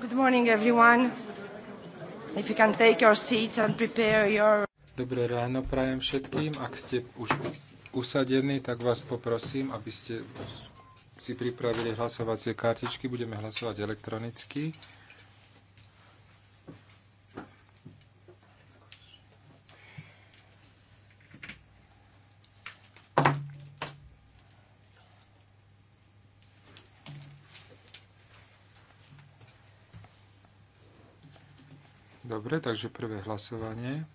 Good morning, everyone. If you can take your seats and prepare your... Dobré ráno prajem všetkým. Ak ste už usadení, tak vás poprosím, aby ste si pripravili hlasovacie kartičky. Budeme hlasovať elektronicky. Dobre, takže prvé hlasovanie.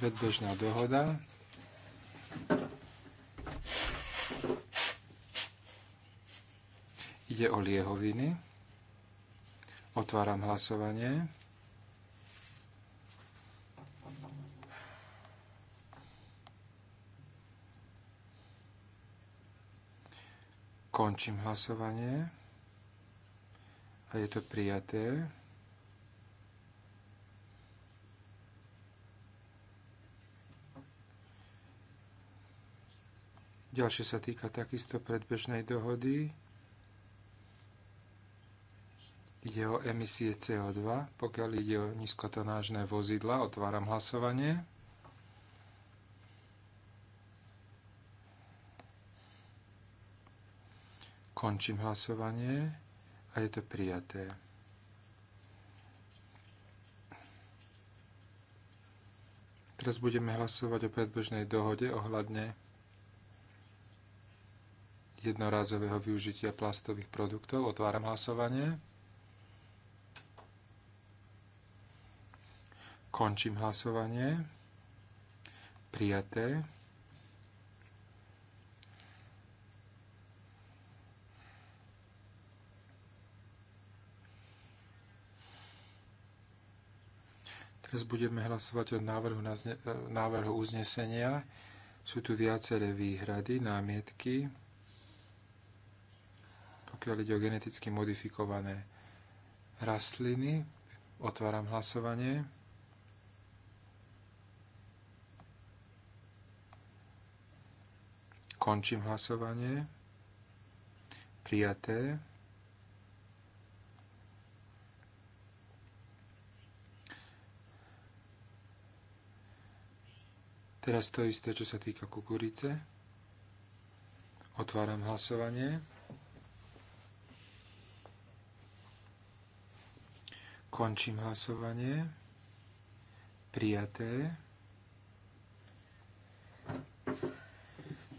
Predbežná dohoda. Ide o liehoviny. Otváram hlasovanie. Končím hlasovanie. A je to prijaté. Ďalšie sa týka takisto predbežnej dohody. Ide o emisie CO2, pokiaľ ide o nízkotonážne vozidla. Otváram hlasovanie. Končím hlasovanie a je to prijaté. Teraz budeme hlasovať o predbežnej dohode ohľadne jednorázového využitia plastových produktov. Otváram hlasovanie. Končím hlasovanie. Prijaté. Dnes budeme hlasovať o návrhu, na zne, e, návrhu uznesenia. Sú tu viaceré výhrady, námietky, pokiaľ ide o geneticky modifikované rastliny. Otváram hlasovanie. Končím hlasovanie. Prijaté. Teraz to isté, čo sa týka kukurice. Otváram hlasovanie. Končím hlasovanie. Prijaté.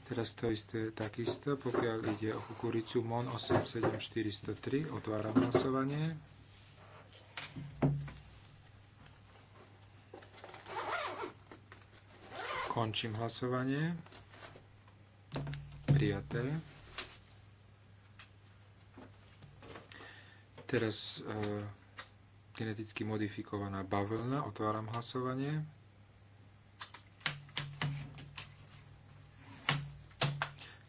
Teraz to isté takisto, pokiaľ ide o kukuricu MON 87403. Otváram hlasovanie. Končím hlasovanie. Prijaté. Teraz e, geneticky modifikovaná bavlna. Otváram hlasovanie.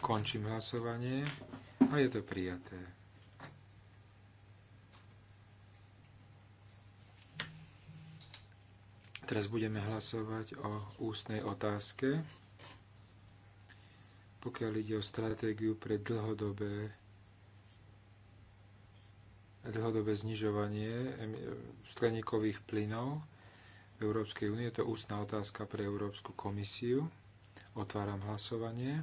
Končím hlasovanie a je to prijaté. Teraz budeme hlasovať o ústnej otázke. Pokiaľ ide o stratégiu pre dlhodobé, dlhodobé znižovanie skleníkových plynov v Európskej únie, to je ústna otázka pre Európsku komisiu. Otváram hlasovanie.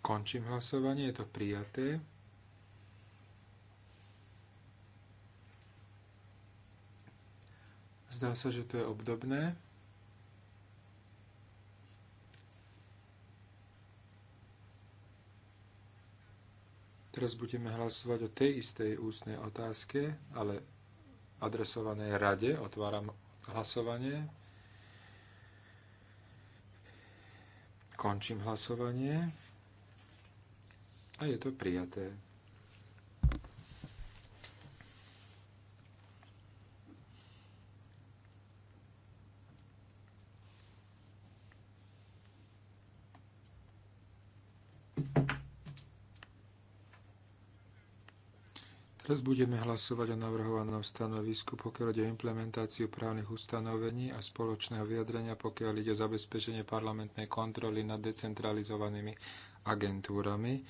Končím hlasovanie, je to prijaté. Zdá sa, že to je obdobné. Teraz budeme hlasovať o tej istej ústnej otázke, ale adresovanej rade. Otváram hlasovanie. Končím hlasovanie. A je to prijaté. Teraz budeme hlasovať o navrhovanom stanovisku, pokiaľ ide o implementáciu právnych ustanovení a spoločného vyjadrenia, pokiaľ ide o zabezpečenie parlamentnej kontroly nad decentralizovanými agentúrami.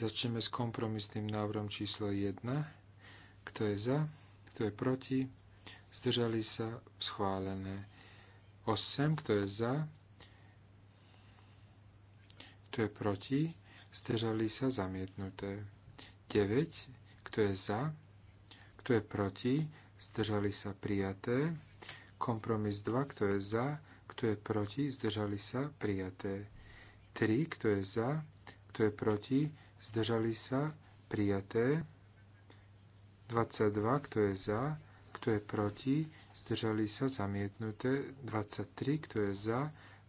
Začneme s kompromisným návrhom číslo 1. Kto je za? Kto je proti? Zdržali sa? Schválené. 8. Kto je za? Kto je proti? Zdržali sa? Zamietnuté. 9 kto je za? Kto je proti? Zdržali sa prijaté. Kompromis 2. Kto je za? Kto je proti? Zdržali sa prijaté. 3. Kto je za? Kto je proti? Zdržali sa prijaté. 22. Kto je za? Kto je proti? Zdržali sa zamietnuté. 23. Kto je za?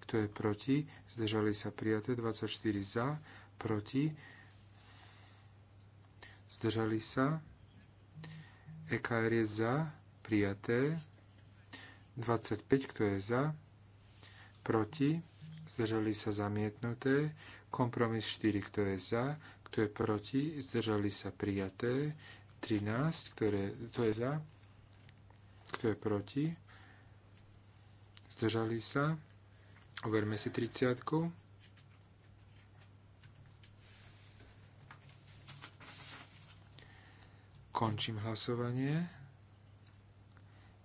Kto je proti? Zdržali sa prijaté. 24. Za? Proti? zdržali sa, EKR je za, prijaté, 25, kto je za, proti, zdržali sa zamietnuté, kompromis 4, kto je za, kto je proti, zdržali sa prijaté, 13, ktoré, kto je za, kto je proti, zdržali sa, overme si 30. Končím hlasovanie.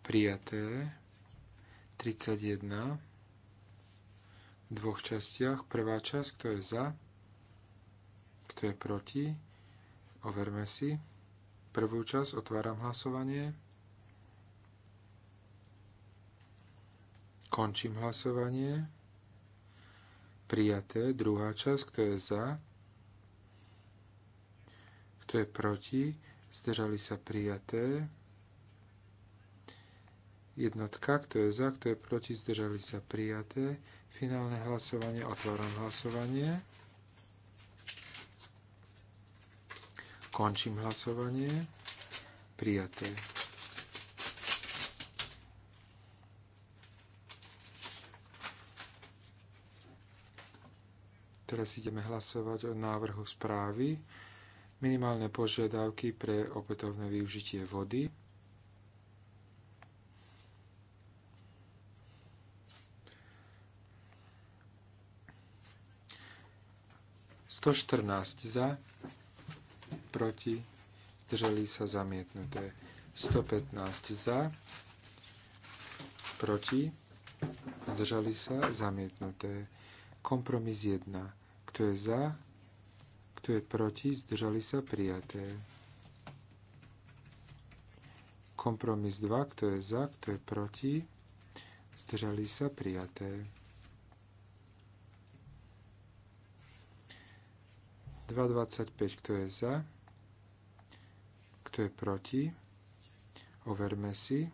Prijaté. 31 v dvoch častiach. Prvá časť, kto je za, kto je proti. Overme si. Prvú časť otváram hlasovanie. Končím hlasovanie. Prijaté. Druhá časť, kto je za, kto je proti zdržali sa prijaté. Jednotka, kto je za, kto je proti, zdržali sa prijaté. Finálne hlasovanie, otváram hlasovanie. Končím hlasovanie. Prijaté. Teraz ideme hlasovať o návrhu správy minimálne požiadavky pre opätovné využitie vody. Sto štrnásť za, proti, zdržali sa zamietnuté. 115 za, proti, zdržali sa zamietnuté. Kompromis 1. Kto je za, kto je proti? Zdržali sa prijaté. Kompromis 2. Kto je za? Kto je proti? Zdržali sa prijaté. 2.25. Kto je za? Kto je proti? Overme si.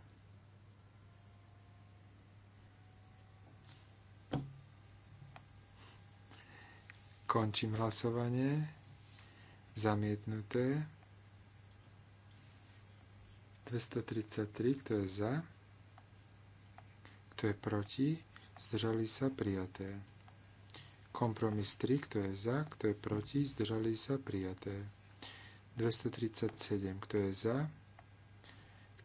Končím hlasovanie zamietnuté. 233, kto je za, kto je proti, zdržali sa prijaté. Kompromis 3, kto je za, kto je proti, zdržali sa prijaté. 237, kto je za,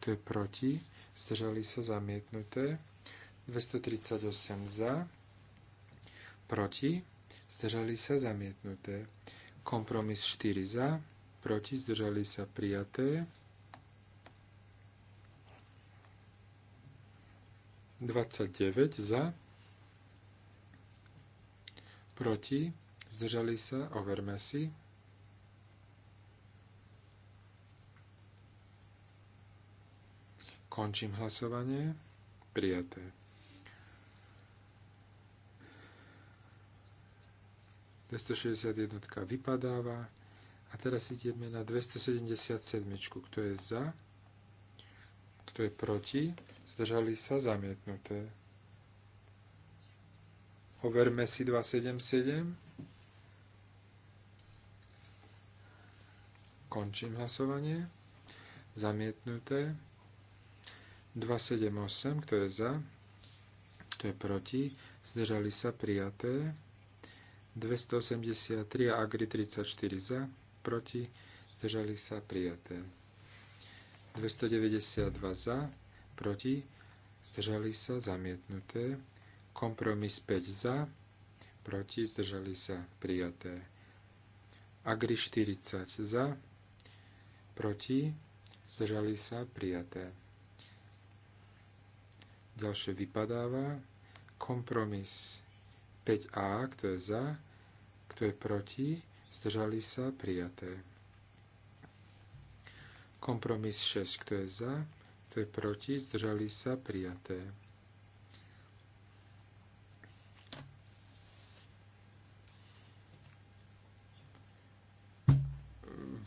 kto je proti, zdržali sa zamietnuté. 238 za, proti, zdržali sa zamietnuté. Kompromis 4 za, proti, zdržali sa prijaté. 29 za, proti, zdržali sa, overme si. Končím hlasovanie. Prijaté. 261 vypadáva. A teraz ideme na 277, kto je za, kto je proti, zdržali sa zamietnuté. Overme si 277. Končím hlasovanie. Zamietnuté. 278, kto je za, kto je proti, zdržali sa prijaté. 283 a Agri 34 za, proti, zdržali sa prijaté. 292 za, proti, zdržali sa zamietnuté. Kompromis 5 za, proti, zdržali sa prijaté. Agri 40 za, proti, zdržali sa prijaté. Ďalšie vypadáva kompromis 5a, kto je za, kto je proti, zdržali sa, prijaté. Kompromis 6, kto je za, kto je proti, zdržali sa, prijaté.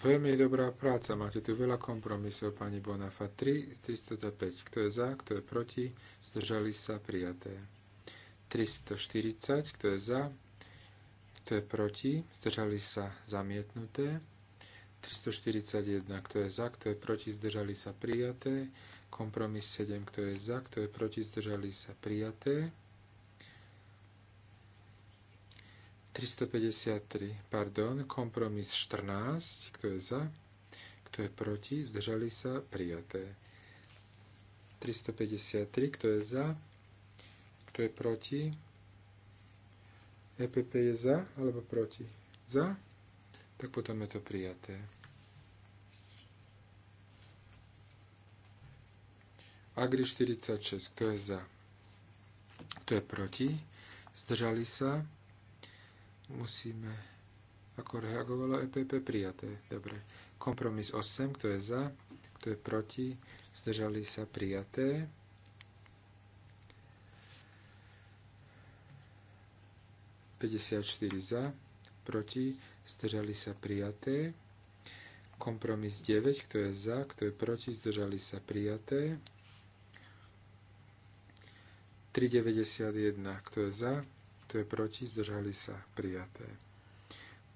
Veľmi dobrá práca, máte tu veľa kompromisov, pani Bonafa. 3, 305, kto je za, kto je proti, zdržali sa, prijaté. 340, kto je za, kto je proti, zdržali sa zamietnuté. 341, kto je za, kto je proti, zdržali sa prijaté. Kompromis 7, kto je za, kto je proti, zdržali sa prijaté. 353, pardon, kompromis 14, kto je za, kto je proti, zdržali sa prijaté. 353, kto je za, kto je proti? EPP je za alebo proti? Za? Tak potom je to prijaté. Agri 46. Kto je za? Kto je proti? Zdržali sa? Musíme... Ako reagovalo EPP? Prijaté. Dobre. Kompromis 8. Kto je za? Kto je proti? Zdržali sa? Prijaté. 54 za, proti, zdržali sa prijaté. Kompromis 9, kto je za, kto je proti, zdržali sa prijaté. 391, kto je za, kto je proti, zdržali sa prijaté.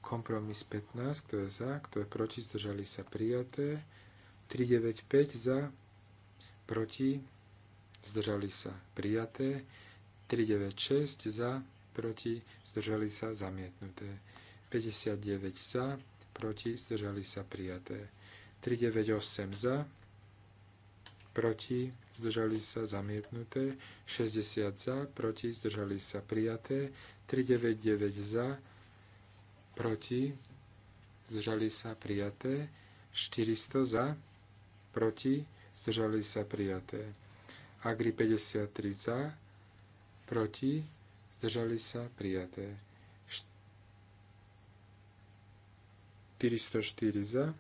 Kompromis 15, kto je za, kto je proti, zdržali sa prijaté. 395 za, proti, zdržali sa prijaté. 396 za, proti, zdržali sa zamietnuté. 59 za, proti, zdržali sa prijaté. 398 za, proti, zdržali sa zamietnuté. 60 za, proti, zdržali sa prijaté. 399 za, proti, zdržali sa prijaté. 400 za, proti, zdržali sa prijaté. Agri 53 za, proti, zdržali sa, prijaté. 404 za,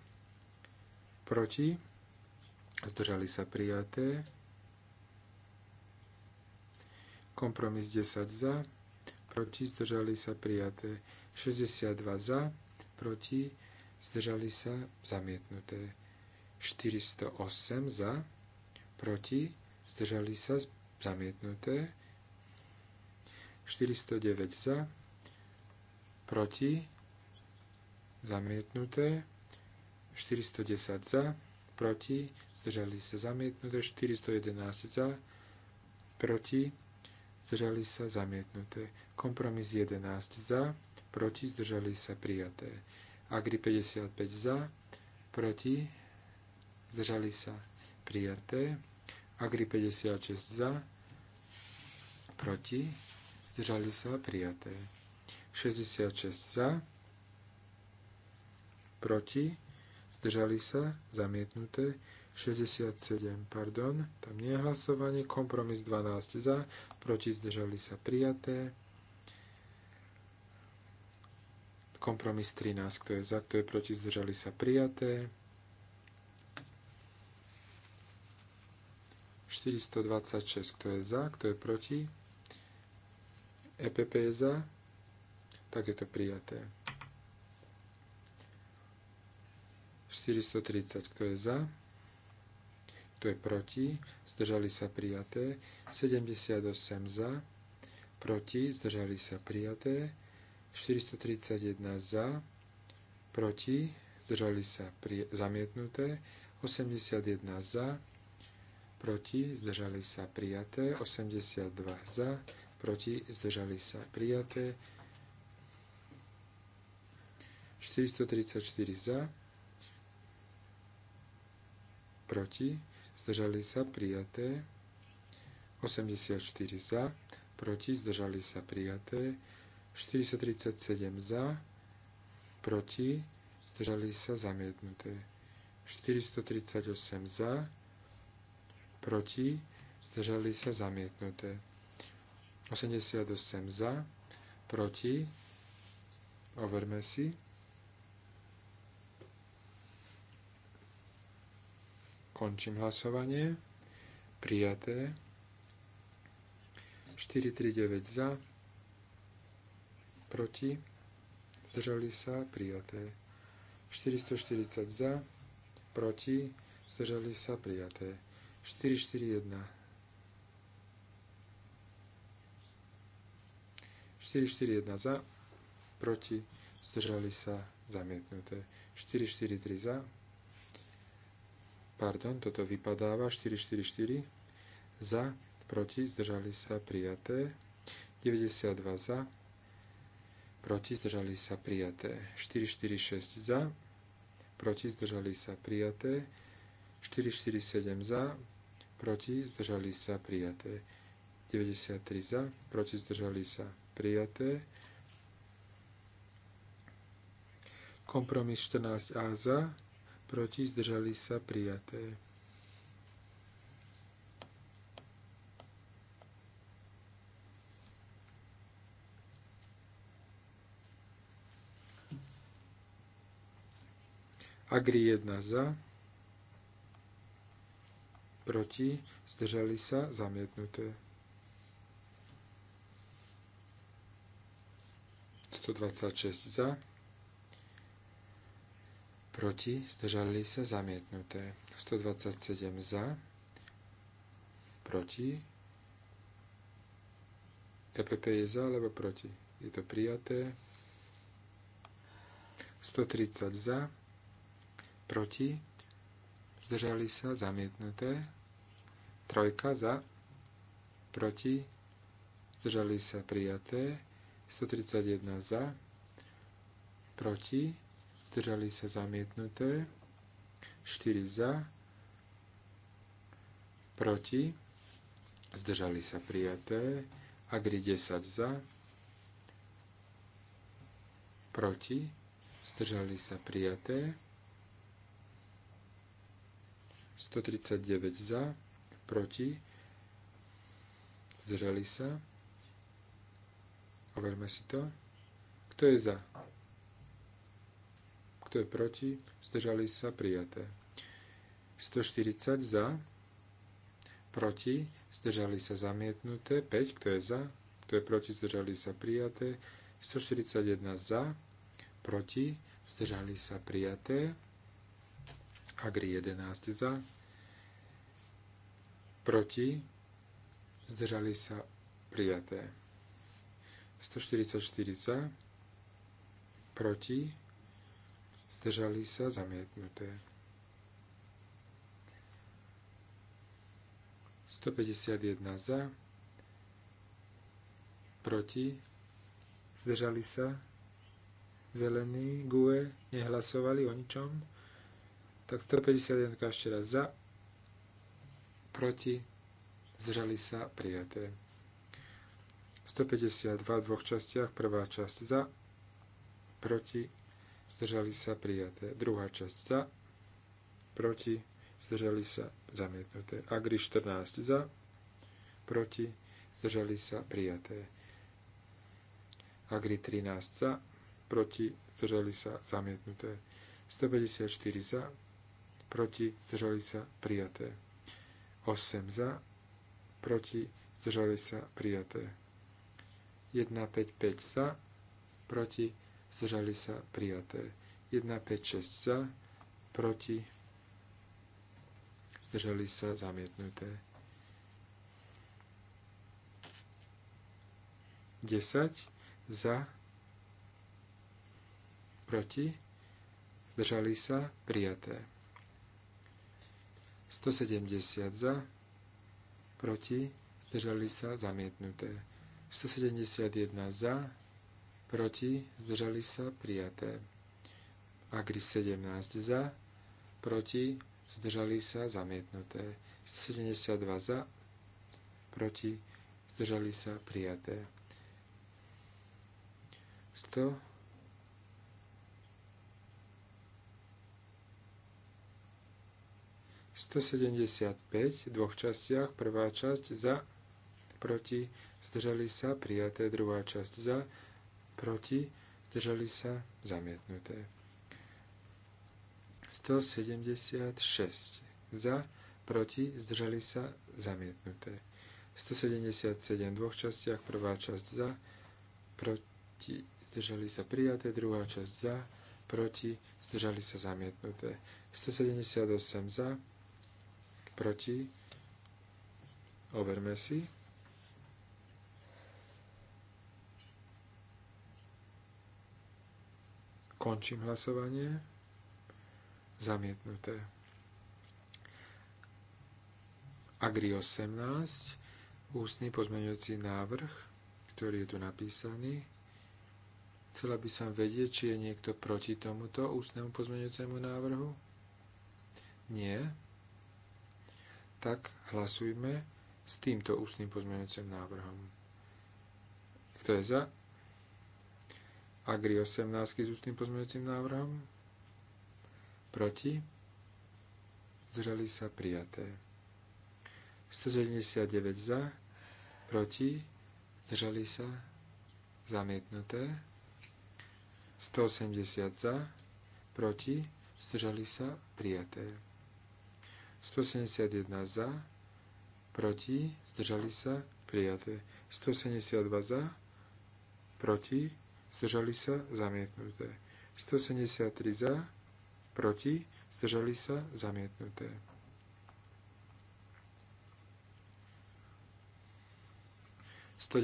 proti, zdržali sa, prijaté. Kompromis 10 za, proti, zdržali sa, prijaté. 62 za, proti, zdržali sa, zamietnuté. 408 za, proti, zdržali sa, zamietnuté. 409 za, proti, zamietnuté, 410 za, proti, zdržali sa zamietnuté, 411 za, proti, zdržali sa zamietnuté, kompromis 11 za, proti, zdržali sa prijaté, agri 55 za, proti, zdržali sa prijaté, agri 56 za, proti, zdržali sa, prijaté. 66 za, proti, zdržali sa, zamietnuté. 67, pardon, tam nie je hlasovanie, kompromis 12 za, proti, zdržali sa, prijaté. Kompromis 13, kto je za, kto je proti, zdržali sa, prijaté. 426, kto je za, kto je proti, EPP za, tak je to prijaté. 430, kto je za, kto je proti, zdržali sa prijaté. 78 za, proti, zdržali sa prijaté. 431 za, proti, zdržali sa zamietnuté. 81 za, proti, zdržali sa prijaté. 82 za, proti, zdržali sa prijaté, 434 za, proti, zdržali sa prijaté, 84 za, proti, zdržali sa prijaté, 437 za, proti, zdržali sa zamietnuté, 438 za, proti, zdržali sa zamietnuté. 88 za, proti, overme si. Končím hlasovanie. Prijaté. 439 za, proti, zdržali sa, prijaté. 440 za, proti, zdržali sa, prijaté. 441 441 za, proti, zdržali sa zamietnuté. 443 za, pardon, toto vypadáva, 444 za, proti, zdržali sa prijaté, 92 za, proti, zdržali sa prijaté, 446 za, proti, zdržali sa prijaté, 447 za, proti, zdržali sa prijaté, 93 za, proti, zdržali sa prijaté, prijaté. Kompromis 14a za, proti zdržali sa prijaté. Agri 1 za, proti, zdržali sa, zamietnuté. 126 za, proti, zdržali sa zamietnuté. 127 za, proti, EPP je za alebo proti. Je to prijaté. 130 za, proti, zdržali sa, zamietnuté. Trojka za, proti, zdržali sa, prijaté. 131 za, proti, zdržali sa zamietnuté, 4 za, proti, zdržali sa prijaté, Agri 10 za, proti, zdržali sa prijaté, 139 za, proti, zdržali sa, Overme si to. Kto je za? Kto je proti? Zdržali sa prijaté. 140 za, proti, zdržali sa zamietnuté. 5, kto je za? Kto je proti? Zdržali sa prijaté. 141 za, proti, zdržali sa prijaté. Agri 11 za, proti, zdržali sa prijaté. 144 za, proti, zdržali sa, zamietnuté. 151 za, proti, zdržali sa, zelení, GUE, nehlasovali o ničom, tak 151 ešte raz za, proti, zdržali sa, prijaté. 152 v dvoch častiach. Prvá časť za, proti, zdržali sa prijaté. Druhá časť za, proti, zdržali sa zamietnuté. Agri 14 za, proti, zdržali sa prijaté. Agri 13 za, proti, zdržali sa zamietnuté. 154 za, proti, zdržali sa prijaté. 8 za, proti, zdržali sa prijaté. 155 za, proti, zdržali sa prijaté. 156 za, proti, zdržali sa zamietnuté. 10 za, proti, zdržali sa prijaté. 170 za, proti, zdržali sa zamietnuté. 171 za, proti, zdržali sa, prijaté. Agri 17 za, proti, zdržali sa, zamietnuté. 172 za, proti, zdržali sa, prijaté. 100 175 v dvoch častiach, prvá časť za, proti, zdržali sa, prijaté, druhá časť za, proti, zdržali sa, zamietnuté. 176 za, proti, zdržali sa, zamietnuté. 177 v dvoch častiach, prvá časť za, proti, zdržali sa, prijaté, druhá časť za, proti, zdržali sa, zamietnuté. 178 za, proti, overme si. Končím hlasovanie. Zamietnuté. Agri 18, ústny pozmeňujúci návrh, ktorý je tu napísaný. Chcela by som vedieť, či je niekto proti tomuto ústnemu pozmeňujúcemu návrhu. Nie. Tak hlasujme s týmto ústnym pozmeňujúcim návrhom. Kto je za? Agri 18 s ústnym pozmeňujúcim návrhom. Proti. Zdržali sa prijaté. 179 za. Proti. Zdržali sa zamietnuté. 180 za. Proti. Zdržali sa prijaté. 171 za. Proti. Zdržali sa prijaté. 172 za. Proti zdržali sa, zamietnuté. 173 za, proti, zdržali sa, zamietnuté. kto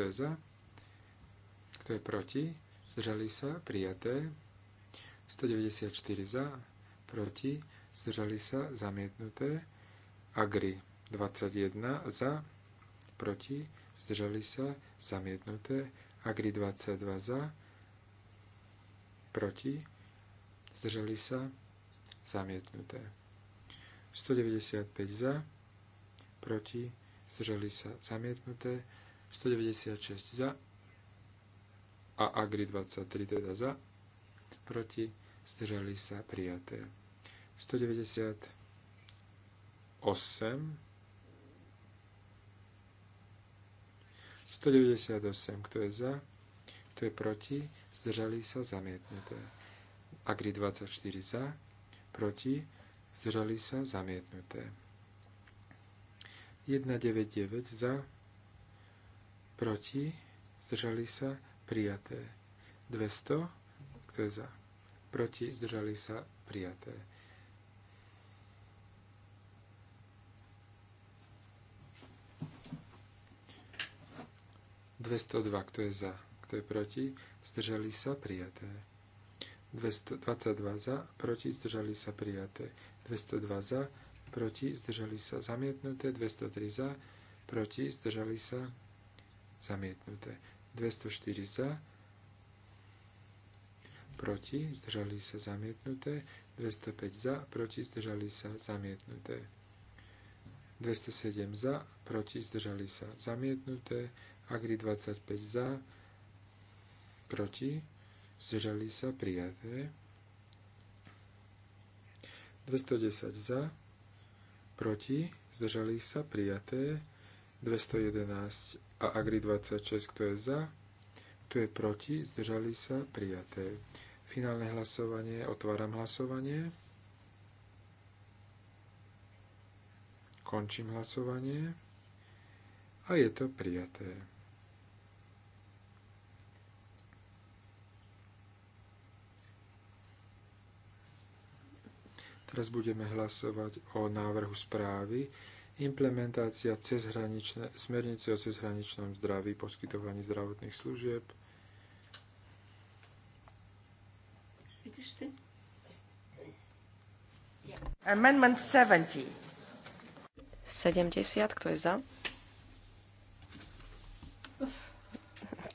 je za, kto je proti, zdržali sa, prijaté. 194 za, proti, zdržali sa, zamietnuté. Agri 21 za, proti, zdržali sa, zamietnuté. Agri 22 za, proti, zdržali sa, zamietnuté. 195 za, proti, zdržali sa, zamietnuté. 196 za a Agri 23 teda za, proti, zdržali sa, prijaté. 198 198, kto je za, kto je proti, zdržali sa zamietnuté. Agri 24 za, proti, zdržali sa zamietnuté. 199 za, proti, zdržali sa prijaté. 200, kto je za, proti, zdržali sa prijaté. 202, kto je za, kto je proti, zdržali sa prijaté. 222 za, proti, zdržali sa prijaté. 202 za, proti, zdržali sa zamietnuté. 203 za, proti, zdržali sa zamietnuté. 204 za, proti, zdržali sa zamietnuté. 205 za, proti, zdržali sa zamietnuté. 207 za, proti, zdržali sa zamietnuté. Agri 25 za, proti, zdržali sa, prijaté. 210 za, proti, zdržali sa, prijaté. 211 a Agri 26, kto je za, kto je proti, zdržali sa, prijaté. Finálne hlasovanie, otváram hlasovanie. Končím hlasovanie a je to prijaté. Teraz budeme hlasovať o návrhu správy implementácia smernice o cezhraničnom zdraví, poskytovaní zdravotných služieb. Vidíš ty? Amendment 70. 70, kto je za?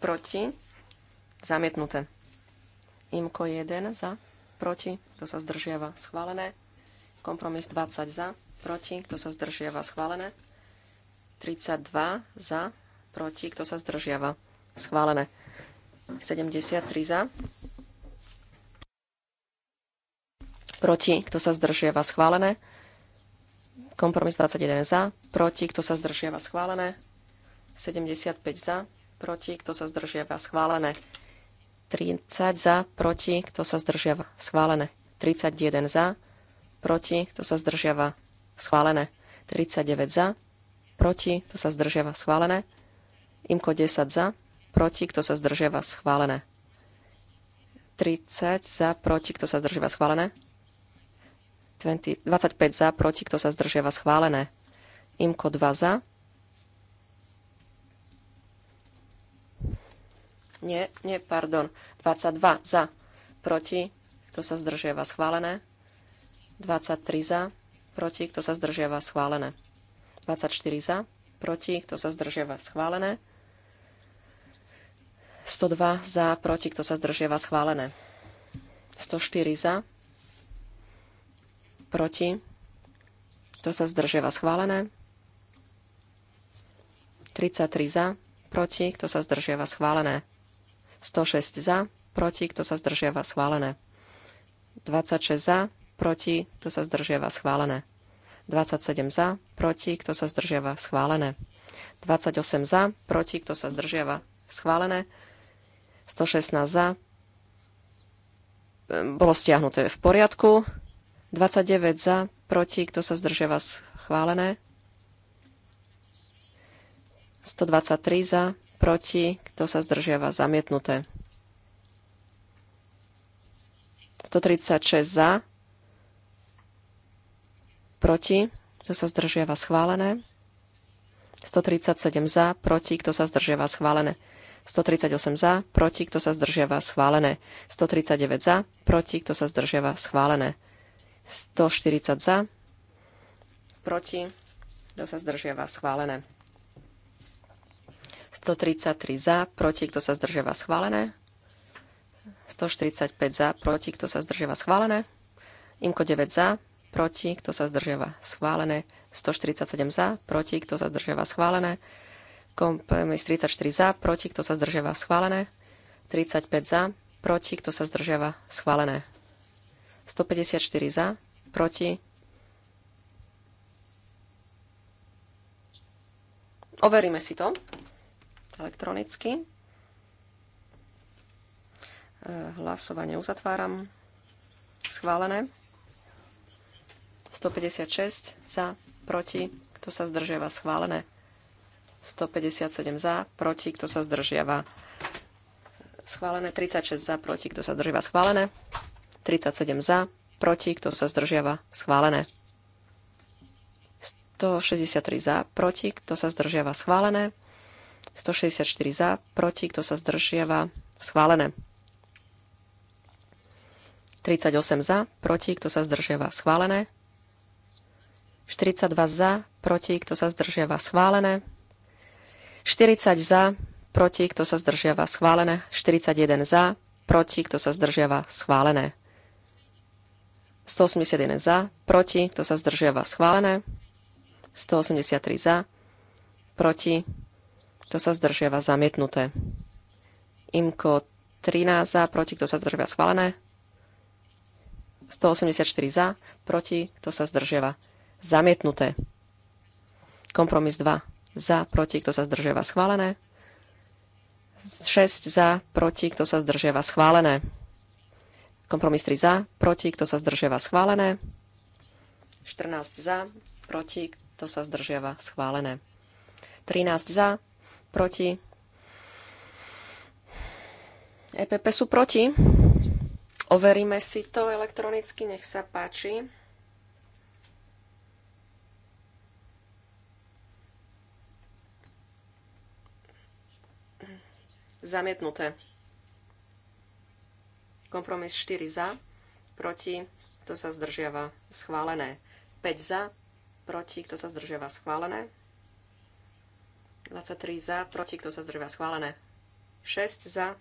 Proti? Zamietnuté. Imko 1 za, proti, kto sa zdržiava, schválené. Kompromis 20 za, proti, kto sa zdržiava, schválené. 32 za, proti, kto sa zdržiava, schválené. 73 za, proti, kto sa zdržiava, schválené. Kompromis 21 za, proti, kto sa zdržiava, schválené. 75 za, proti, kto sa zdržiava, schválené. 30 za, proti, kto sa zdržiava, schválené. 31 za, proti, kto sa zdržiava, schválené. 39 za, proti, kto sa zdržiava, schválené. Imko 10 za, proti, kto sa zdržiava, schválené. 30 za, proti, kto sa zdržiava, schválené. 20, 25 za, proti, kto sa zdržiava, schválené. Imko 2 za. Nie, nie, pardon. 22 za, proti, kto sa zdržiava, schválené. 23 za, proti, kto sa zdržiava, schválené. 24 za, proti, kto sa zdržiava, schválené. 102 za, proti, kto sa zdržiava, schválené. 104 za, proti, kto sa zdržiava, schválené. 33 za, proti, kto sa zdržiava, schválené. 106 za, proti, kto sa zdržiava, schválené. 26 za, proti, kto sa zdržiava, schválené. 27 za, proti, kto sa zdržiava, schválené. 28 za, proti, kto sa zdržiava, schválené. 116 za, e, bolo stiahnuté v poriadku. 29 za, proti, kto sa zdržiava, schválené. 123 za, proti, kto sa zdržiava, zamietnuté. 136 za, proti, kto sa zdržiava schválené. 137 za, proti, kto sa zdržiava schválené. 138 za, proti, kto sa zdržiava schválené. 139 za, proti, kto sa zdržiava schválené. 140 za, proti, kto sa zdržiava schválené. 133 za, proti, kto sa zdržiava schválené. 145 za, proti, kto sa zdržiava schválené. Imko 9 za, proti, kto sa zdržiava schválené, 147 za, proti, kto sa zdržiava schválené, kompromis 34 za, proti, kto sa zdržiava schválené, 35 za, proti, kto sa zdržiava schválené, 154 za, proti, overíme si to elektronicky. E, hlasovanie uzatváram. Schválené. 156 za, proti, kto sa zdržiava schválené. 157 za, proti, kto sa zdržiava schválené. 36 za, proti, kto sa zdržiava schválené. 37 za, proti, kto sa zdržiava schválené. 163 za, proti, kto sa zdržiava schválené. 164 za, proti, kto sa zdržiava schválené. 38 za, proti, kto sa zdržiava schválené. 42 za, proti, kto sa zdržiava schválené. 40 za, proti, kto sa zdržiava schválené. 41 za, proti, kto sa zdržiava schválené. 181 za, proti, kto sa zdržiava schválené. 183 za, proti, kto sa zdržiava zamietnuté. Imko 13 za, proti, kto sa zdržiava schválené. 184 za, proti, kto sa zdržiava Zamietnuté. Kompromis 2. Za, proti, kto sa zdržiava schválené. 6 za, proti, kto sa zdržiava schválené. Kompromis 3 za, proti, kto sa zdržiava schválené. 14 za, proti, kto sa zdržiava schválené. 13 za, proti. EPP sú proti. Overíme si to elektronicky, nech sa páči. Zamietnuté. Kompromis 4 za, proti, kto sa zdržiava, schválené. 5 za, proti, kto sa zdržiava, schválené. 23 za, proti, kto sa zdržiava, schválené. 6 za,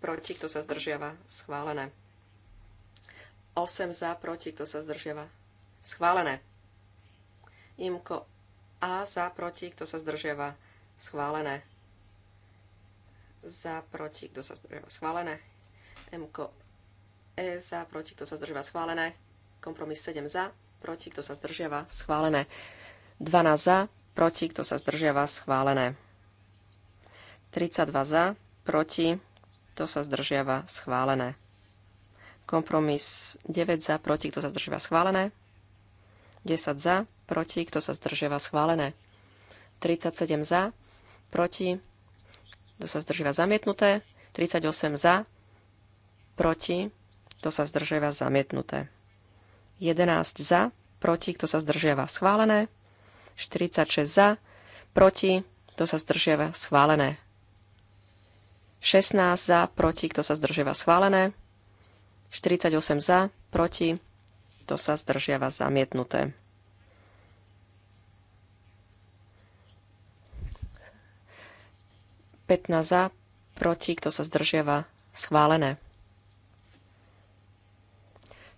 proti, kto sa zdržiava, schválené. 8 za, proti, kto sa zdržiava, schválené. Imko A za, proti, kto sa zdržiava, schválené za, proti, kto sa zdržiava schválené. Mko E za, proti, kto sa zdržiava schválené. Kompromis 7 za, proti, kto sa zdržiava, schválené. 12 za, proti, kto sa zdržiava, schválené. 32 za, proti, kto sa zdržiava, schválené. Kompromis 9 za, proti, kto sa zdržiava, schválené. 10 za, proti, kto sa zdržiava, schválené. 37 za, proti, kto sa zdržíva zamietnuté, 38 za, proti, kto sa zdržíva zamietnuté. 11 za, proti, kto sa zdržíva schválené. 46 za, proti, kto sa zdržiava schválené. 16 za, proti, kto sa zdržíva schválené. 48 za, proti, kto sa zdržiava zamietnuté. 15 za, proti, kto sa zdržiava, schválené.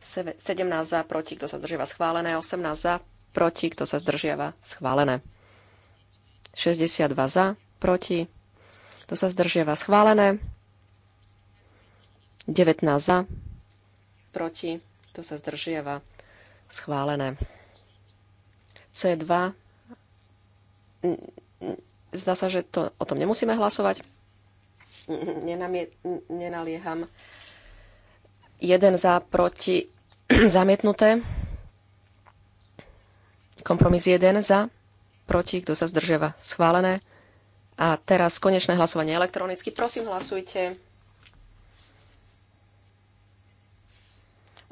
17 za, proti, kto sa zdržiava, schválené. 18 za, proti, kto sa zdržiava, schválené. 62 za, proti, kto sa zdržiava, schválené. 19 za, proti, kto sa zdržiava, schválené. C2 Zdá sa, že to, o tom nemusíme hlasovať. Nenamie, nenalieham. Jeden za, proti, zamietnuté. Kompromis 1 za, proti, kto sa zdržiava, schválené. A teraz konečné hlasovanie elektronicky. Prosím, hlasujte.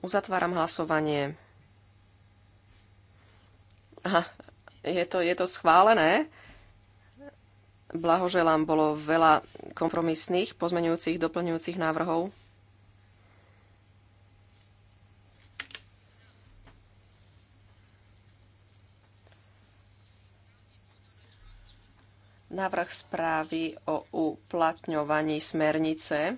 Uzatváram hlasovanie. Aha, je to, je to schválené. Blahoželám, bolo veľa kompromisných, pozmeňujúcich, doplňujúcich návrhov. Návrh správy o uplatňovaní smernice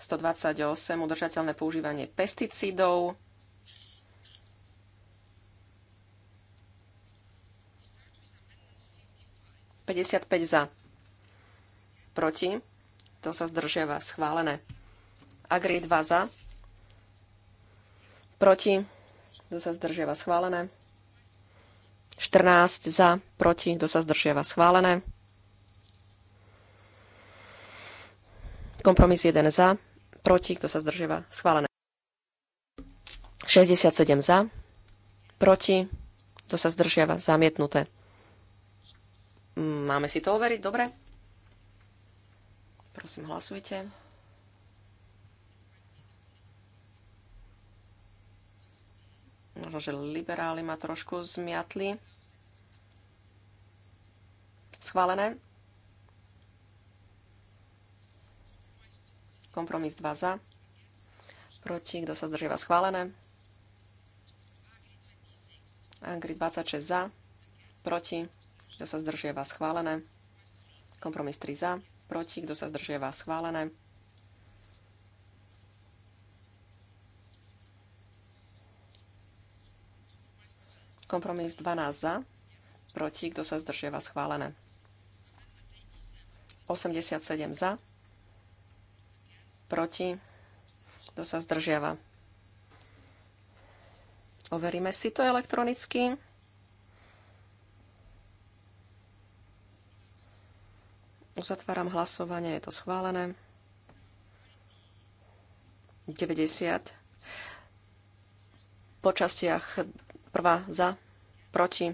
128 udržateľné používanie pesticídov. 55 za. Proti. To sa zdržiava. Schválené. Agri 2 za. Proti. To sa zdržiava. Schválené. 14 za. Proti. To sa zdržiava. Schválené. Kompromis 1 za. Proti. Kto sa zdržiava. Schválené. 67 za. Proti. Kto sa zdržiava. Zamietnuté. Máme si to overiť, dobre? Prosím, hlasujte. Možno, že liberáli ma trošku zmiatli. Schválené. Kompromis 2 za. Proti, kto sa zdržíva schválené. Angry 26 za. Proti kto sa vás Schválené. Kompromis 3 za. Proti. Kto sa vás Schválené. Kompromis 12 za. Proti. Kto sa zdržiava? Schválené. 87 za. Proti. Kto sa zdržiava? Overíme si to elektronicky. Uzatváram hlasovanie, je to schválené. 90. Po častiach prvá za, proti.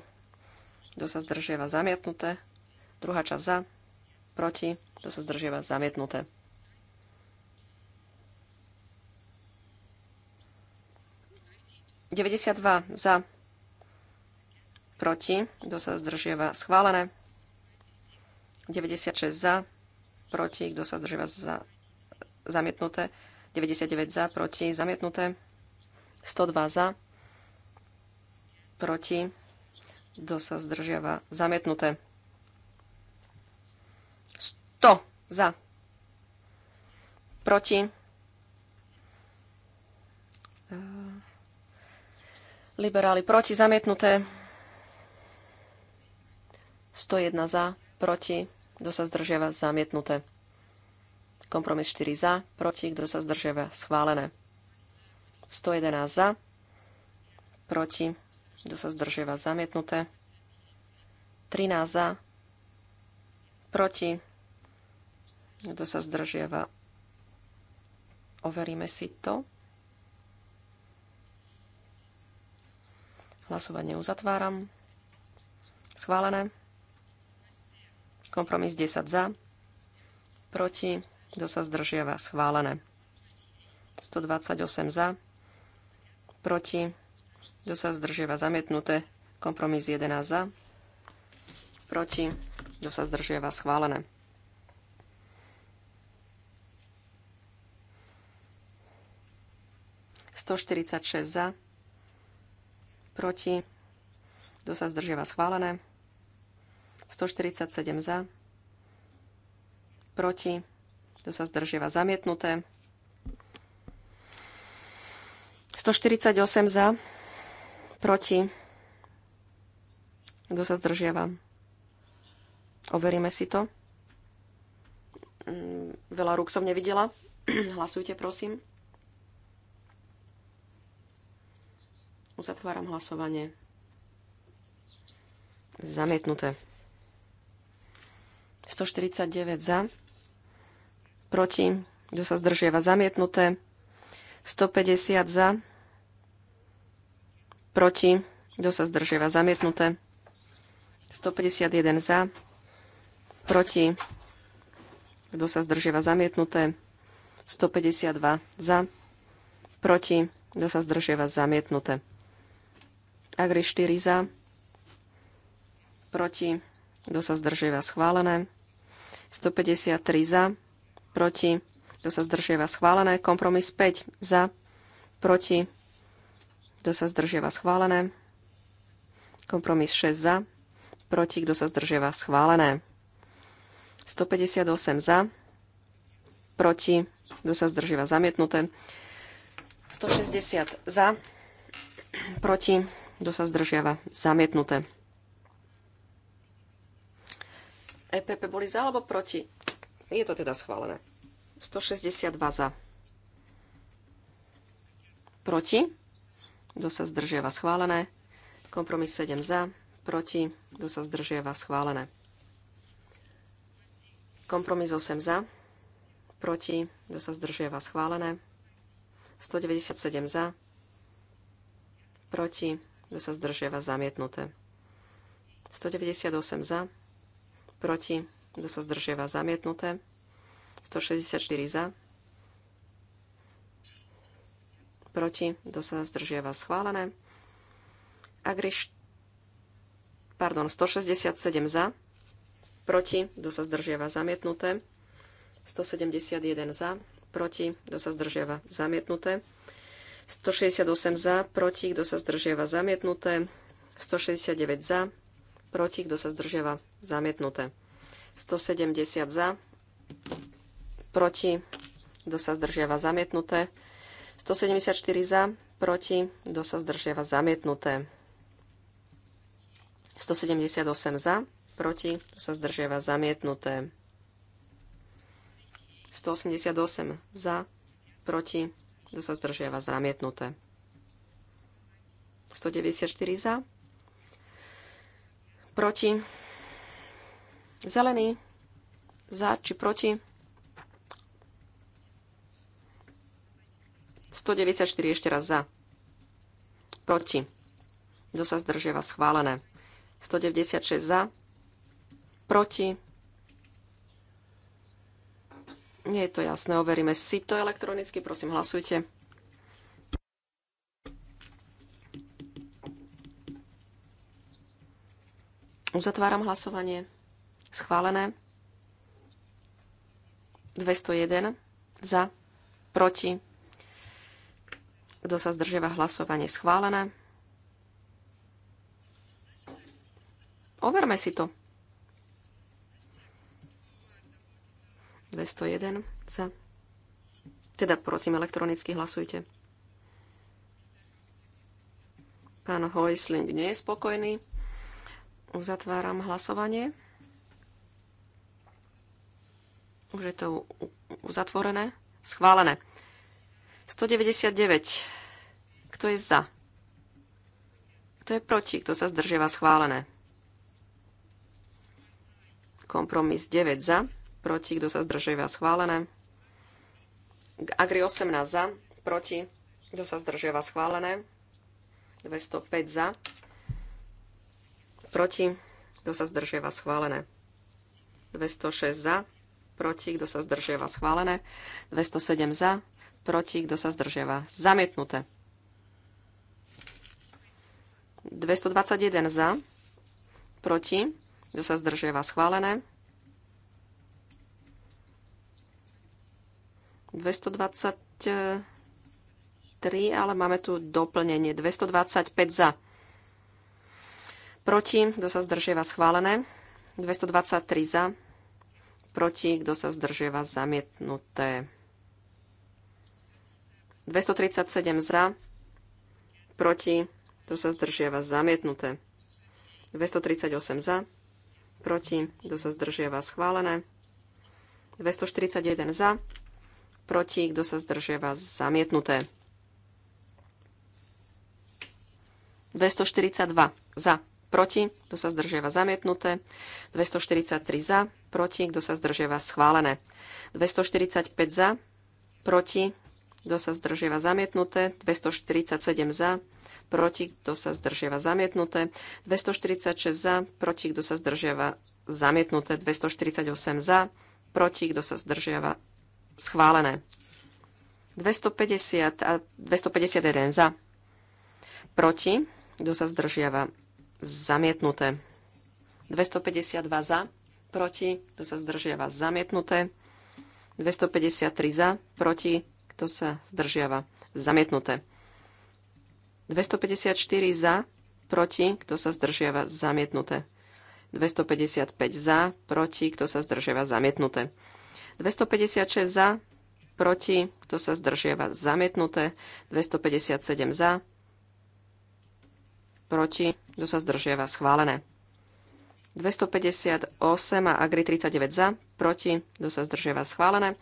Kto sa zdržieva zamietnuté. Druhá časť za, proti. Kto sa zdržieva zamietnuté. Deväťdesiat za, proti. Kto sa zdržiava schválené. 96 za, proti, kto sa zdržíva za, zamietnuté, 99 za, proti, zamietnuté, 102 za, proti, kto sa zdržiava, zamietnuté, 100 za, proti, ehm, liberáli proti, zamietnuté, 101 za, proti, kto sa zdržiava, zamietnuté. Kompromis 4 za, proti, kto sa zdržiava, schválené. 111 za, proti, kto sa zdržiava, zamietnuté. 13 za, proti, kto sa zdržiava, overíme si to. Hlasovanie uzatváram. Schválené. Kompromis 10 za, proti, kto sa zdržiava, schválené. 128 za, proti, kto sa zdržiava, zamietnuté. Kompromis 11 za, proti, kto sa zdržiava, schválené. Sto za, proti, kto sa zdržiava, schválené. 147 za, proti, to sa zdržieva zamietnuté. 148 za, proti, kto sa zdržiava. Overíme si to. Mm, veľa rúk som nevidela. Hlasujte, prosím. Uzatváram hlasovanie. Zamietnuté. 149 za, proti, kto sa zdržiava zamietnuté, 150 za, proti, kto sa zdržiava zamietnuté, 151 za, proti, kto sa zdržiava zamietnuté, 152 za, proti, kto sa zdržiava zamietnuté. Agri 4 za, proti, kto sa zdržiava schválené, 153 za, proti, kto sa zdržieva schválené. Kompromis 5 za, proti, kto sa zdržieva schválené. Kompromis 6 za, proti, kto sa zdržieva schválené. 158 za, proti, kto sa zdržieva zamietnuté. 160 za, proti, kto sa zdržiava zamietnuté. EPP boli za alebo proti? Je to teda schválené. 162 za. Proti. Kto sa zdržiava schválené? Kompromis 7 za. Proti. Kto sa zdržiava schválené? Kompromis 8 za. Proti. Kto sa zdržiava schválené? 197 za. Proti. Kto sa zdržiava zamietnuté? 198 za proti, kto sa zdržiava zamietnuté, 164 za, proti, kto sa zdržiava schválené, Agriš pardon, 167 za, proti, kto sa zdržiava zamietnuté, 171 za, proti, kto sa zdržiava zamietnuté, 168 za, proti, kto sa zdržiava zamietnuté, 169 za, proti, kto sa zdržiava, zamietnuté. 170 za, proti, kto sa zdržiava, zamietnuté. 174 za, proti, kto sa zdržiava, zamietnuté. 178 za, proti, kto sa zdržiava, zamietnuté. 188 za, proti, kto sa zdržiava, zamietnuté. 194 za, proti. Zelený, za či proti. 194 ešte raz za. Proti. Kto sa zdržiava schválené. 196 za. Proti. Nie je to jasné, overíme si to elektronicky, prosím hlasujte. Uzatváram hlasovanie. Schválené. 201 za, proti. Kto sa zdržiava hlasovanie? Schválené. Overme si to. 201 za. Teda prosím, elektronicky hlasujte. Pán Hojsling nie je spokojný. Uzatváram hlasovanie. Už je to uzatvorené. Schválené. 199. Kto je za? Kto je proti? Kto sa zdržiava? Schválené. Kompromis 9 za. Proti? Kto sa zdržiava? Schválené. Agri 18 za. Proti? Kto sa zdržiava? Schválené. 205 za proti, kto sa zdržieva schválené. 206 za, proti, kto sa zdržieva schválené. 207 za, proti, kto sa zdržieva zamietnuté. 221 za, proti, kto sa zdržieva schválené. 223, ale máme tu doplnenie. 225 za proti, kto sa zdržieva schválené, 223 za, proti, kto sa zdržieva zamietnuté. 237 za, proti, kto sa zdržieva zamietnuté. 238 za, proti, kto sa zdržieva schválené. 241 za, proti, kto sa zdržieva zamietnuté. 242 za, proti, kto sa zdržiava zamietnuté, 243 za, proti, kto sa zdržiava schválené, 245 za, proti, kto sa zdržiava zamietnuté, 247 za, proti, kto sa zdržiava zamietnuté, 246 za, proti, kto sa zdržiava zamietnuté, 248 za, proti, kto sa zdržiava schválené. 250 a 251 za, proti, kto sa zdržiava zamietnuté. 252 za, proti, kto sa zdržiava, zamietnuté. 253 za, proti, kto sa zdržiava, zamietnuté. 254 za, proti, kto sa zdržiava, zamietnuté. 255 za, proti, kto sa zdržiava, zamietnuté. 256 za, proti, kto sa zdržiava, zamietnuté. 257 za, proti, kto sa zdržiava, schválené. 258 a Agri 39 za, proti, kto sa zdržiava, schválené.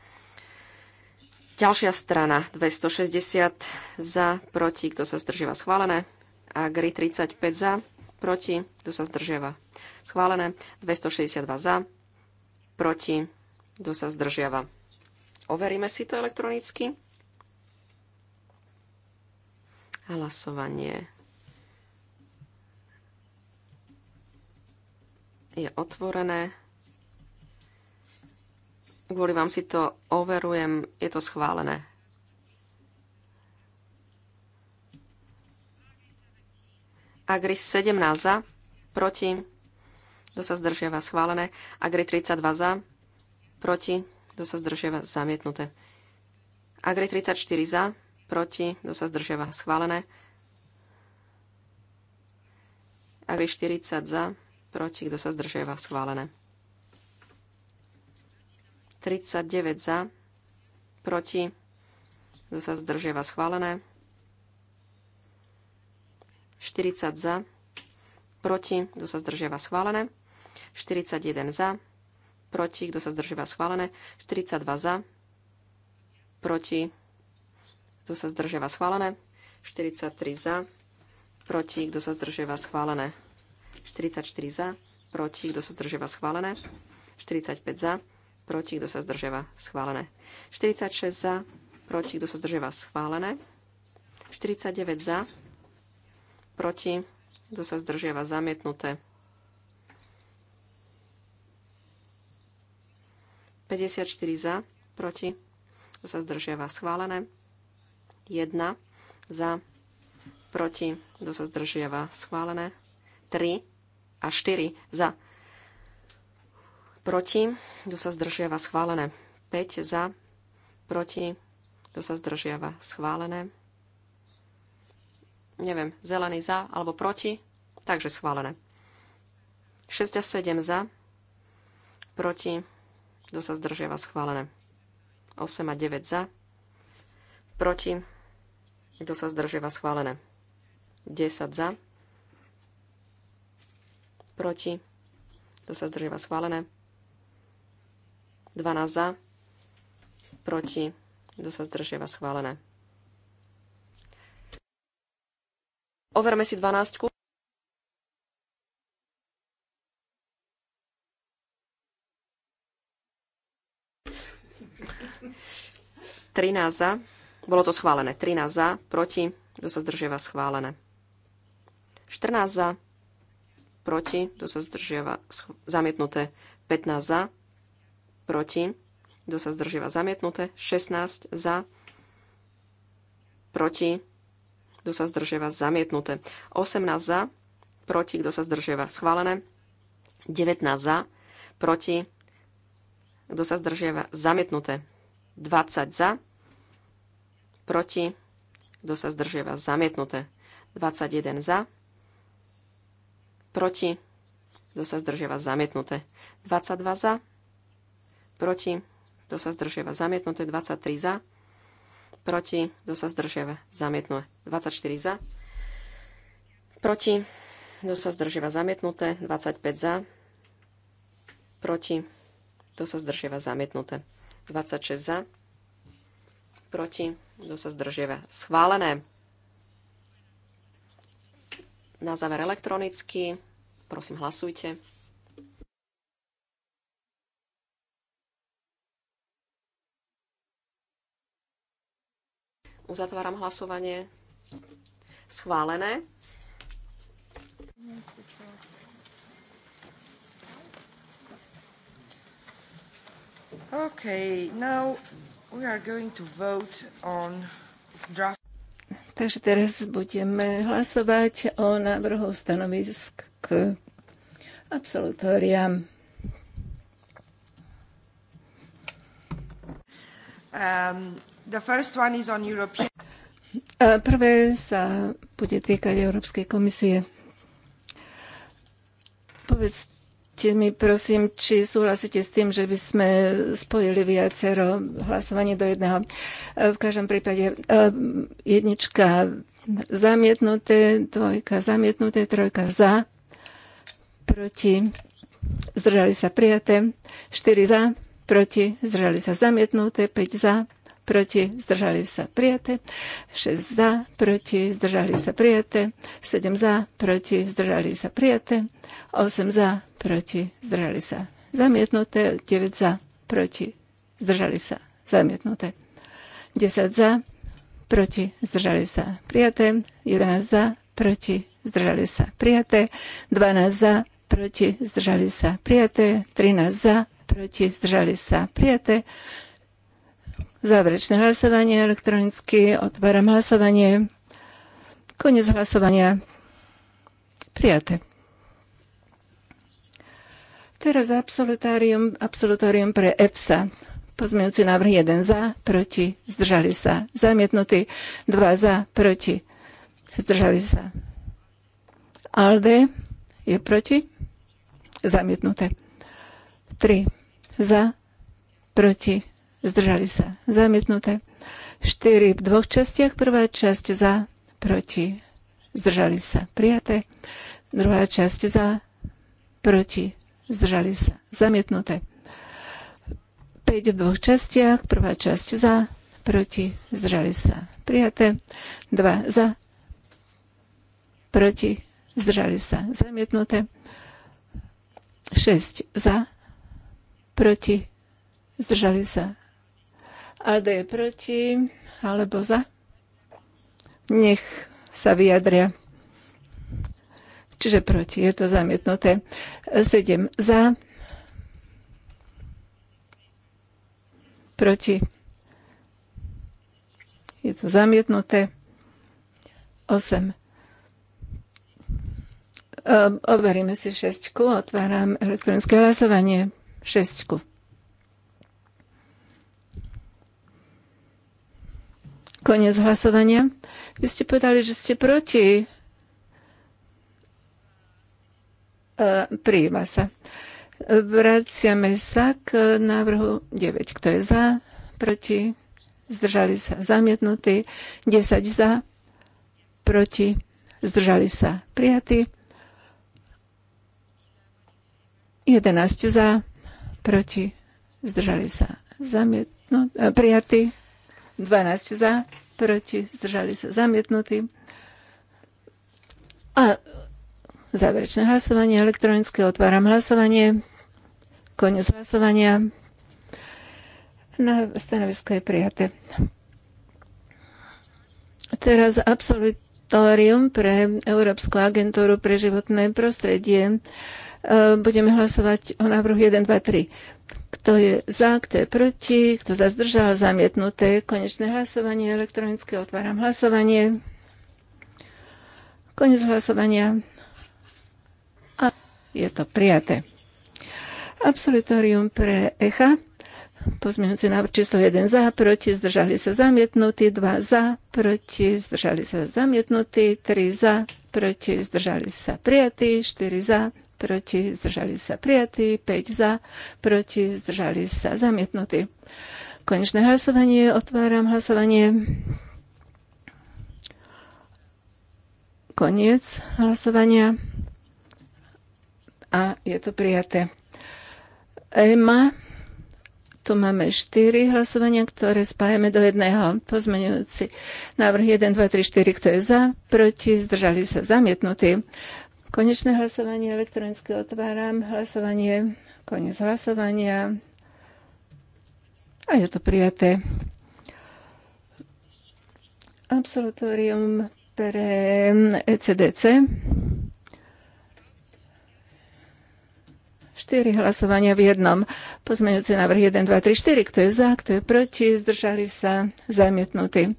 Ďalšia strana, 260 za, proti, kto sa zdržiava, schválené. Agri 35 za, proti, kto sa zdržiava, schválené. 262 za, proti, kto sa zdržiava. Overíme si to elektronicky. Hlasovanie je otvorené. Kvôli vám si to overujem, je to schválené. Agri 17 za, proti, kto sa zdržiava schválené. Agri 32 za, proti, kto sa zdržiava zamietnuté. Agri 34 za, proti, kto sa zdržiava schválené. Agri 40 za, proti, kto sa zdržiava, schválené. 39 za, proti, kto sa zdržiava, schválené. 40 za, proti, kto sa zdržiava, schválené. 41 za, proti, kto sa zdržiava, schválené. 42 za, proti, kto sa zdržiava, schválené. 43 za, proti, kto sa zdržiava, schválené. 44 za, proti, kto sa zdržiava schválené. 45 za, proti, kto sa zdržiava schválené. 46 za, proti, kto sa zdržiava schválené. 49 za, proti, kto sa zdržiava zamietnuté. 54 za, proti, kto sa zdržiava schválené. 1 za, proti, kto sa zdržiava schválené. 3 a 4 za. Proti, kto sa zdržiava schválené. 5 za, proti, kto sa zdržiava schválené. Neviem, zelený za alebo proti, takže schválené. 6 a 7 za, proti, kto sa zdržiava schválené. 8 a 9 za, proti, kto sa zdržiava schválené. 10 za, proti, kto sa zdržiava schválené, 12 za, proti, kto sa zdržiava schválené. Overme si 12. -ku. za. Bolo to schválené. 13 za, proti, kto sa zdržiava schválené. 14 za, proti, kto sa zdržiava zamietnuté 15 za, proti, kto sa zdržiava zamietnuté 16 za, proti, kto sa zdržiava zamietnuté 18 za, proti, kto sa zdržiava schválené 19 za, proti, kto sa zdržiava zamietnuté 20 za, proti, kto sa zdržiava zamietnuté 21 za, proti, kto sa zdržiava zamietnuté. 22 za, proti, kto sa zdržiava zamietnuté. 23 za, proti, kto sa zdržiava zamietnuté. 24 za, proti, kto sa zdržiava zamietnuté. 25 za, proti, kto sa zdržiava zamietnuté. 26 za, proti, kto sa zdržiava schválené na záver elektronicky. Prosím, hlasujte. Uzatváram hlasovanie. Schválené. Okay, now we are going to vote on draft Takže teraz budeme hlasovať o návrhu stanovisk k absolutóriám. Um, the first one is on European... prvé sa bude týkať Európskej komisie. Povedzte, Povedzte mi prosím, či súhlasíte s tým, že by sme spojili viacero hlasovanie do jedného. V každom prípade eh, jednička zamietnuté, dvojka zamietnuté, trojka za, proti, zdržali sa prijaté, štyri za, proti, zdržali sa zamietnuté, päť za, proti, zdržali sa prijaté, 6 za, proti, zdržali sa prijaté, 7 za, proti, zdržali sa prijaté, 8 za, proti, zdržali sa zamietnuté, 9 za, proti, zdržali sa zamietnuté, 10 za, proti, zdržali sa prijaté, 11 za, proti, zdržali sa prijaté, 12 za, proti, zdržali sa prijaté, 13 za, proti, zdržali sa prijaté, Záverečné hlasovanie elektronicky. Otváram hlasovanie. Konec hlasovania. Prijaté. Teraz absolutárium, absolutórium pre EFSA. Pozmeňujúci návrh 1 za, proti, zdržali sa. Zamietnutý 2 za, proti, zdržali sa. ALDE je proti, zamietnuté. 3 za, proti, zdržali sa, zamietnuté. Štyri v dvoch častiach, prvá časť za, proti, zdržali sa, prijaté. Druhá časť za, proti, zdržali sa, zamietnuté. 5 v dvoch častiach, prvá časť za, proti, zdržali sa, prijaté. 2 za, proti, zdržali sa, zamietnuté. 6 za, proti, zdržali sa, Aldo je proti, alebo za? Nech sa vyjadria. Čiže proti, je to zamietnuté. Sedem za, proti, je to zamietnuté. Osem. Ehm, overíme si šestku, otváram elektronické hlasovanie. Šestku. Koniec hlasovania. Vy ste povedali, že ste proti. E, prijíma sa. Vraciame sa k návrhu 9. Kto je za? Proti? Zdržali sa zamietnutí. 10 za? Proti? Zdržali sa prijatí. 11 za? Proti? Zdržali sa zamietnutí. E, prijatí. 12 za, proti, zdržali sa zamietnutí. A záverečné hlasovanie elektronické. Otváram hlasovanie. Konec hlasovania. No, stanovisko je prijaté. Teraz absolutorium pre Európsku agentúru pre životné prostredie. Ehm, budeme hlasovať o návrhu 1, 2, 3. Kto je za, kto je proti, kto sa zdržal, zamietnuté. Konečné hlasovanie elektronické. Otváram hlasovanie. Konec hlasovania. A je to prijaté. Absolutorium pre ECHA. Pozmienujúci návrh číslo 1 za, proti, zdržali sa zamietnutí, 2 za, proti, zdržali sa zamietnutí, 3 za, proti, zdržali sa prijatí, 4 za, proti zdržali sa prijatí, 5 za, proti zdržali sa zamietnutí. Konečné hlasovanie, otváram hlasovanie. Koniec hlasovania. A je to prijaté. EMA, tu máme 4 hlasovania, ktoré spájame do jedného. Pozmeňujúci návrh 1, 2, 3, 4, kto je za, proti, zdržali sa zamietnutí. Konečné hlasovanie Elektronické otváram. Hlasovanie, koniec hlasovania. A je to prijaté. Absolutórium pre ECDC. Štyri hlasovania v jednom. Pozmeňujúci návrh 1, 2, 3, 4. Kto je za, kto je proti, zdržali sa, zamietnutí.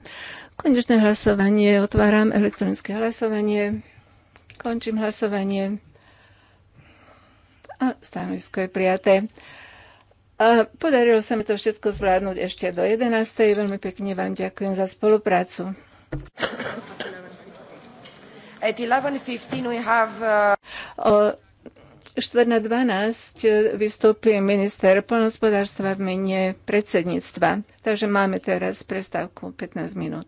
Konečné hlasovanie. Otváram elektronické hlasovanie. Končím hlasovanie. A stanovisko je prijaté. A podarilo sa mi to všetko zvládnuť ešte do 11. Veľmi pekne vám ďakujem za spoluprácu. At 11.15 we have... Uh... O 4 na 12 vystúpi minister polnospodárstva v mene predsedníctva. Takže máme teraz prestávku 15 minút.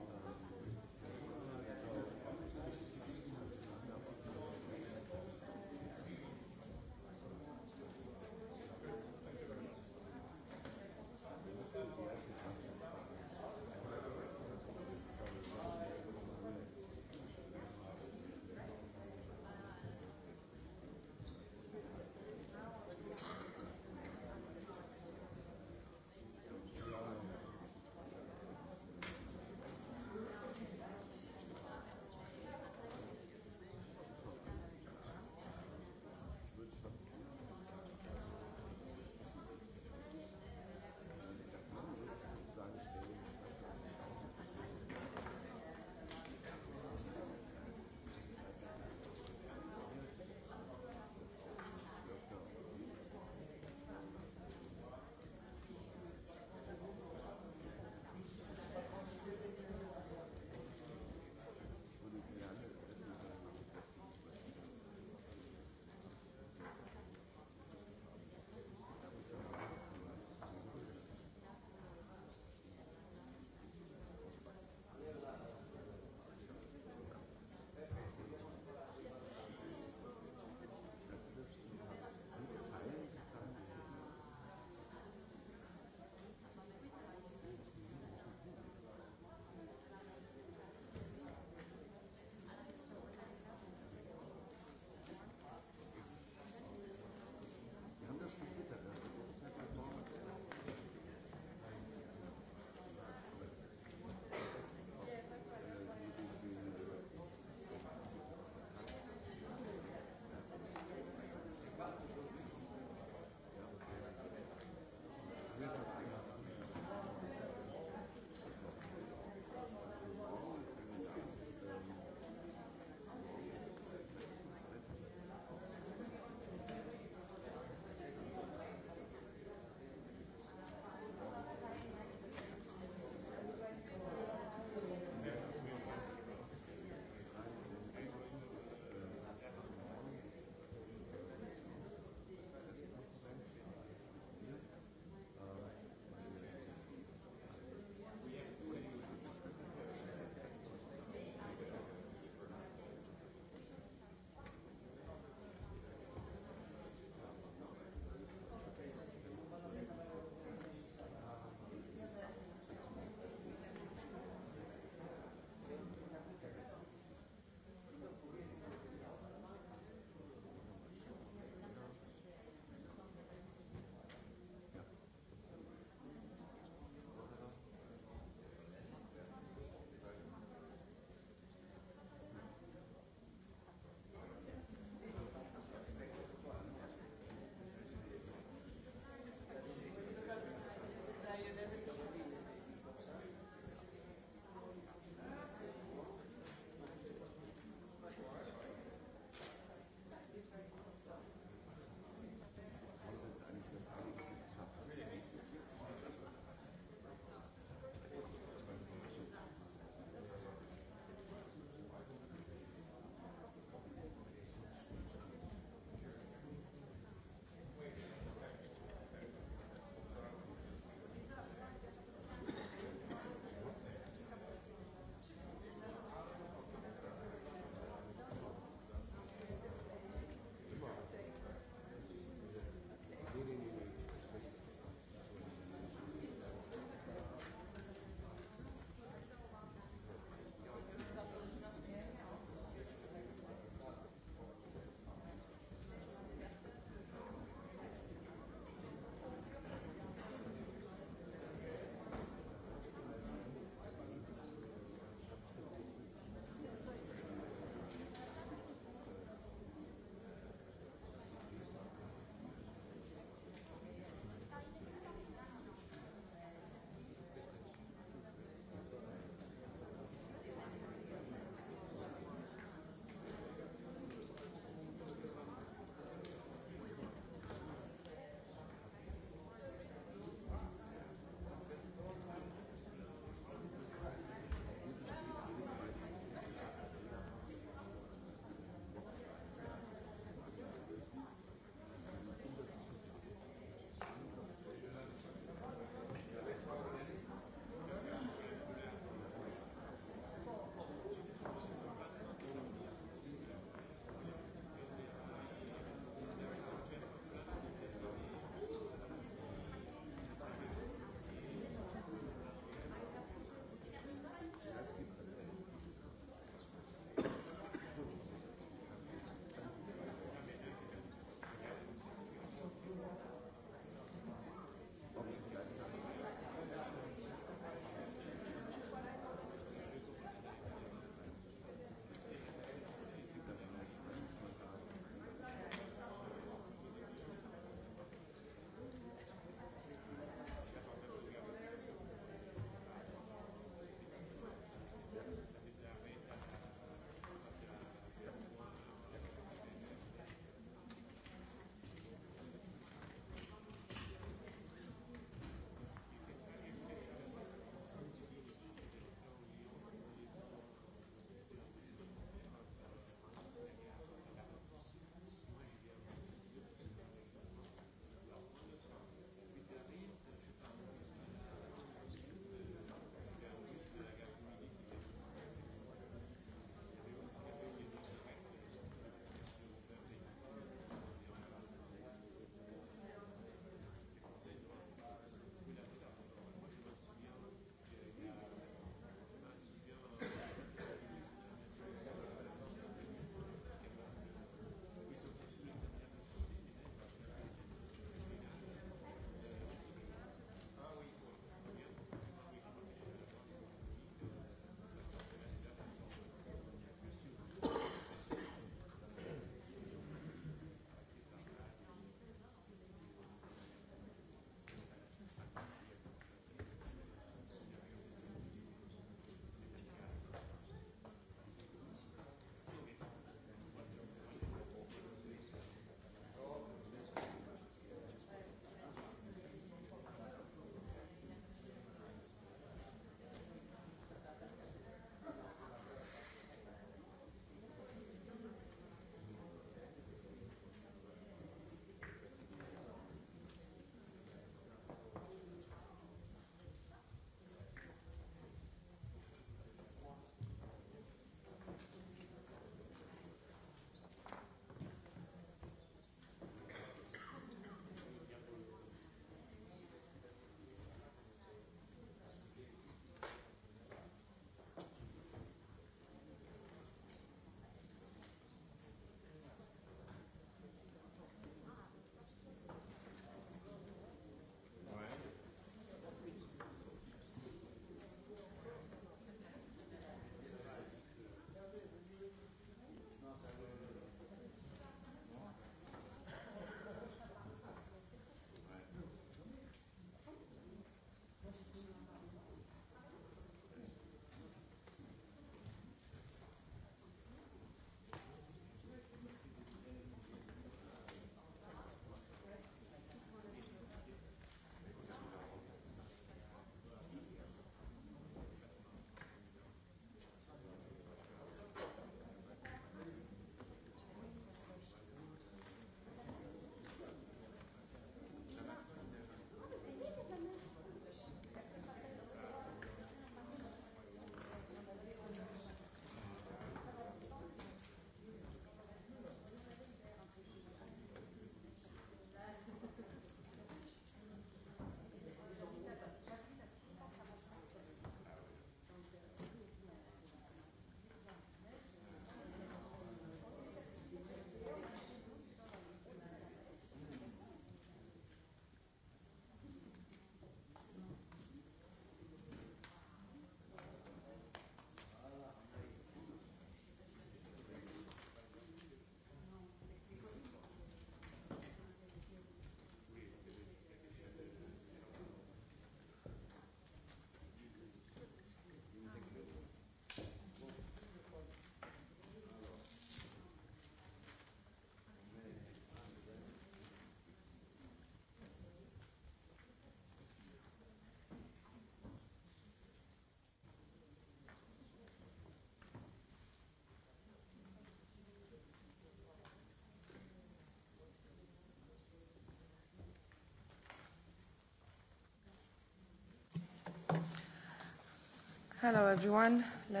Uh,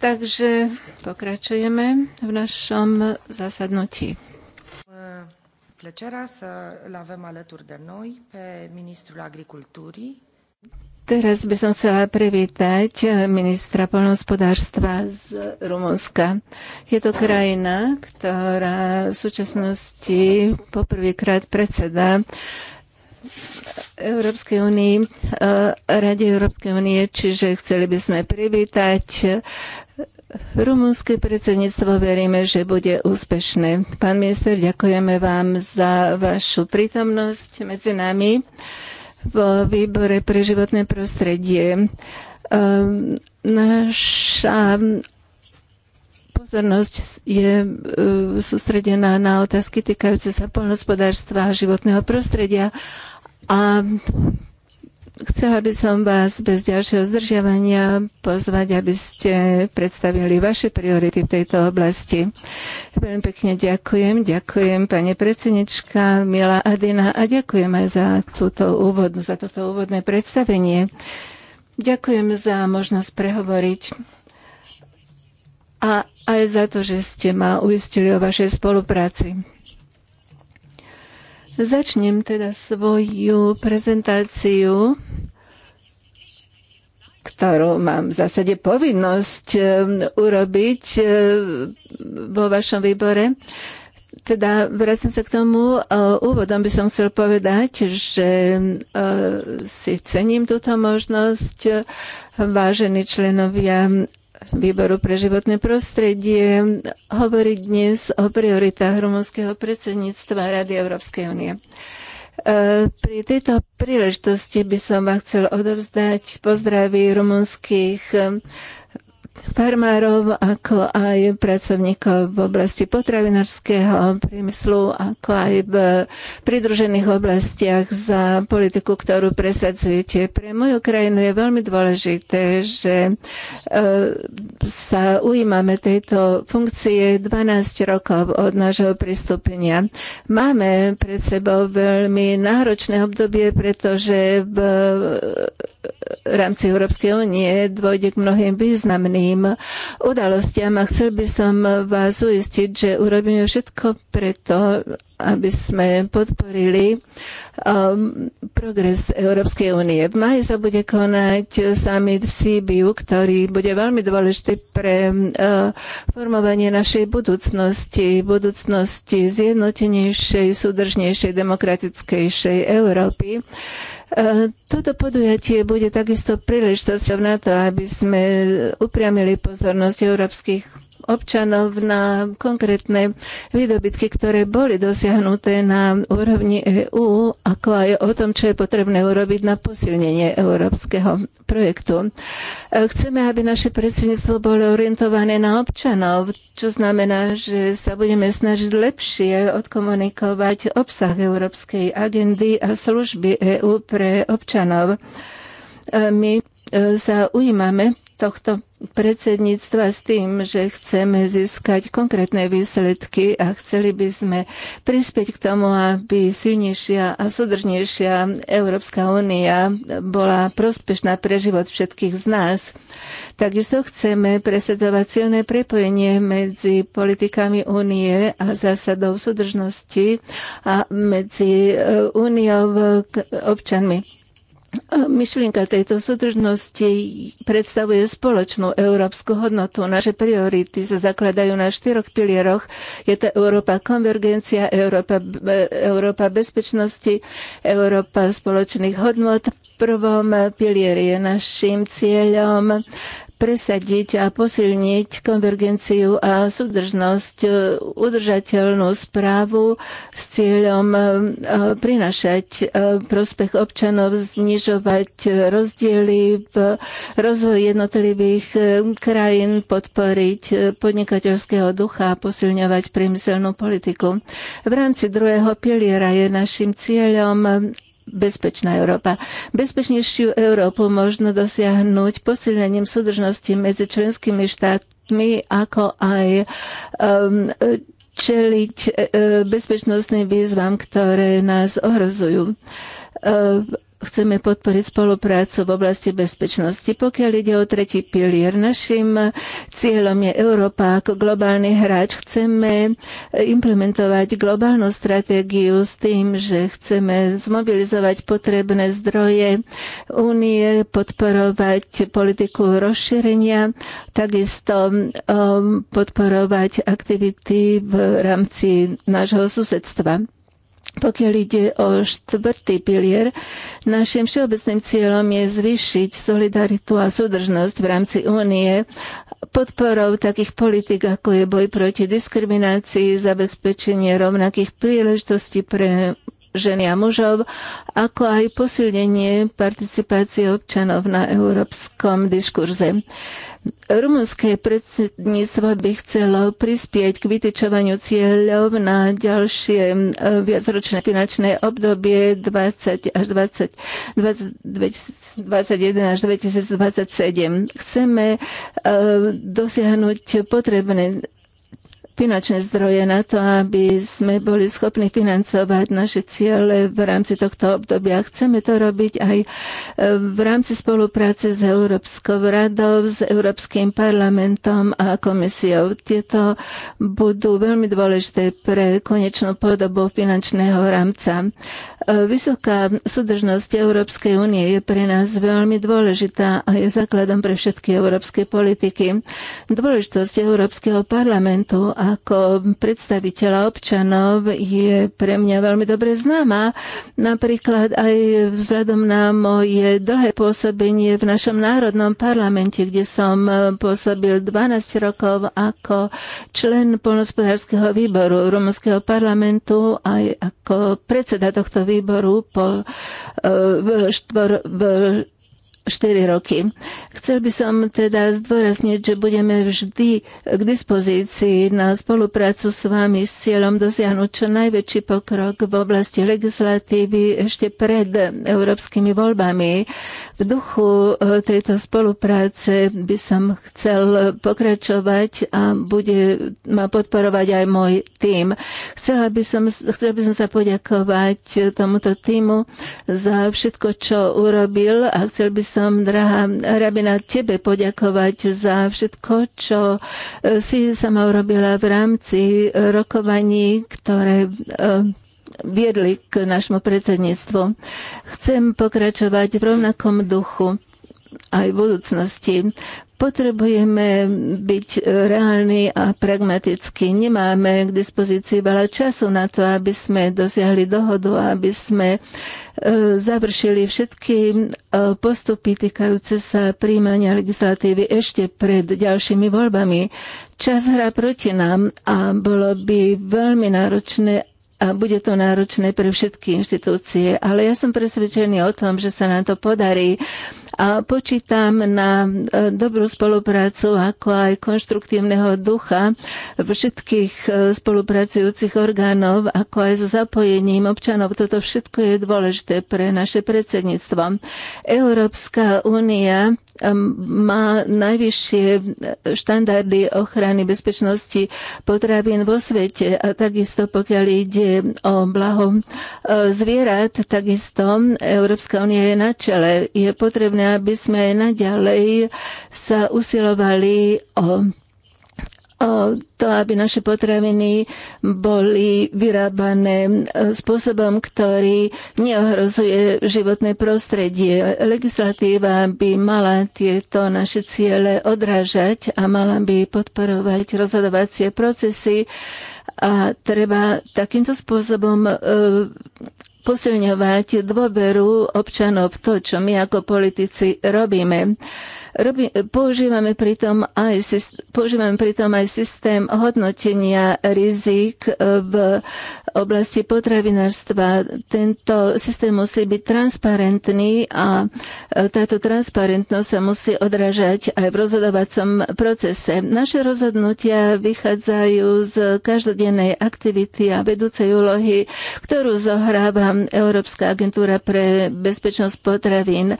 Takže pokračujeme v našom zasadnutí. Teraz by som chcela privítať ministra polnohospodárstva z Rumunska. Je to krajina, ktorá v súčasnosti poprvýkrát predseda Európskej únii, e, Rade Európskej únie, čiže chceli by sme privítať e, Rumunské predsedníctvo veríme, že bude úspešné. Pán minister, ďakujeme vám za vašu prítomnosť medzi nami vo výbore pre životné prostredie. E, naša pozornosť je sústredená na otázky týkajúce sa polnospodárstva a životného prostredia a chcela by som vás bez ďalšieho zdržiavania pozvať, aby ste predstavili vaše priority v tejto oblasti. Veľmi pekne ďakujem. Ďakujem pani predsednička, milá Adina a ďakujem aj za, túto úvodnú, za toto úvodné predstavenie. Ďakujem za možnosť prehovoriť a aj za to, že ste ma uistili o vašej spolupráci. Začnem teda svoju prezentáciu ktorú mám v zásade povinnosť e, urobiť e, vo vašom výbore. Teda vracím sa k tomu. E, úvodom by som chcel povedať, že si cením túto možnosť, vážení členovia Výboru pre životné prostredie hovoriť dnes o prioritách rumunského predsedníctva Rady Európskej únie. E, pri tejto príležitosti by som vám chcel odovzdať pozdravy rumunských farmárov, ako aj pracovníkov v oblasti potravinárskeho priemyslu, ako aj v pridružených oblastiach za politiku, ktorú presadzujete. Pre moju krajinu je veľmi dôležité, že e, sa ujímame tejto funkcie 12 rokov od nášho pristúpenia. Máme pred sebou veľmi náročné obdobie, pretože v rámci Európskej únie dôjde k mnohým významným udalostiam a chcel by som vás uistiť, že urobíme všetko preto, aby sme podporili um, progres Európskej únie. V maji sa bude konať summit v Sibiu, ktorý bude veľmi dôležitý pre uh, formovanie našej budúcnosti, budúcnosti zjednotenejšej, súdržnejšej, demokratickejšej Európy. Uh, E, toto podujatie bude takisto príležitosťou na to, aby sme upriamili pozornosť európskych občanov na konkrétne výdobytky, ktoré boli dosiahnuté na úrovni EÚ, ako aj o tom, čo je potrebné urobiť na posilnenie európskeho projektu. E, chceme, aby naše predsedníctvo bolo orientované na občanov, čo znamená, že sa budeme snažiť lepšie odkomunikovať obsah európskej agendy a služby EÚ pre občanov. E, my sa e, ujímame tohto predsedníctva s tým, že chceme získať konkrétne výsledky a chceli by sme prispieť k tomu, aby silnejšia a súdržnejšia Európska únia bola prospešná pre život všetkých z nás. Takisto chceme presedzovať silné prepojenie medzi politikami únie a zásadou súdržnosti a medzi e, úniou občanmi. Myšlienka tejto súdržnosti predstavuje spoločnú európsku hodnotu. Naše priority sa zakladajú na štyroch pilieroch. Je to Európa konvergencia, Európa, Európa bezpečnosti, Európa spoločných hodnot prvom pilieri je našim cieľom presadiť a posilniť konvergenciu a súdržnosť, e, udržateľnú správu s cieľom e, prinašať e, prospech občanov, znižovať rozdiely v rozvoji jednotlivých krajín, podporiť podnikateľského ducha a posilňovať priemyselnú politiku. V rámci druhého piliera je našim cieľom bezpečná Európa. Bezpečnejšiu Európu možno dosiahnuť posilnením súdržnosti medzi členskými štátmi, ako aj um, čeliť e, e, bezpečnostným výzvam, ktoré nás ohrozujú e, chceme podporiť spoluprácu v oblasti bezpečnosti. Pokiaľ ide o tretí pilier, našim cieľom je Európa ako globálny hráč. Chceme eh, implementovať globálnu stratégiu s tým, že chceme zmobilizovať potrebné zdroje únie, podporovať politiku rozšírenia, takisto eh, podporovať aktivity v rámci nášho susedstva. Pokiaľ ide o štvrtý pilier, našim všeobecným cieľom je zvýšiť solidaritu a súdržnosť v rámci únie podporou takých politik, ako je boj proti diskriminácii, zabezpečenie rovnakých príležitostí pre ženy a mužov, ako aj posilnenie participácie občanov na európskom diskurze. Rumunské predsedníctvo by chcelo prispieť k vytýčovaniu cieľov na ďalšie e, viacročné finančné obdobie 20 až 20, 20, 2021 až 2027. Chceme e, dosiahnuť potrebné finančné zdroje na to, aby sme boli schopní financovať naše ciele v rámci tohto obdobia. Chceme to robiť aj e, v rámci spolupráce s Európskou radou, s Európskym parlamentom a komisiou. Tieto budú veľmi dôležité pre konečnú podobu finančného rámca. E, vysoká súdržnosť Európskej únie je pre nás veľmi dôležitá a je základom pre všetky európske politiky. Dôležitosť Európskeho parlamentu ako predstaviteľa občanov je pre mňa veľmi dobre známa, napríklad aj vzhľadom na moje dlhé pôsobenie v našom národnom parlamente, kde som pôsobil 12 rokov ako člen polnospodárskeho výboru Rumunského parlamentu aj ako predseda tohto výboru výboru po, e, v, štvor, v 4 roky. Chcel by som teda zdôrazniť, že budeme vždy k dispozícii na spoluprácu s vami s cieľom dosiahnuť čo najväčší pokrok v oblasti legislatívy ešte pred európskymi voľbami. V duchu e, tejto spolupráce by som chcel pokračovať a bude ma podporovať aj môj tým. Chcela by som, chcela by som sa poďakovať tomuto týmu za všetko, čo urobil a chcel by som som, drahá Rabina, tebe poďakovať za všetko, čo eh, si sama urobila v rámci eh, rokovaní, ktoré eh, viedli k našemu predsedníctvu. Chcem pokračovať v rovnakom duchu aj v budúcnosti. Potrebujeme byť e, reálni a pragmatickí. Nemáme k dispozícii veľa času na to, aby sme dosiahli dohodu, aby sme e, završili všetky e, postupy týkajúce sa príjmania legislatívy ešte pred ďalšími voľbami. Čas hrá proti nám a bolo by veľmi náročné a bude to náročné pre všetky inštitúcie, ale ja som presvedčený o tom, že sa nám to podarí a počítam na e, dobrú spoluprácu, ako aj konštruktívneho ducha všetkých e, spolupracujúcich orgánov, ako aj so zapojením občanov. Toto všetko je dôležité pre naše predsedníctvo. Európska únia má najvyššie štandardy ochrany bezpečnosti potravín vo svete a takisto pokiaľ ide o blaho e, zvierat, takisto Európska únia je na čele. Je potrebné, aby sme naďalej sa usilovali o o to, aby naše potraviny boli vyrábané e, spôsobom, ktorý neohrozuje životné prostredie. Legislatíva by mala tieto naše ciele odrážať a mala by podporovať rozhodovacie procesy a treba takýmto spôsobom e, posilňovať dôveru občanov v to, čo my ako politici robíme. Robi, používame, pritom aj, používame pritom aj systém hodnotenia rizik e, v oblasti potravinárstva. Tento systém musí byť transparentný a e, táto transparentnosť sa musí odrážať aj v rozhodovacom procese. Naše rozhodnutia vychádzajú z každodennej aktivity a vedúcej úlohy, ktorú zohráva Európska agentúra pre bezpečnosť potravín. E,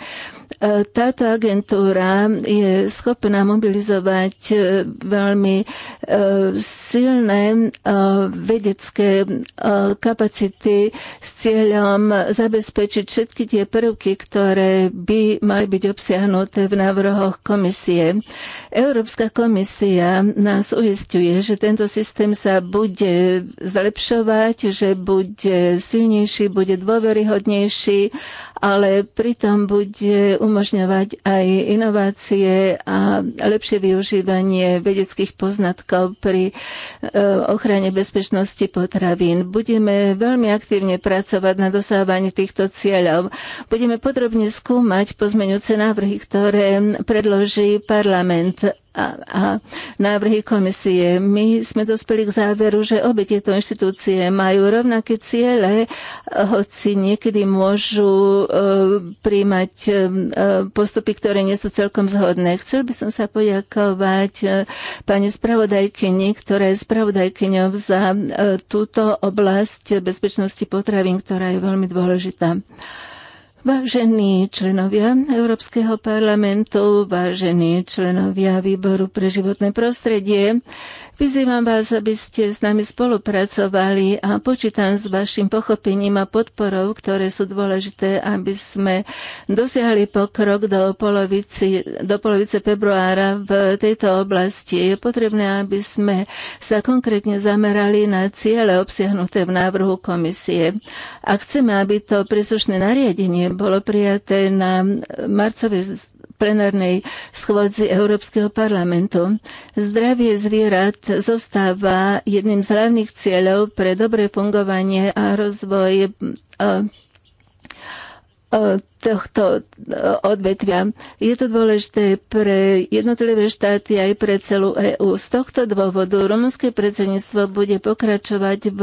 táto agentúra je schopná mobilizovať e, veľmi silné vedecké E, kapacity s cieľom zabezpečiť všetky tie prvky, ktoré by mali byť obsiahnuté v návrhoch komisie. Európska komisia nás uistuje, že tento systém sa bude zlepšovať, že bude silnejší, bude dôveryhodnejší, ale pritom bude umožňovať aj inovácie a lepšie využívanie vedeckých poznatkov pri e, ochrane bezpečnosti potravín budeme veľmi aktívne pracovať na dosávaní týchto cieľov. Budeme podrobne skúmať pozmeňujúce návrhy, ktoré predloží parlament a návrhy komisie. My sme dospeli k záveru, že obe tieto inštitúcie majú rovnaké ciele, hoci niekedy môžu e, príjmať e, postupy, ktoré nie sú celkom zhodné. Chcel by som sa poďakovať e, pani spravodajkyni, ktorá je spravodajkyňou za túto oblasť bezpečnosti potravín, ktorá je veľmi dôležitá. Vážení členovia Európskeho parlamentu, vážení členovia Výboru pre životné prostredie, Vyzývam vás, aby ste s nami spolupracovali a počítam s vašim pochopením a podporou, ktoré sú dôležité, aby sme dosiahli pokrok do polovice, do polovice februára v tejto oblasti. Je potrebné, aby sme sa konkrétne zamerali na ciele obsiahnuté v návrhu komisie. A chceme, aby to príslušné nariadenie bolo prijaté na marcovej plenárnej schôdzi Európskeho parlamentu. Zdravie zvierat zostáva jedným z hlavných cieľov pre dobré fungovanie a rozvoj a, a, tohto eh, odvetvia. Je to dôležité pre jednotlivé štáty aj pre celú EÚ. Z tohto dôvodu rumunské predsedníctvo bude pokračovať v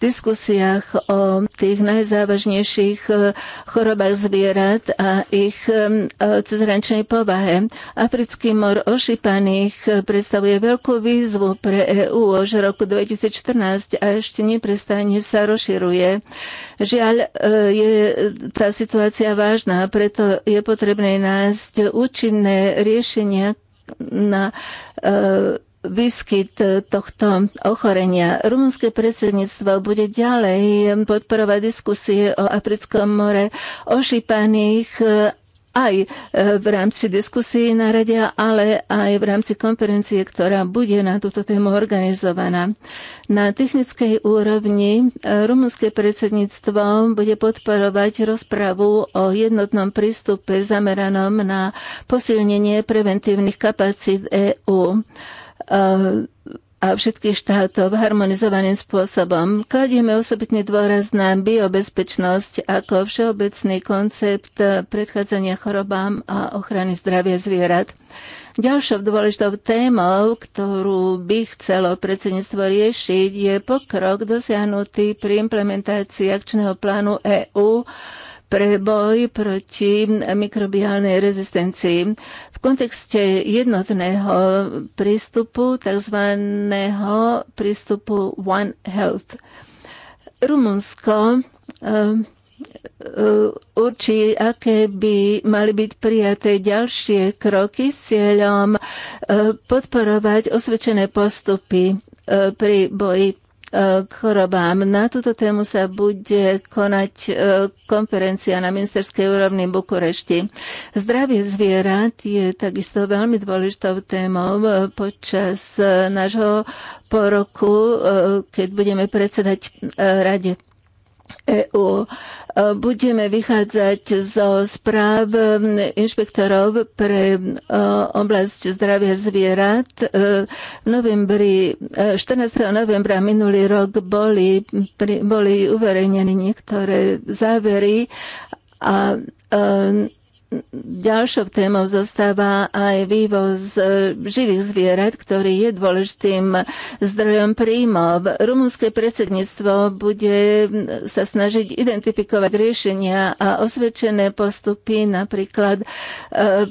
diskusiách o tých najzávažnejších eh, chorobách zvierat a ich eh, cezhraničnej povahe. Africký mor ošipaných predstavuje veľkú výzvu pre EÚ už roku 2014 a ešte neprestane sa rozširuje. Žiaľ, je tá situácia v vážna a preto je potrebné nájsť účinné riešenia na e, výskyt tohto ochorenia. Rumunské predsedníctvo bude ďalej podporovať diskusie o Africkom more, ošípaných aj e, v rámci diskusí na rade, ale aj v rámci konferencie, ktorá bude na túto tému organizovaná. Na technickej úrovni e, rumunské predsedníctvo bude podporovať rozpravu o jednotnom prístupe zameranom na posilnenie preventívnych kapacít EÚ a všetkých štátov harmonizovaným spôsobom. Kladieme osobitný dôraz na biobezpečnosť ako všeobecný koncept predchádzania chorobám a ochrany zdravia zvierat. Ďalšou dôležitou témou, ktorú by chcelo predsedníctvo riešiť, je pokrok dosiahnutý pri implementácii akčného plánu EÚ pre boj proti mikrobiálnej rezistencii. V kontexte jednotného prístupu, tzv. prístupu One Health. Rumunsko eh, eh, určí, aké by mali byť prijaté ďalšie kroky s cieľom eh, podporovať osvedčené postupy pri boji Eh, k chorobám. Na túto tému sa bude konať eh, konferencia na ministerskej úrovni Bukurešti. Zdravie zvierat je takisto veľmi dôležitou témou eh, počas nášho poroku, keď budeme predsedať Rade EÚ. E, budeme vychádzať zo správ inšpektorov pre e, oblasť zdravia zvierat. E, v novembri, 14. novembra minulý rok boli, boli uverejnené niektoré závery a Ďalšou témou zostáva aj vývoz e, živých zvierat, ktorý je dôležitým zdrojom príjmov. Rumunské predsedníctvo bude sa snažiť identifikovať riešenia a osvedčené postupy, napríklad e,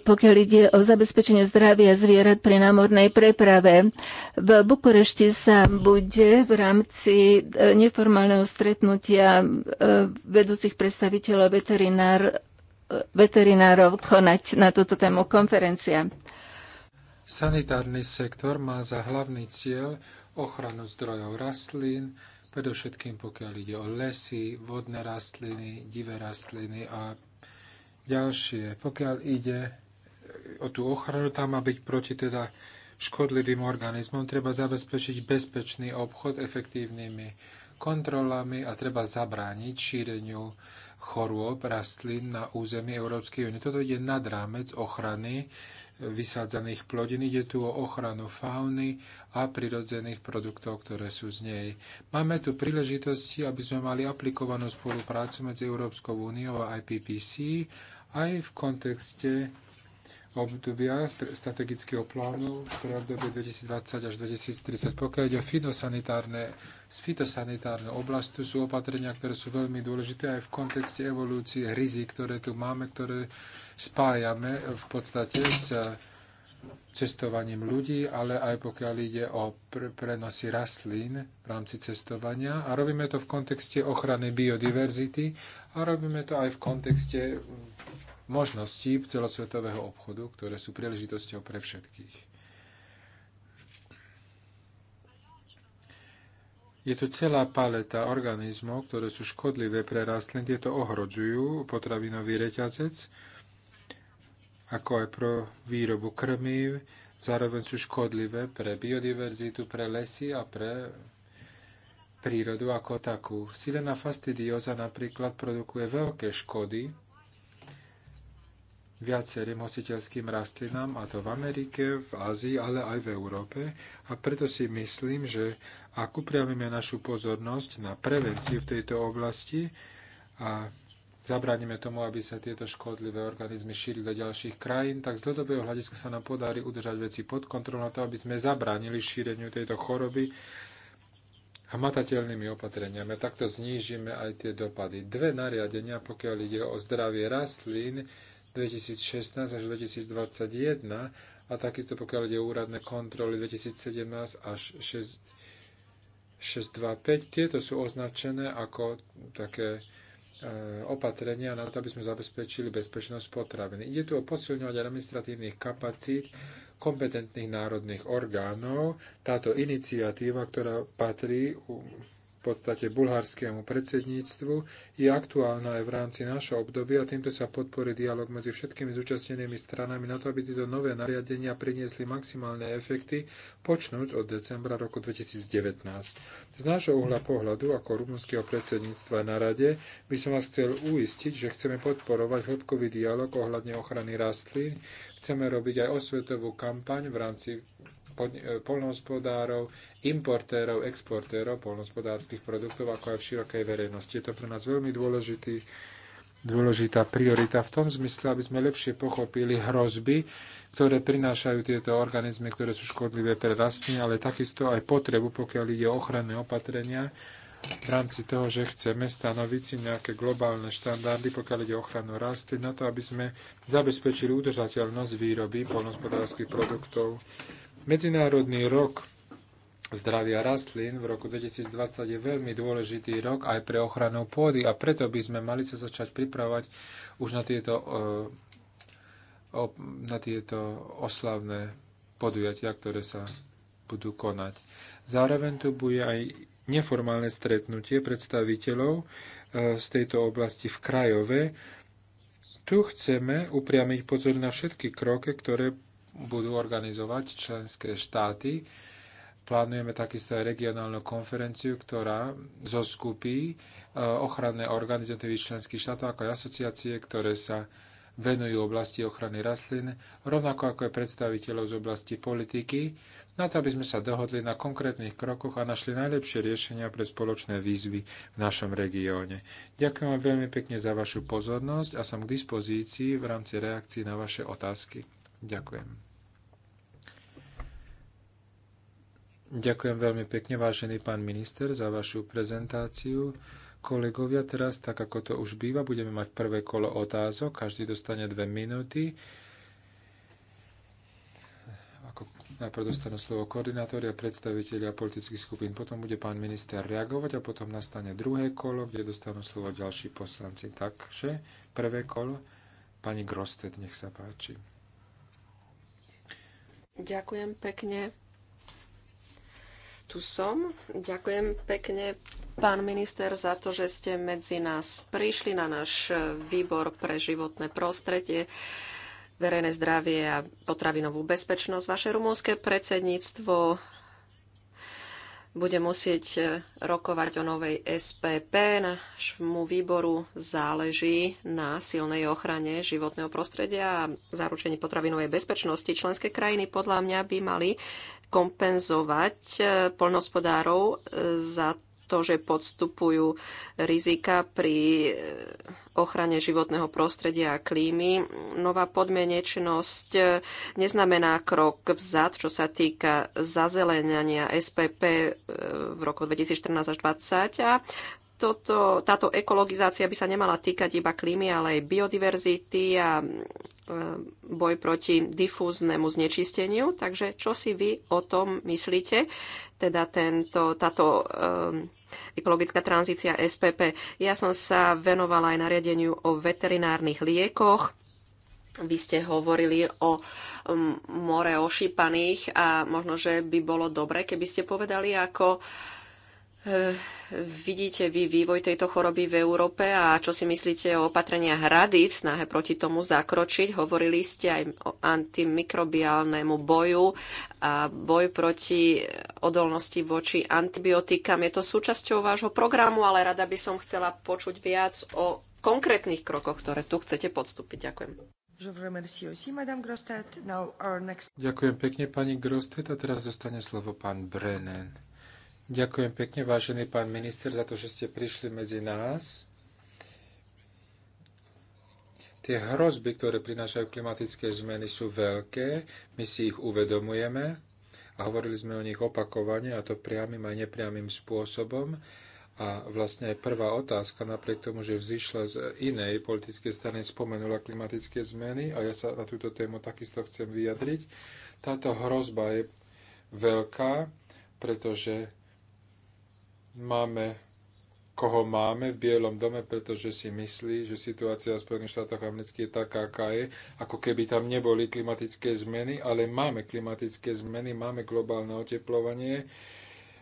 pokiaľ ide o zabezpečenie zdravia zvierat pri námornej preprave. V Bukurešti sa bude v rámci e, neformálneho stretnutia vedúcich predstaviteľov veterinár veterinárov konať na túto tému konferencia. Sanitárny sektor má za hlavný cieľ ochranu zdrojov rastlín, predovšetkým pokiaľ ide o lesy, vodné rastliny, divé rastliny a ďalšie. Pokiaľ ide o tú ochranu, tam má byť proti teda škodlivým organizmom, treba zabezpečiť bezpečný obchod efektívnymi kontrolami a treba zabrániť šíreniu chorôb rastlín na území Európskej únie. Toto ide nad rámec ochrany vysádzaných plodín. Ide tu o ochranu fauny a prirodzených produktov, ktoré sú z nej. Máme tu príležitosti, aby sme mali aplikovanú spoluprácu medzi Európskou úniou a IPPC aj v kontexte obdobia strategického plánu pre obdobie 2020 až 2030. Pokiaľ ide o fitosanitárne, fitosanitárne oblasť, tu sú opatrenia, ktoré sú veľmi dôležité aj v kontexte evolúcie rizik, ktoré tu máme, ktoré spájame v podstate s cestovaním ľudí, ale aj pokiaľ ide o pr- prenosy rastlín v rámci cestovania. A robíme to v kontexte ochrany biodiverzity a robíme to aj v kontexte možností celosvetového obchodu, ktoré sú príležitosťou pre všetkých. Je tu celá paleta organizmov, ktoré sú škodlivé pre rastliny, tieto ohrodzujú potravinový reťazec, ako aj pro výrobu krmív, zároveň sú škodlivé pre biodiverzitu, pre lesy a pre prírodu ako takú. Silena fastidiosa napríklad produkuje veľké škody viacerým hostiteľským rastlinám, a to v Amerike, v Ázii, ale aj v Európe. A preto si myslím, že ak upriamime našu pozornosť na prevenciu v tejto oblasti a zabránime tomu, aby sa tieto škodlivé organizmy šírili do ďalších krajín, tak z dlhodobého hľadiska sa nám podarí udržať veci pod kontrolou na to, aby sme zabránili šíreniu tejto choroby, hmatateľnými opatreniami. Takto znížime aj tie dopady. Dve nariadenia, pokiaľ ide o zdravie rastlín, 2016 až 2021 a takisto pokiaľ ide o úradné kontroly 2017 až 625, tieto sú označené ako také e, opatrenia na to, aby sme zabezpečili bezpečnosť potravín. Ide tu o posilňovať administratívnych kapacít kompetentných národných orgánov. Táto iniciatíva, ktorá patrí podstate bulharskému predsedníctvu, je aktuálna aj v rámci nášho obdobia a týmto sa podporí dialog medzi všetkými zúčastnenými stranami na to, aby tieto nové nariadenia priniesli maximálne efekty počnúť od decembra roku 2019. Z nášho uhla pohľadu ako rumunského predsedníctva na rade by som vás chcel uistiť, že chceme podporovať hĺbkový dialog ohľadne ochrany rastlín, chceme robiť aj osvetovú kampaň v rámci E, polnohospodárov, importérov, exportérov polnohospodárskych produktov, ako aj v širokej verejnosti. Je to pre nás veľmi dôležitý, dôležitá priorita v tom zmysle, aby sme lepšie pochopili hrozby, ktoré prinášajú tieto organizmy, ktoré sú škodlivé pre rastliny, ale takisto aj potrebu, pokiaľ ide o ochranné opatrenia, v rámci toho, že chceme stanoviť si nejaké globálne štandardy, pokiaľ ide o ochranu rastlín, na to, aby sme zabezpečili udržateľnosť výroby poľnohospodárskych produktov Medzinárodný rok zdravia rastlín v roku 2020 je veľmi dôležitý rok aj pre ochranu pôdy a preto by sme mali sa začať pripravať už na tieto, eh, na tieto oslavné podujatia, ktoré sa budú konať. Zároveň tu bude aj neformálne stretnutie predstaviteľov eh, z tejto oblasti v Krajove. Tu chceme upriamiť pozor na všetky kroky, ktoré budú organizovať členské štáty. Plánujeme takisto aj regionálnu konferenciu, ktorá zoskupí e, ochranné organizátory členských štátov ako aj asociácie, ktoré sa venujú oblasti ochrany rastlín, rovnako ako aj predstaviteľov z oblasti politiky, na to, aby sme sa dohodli na konkrétnych krokoch a našli najlepšie riešenia pre spoločné výzvy v našom regióne. Ďakujem vám veľmi pekne za vašu pozornosť a som k dispozícii v rámci reakcií na vaše otázky. Ďakujem. Ďakujem veľmi pekne, vážený pán minister, za vašu prezentáciu. Kolegovia, teraz, tak ako to už býva, budeme mať prvé kolo otázok. Každý dostane dve minúty. Ako najprv dostanú slovo koordinátori a predstaviteľi a politických skupín. Potom bude pán minister reagovať a potom nastane druhé kolo, kde dostanú slovo ďalší poslanci. Takže prvé kolo. Pani Grosted, nech sa páči. Ďakujem pekne. Tu som. Ďakujem pekne, pán minister, za to, že ste medzi nás prišli na náš výbor pre životné prostredie verejné zdravie a potravinovú bezpečnosť. Vaše rumúnske predsedníctvo bude musieť e, rokovať o novej SPP. Našmu výboru záleží na silnej ochrane životného prostredia a zaručení potravinovej bezpečnosti. Členské krajiny podľa mňa by mali kompenzovať e, poľnohospodárov e, za to, že podstupujú rizika pri eh, ochrane životného prostredia a klímy. Nová podmienečnosť eh, neznamená krok vzad, čo sa týka zazelenania SPP eh, v roku 2014 až 2020 a toto, táto ekologizácia by sa nemala týkať iba klímy, ale aj biodiverzity a boj proti difúznemu znečisteniu. Takže čo si vy o tom myslíte? Teda tento, táto ekologická tranzícia SPP. Ja som sa venovala aj nariadeniu o veterinárnych liekoch. Vy ste hovorili o mm, more ošípaných a možno, že by bolo dobre, keby ste povedali, ako Eh, vidíte vy vývoj tejto choroby v Európe a čo si myslíte o opatreniach rady v snahe proti tomu zakročiť? Hovorili ste aj o antimikrobiálnemu boju a boj proti odolnosti voči antibiotikám. Je to súčasťou vášho programu, ale rada by som chcela počuť viac o konkrétnych krokoch, ktoré tu chcete podstúpiť. Ďakujem. Ďakujem pekne, pani Grostet. A teraz zostane slovo pán Brennan. Ďakujem pekne, vážený pán minister, za to, že ste prišli medzi nás. Tie hrozby, ktoré prinášajú klimatické zmeny, sú veľké. My si ich uvedomujeme a hovorili sme o nich opakovane, a to priamým aj nepriamým spôsobom. A vlastne aj prvá otázka, napriek tomu, že vzýšla z inej politickej strany, spomenula klimatické zmeny a ja sa na túto tému takisto chcem vyjadriť. Táto hrozba je veľká, pretože máme koho máme v Bielom dome, pretože si myslí, že situácia v Spojených štátoch amerických je taká, aká je, ako keby tam neboli klimatické zmeny, ale máme klimatické zmeny, máme globálne oteplovanie.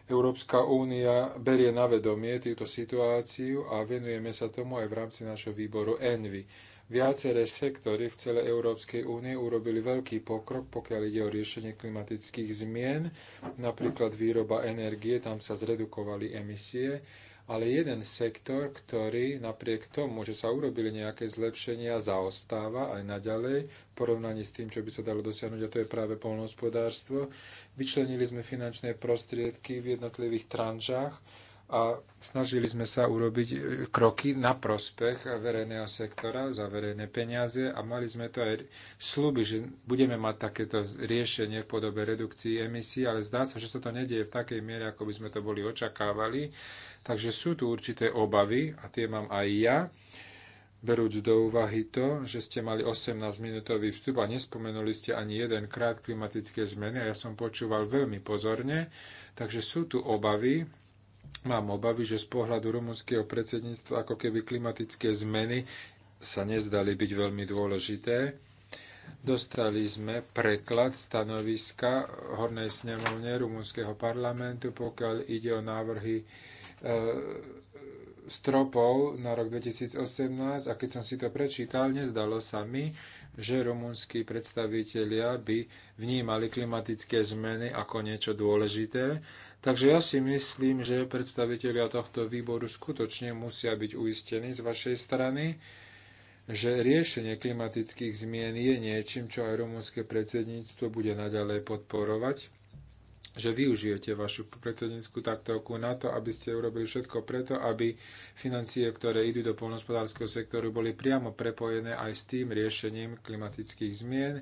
Európska únia berie na vedomie túto situáciu a venujeme sa tomu aj v rámci našho výboru ENVY viaceré sektory v celej Európskej únie urobili veľký pokrok, pokiaľ ide o riešenie klimatických zmien, napríklad výroba energie, tam sa zredukovali emisie, ale jeden sektor, ktorý napriek tomu, že sa urobili nejaké zlepšenia, zaostáva aj naďalej v porovnaní s tým, čo by sa dalo dosiahnuť, a to je práve polnohospodárstvo. Vyčlenili sme finančné prostriedky v jednotlivých tranžách, a snažili sme sa urobiť e, kroky na prospech verejného sektora za verejné peniaze a mali sme to aj sluby, že budeme mať takéto riešenie v podobe redukcií emisí, ale zdá sa, že sa to nedieje v takej miere, ako by sme to boli očakávali. Takže sú tu určité obavy a tie mám aj ja. Berúc do úvahy to, že ste mali 18-minútový vstup a nespomenuli ste ani jeden krát klimatické zmeny a ja som počúval veľmi pozorne, takže sú tu obavy, Mám obavy, že z pohľadu rumunského predsedníctva ako keby klimatické zmeny sa nezdali byť veľmi dôležité. Dostali sme preklad stanoviska Hornej snemovne rumunského parlamentu, pokiaľ ide o návrhy e, stropov na rok 2018 a keď som si to prečítal, nezdalo sa mi, že rumúnsky predstavitelia by vnímali klimatické zmeny ako niečo dôležité. Takže ja si myslím, že predstavitelia tohto výboru skutočne musia byť uistení z vašej strany, že riešenie klimatických zmien je niečím, čo aj rumúnske predsedníctvo bude naďalej podporovať že využijete vašu predsedníckú taktovku na to, aby ste urobili všetko preto, aby financie, ktoré idú do polnospodárskeho sektoru, boli priamo prepojené aj s tým riešením klimatických zmien.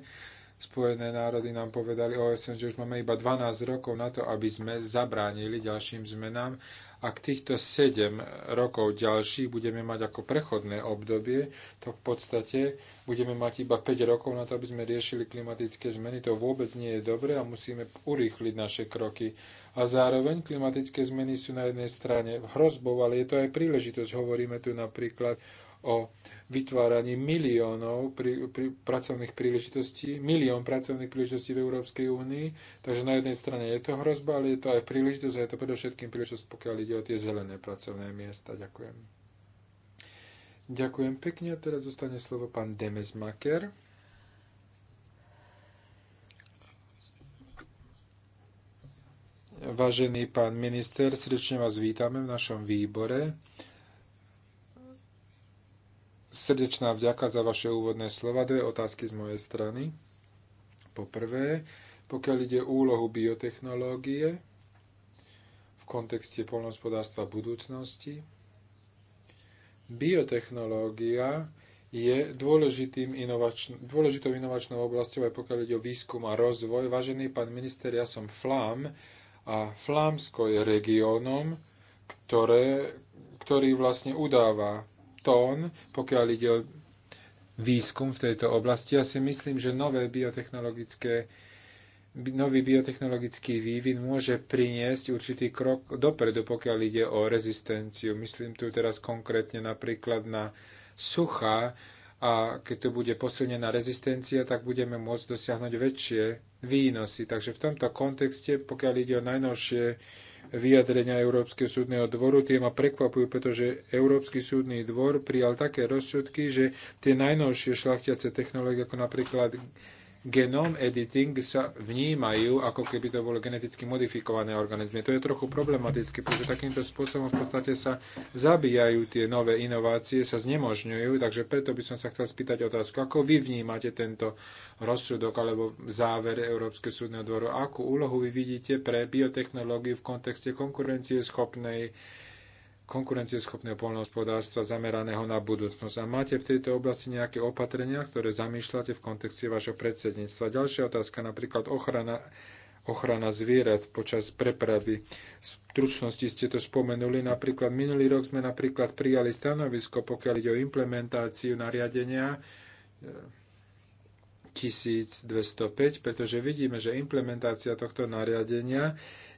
Spojené národy nám povedali OSN, že už máme iba 12 rokov na to, aby sme zabránili ďalším zmenám ak týchto 7 rokov ďalších budeme mať ako prechodné obdobie, tak v podstate budeme mať iba 5 rokov na to, aby sme riešili klimatické zmeny. To vôbec nie je dobré a musíme urýchliť naše kroky. A zároveň klimatické zmeny sú na jednej strane hrozbou, ale je to aj príležitosť. Hovoríme tu napríklad o vytváraní miliónov pri, pri, pracovných príležitostí, milión pracovných príležitostí v Európskej únii. Takže na jednej strane je to hrozba, ale je to aj príležitosť a je to predovšetkým príležitosť, pokiaľ ide o tie zelené pracovné miesta. Ďakujem. Ďakujem pekne. A teraz zostane slovo pán Demesmaker. Vážený pán minister, srdečne vás vítame v našom výbore srdečná vďaka za vaše úvodné slova. Dve otázky z mojej strany. Po prvé, pokiaľ ide o úlohu biotechnológie v kontexte polnohospodárstva budúcnosti, biotechnológia je dôležitým dôležitou inovačnou oblasťou, aj pokiaľ ide o výskum a rozvoj. Vážený pán minister, ja som Flám a Flámsko je regiónom, ktoré, ktorý vlastne udáva tón, pokiaľ ide o výskum v tejto oblasti. Ja si myslím, že nové biotechnologické, nový biotechnologický vývin môže priniesť určitý krok dopredu, pokiaľ ide o rezistenciu. Myslím tu teraz konkrétne napríklad na suchá a keď tu bude posilnená rezistencia, tak budeme môcť dosiahnuť väčšie výnosy. Takže v tomto kontexte, pokiaľ ide o najnovšie vyjadrenia Európskeho súdneho dvoru. Tie ma prekvapujú, pretože Európsky súdny dvor prijal také rozsudky, že tie najnovšie šlachtiace technológie, ako napríklad genom editing sa vnímajú, ako keby to bolo geneticky modifikované organizmy. To je trochu problematické, pretože takýmto spôsobom v podstate sa zabíjajú tie nové inovácie, sa znemožňujú, takže preto by som sa chcel spýtať otázku, ako vy vnímate tento rozsudok alebo záver Európskeho súdneho dvoru, akú úlohu vy vidíte pre biotechnológiu v kontexte konkurencie schopnej konkurencieschopného poľnohospodárstva zameraného na budúcnosť. A máte v tejto oblasti nejaké opatrenia, ktoré zamýšľate v kontexte vašho predsedníctva? Ďalšia otázka, napríklad ochrana, ochrana zvierat počas prepravy. V stručnosti ste to spomenuli. Napríklad minulý rok sme napríklad prijali stanovisko, pokiaľ ide o implementáciu nariadenia 1205, eh, pretože vidíme, že implementácia tohto nariadenia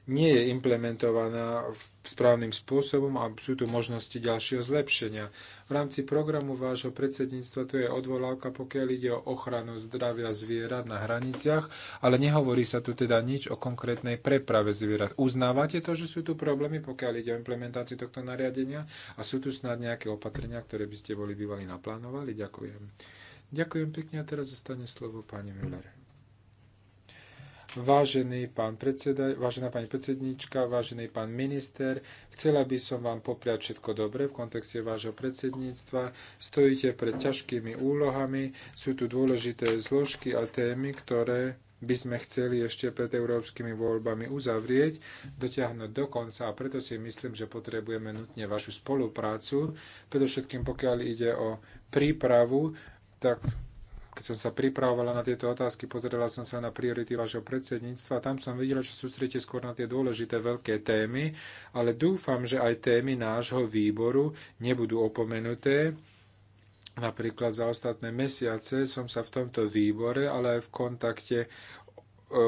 nie je implementovaná správnym spôsobom a sú tu možnosti ďalšieho zlepšenia. V rámci programu vášho predsedníctva tu je odvolávka, pokiaľ ide o ochranu zdravia zvierat na hraniciach, ale nehovorí sa tu teda nič o konkrétnej preprave zvierat. Uznávate to, že sú tu problémy, pokiaľ ide o implementáciu tohto nariadenia a sú tu snad nejaké opatrenia, ktoré by ste boli bývali naplánovali? Ďakujem. Ďakujem pekne a teraz zostane slovo pani Müller. Vážený pán predseda, vážená pani predsedníčka, vážený pán minister, chcela by som vám popriať všetko dobré v kontexte vášho predsedníctva. Stojíte pred ťažkými úlohami, sú tu dôležité zložky a témy, ktoré by sme chceli ešte pred európskymi voľbami uzavrieť, dotiahnuť do konca a preto si myslím, že potrebujeme nutne vašu spoluprácu, predovšetkým pokiaľ ide o prípravu, tak keď som sa pripravovala na tieto otázky, pozrela som sa na priority vašho predsedníctva. Tam som videla, že sústredíte skôr na tie dôležité veľké témy, ale dúfam, že aj témy nášho výboru nebudú opomenuté. Napríklad za ostatné mesiace som sa v tomto výbore, ale aj v kontakte e,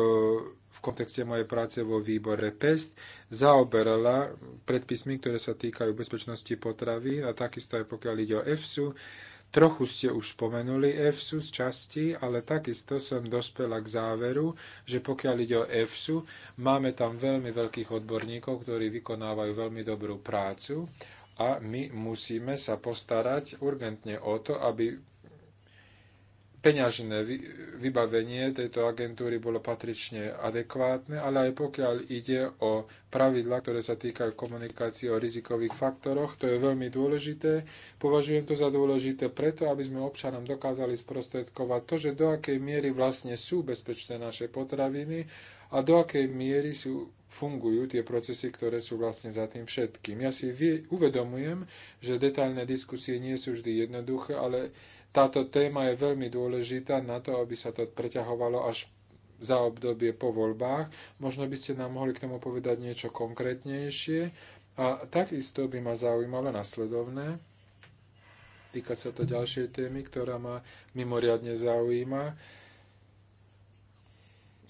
v kontexte mojej práce vo výbore PEST zaoberala predpismy, ktoré sa týkajú bezpečnosti potravy a takisto aj pokiaľ ide o EFSU. Trochu ste už spomenuli EFSU z časti, ale takisto som dospela k záveru, že pokiaľ ide o EFSU, máme tam veľmi veľkých odborníkov, ktorí vykonávajú veľmi dobrú prácu a my musíme sa postarať urgentne o to, aby peňažné vybavenie tejto agentúry bolo patrične adekvátne, ale aj pokiaľ ide o pravidla, ktoré sa týkajú komunikácií o rizikových faktoroch, to je veľmi dôležité. Považujem to za dôležité preto, aby sme občanom dokázali sprostredkovať to, že do akej miery vlastne sú bezpečné naše potraviny a do akej miery sú fungujú tie procesy, ktoré sú vlastne za tým všetkým. Ja si uvedomujem, že detailné diskusie nie sú vždy jednoduché, ale táto téma je veľmi dôležitá na to, aby sa to preťahovalo až za obdobie po voľbách. Možno by ste nám mohli k tomu povedať niečo konkrétnejšie. A takisto by ma zaujímalo nasledovné. Týka sa to ďalšej témy, ktorá ma mimoriadne zaujíma.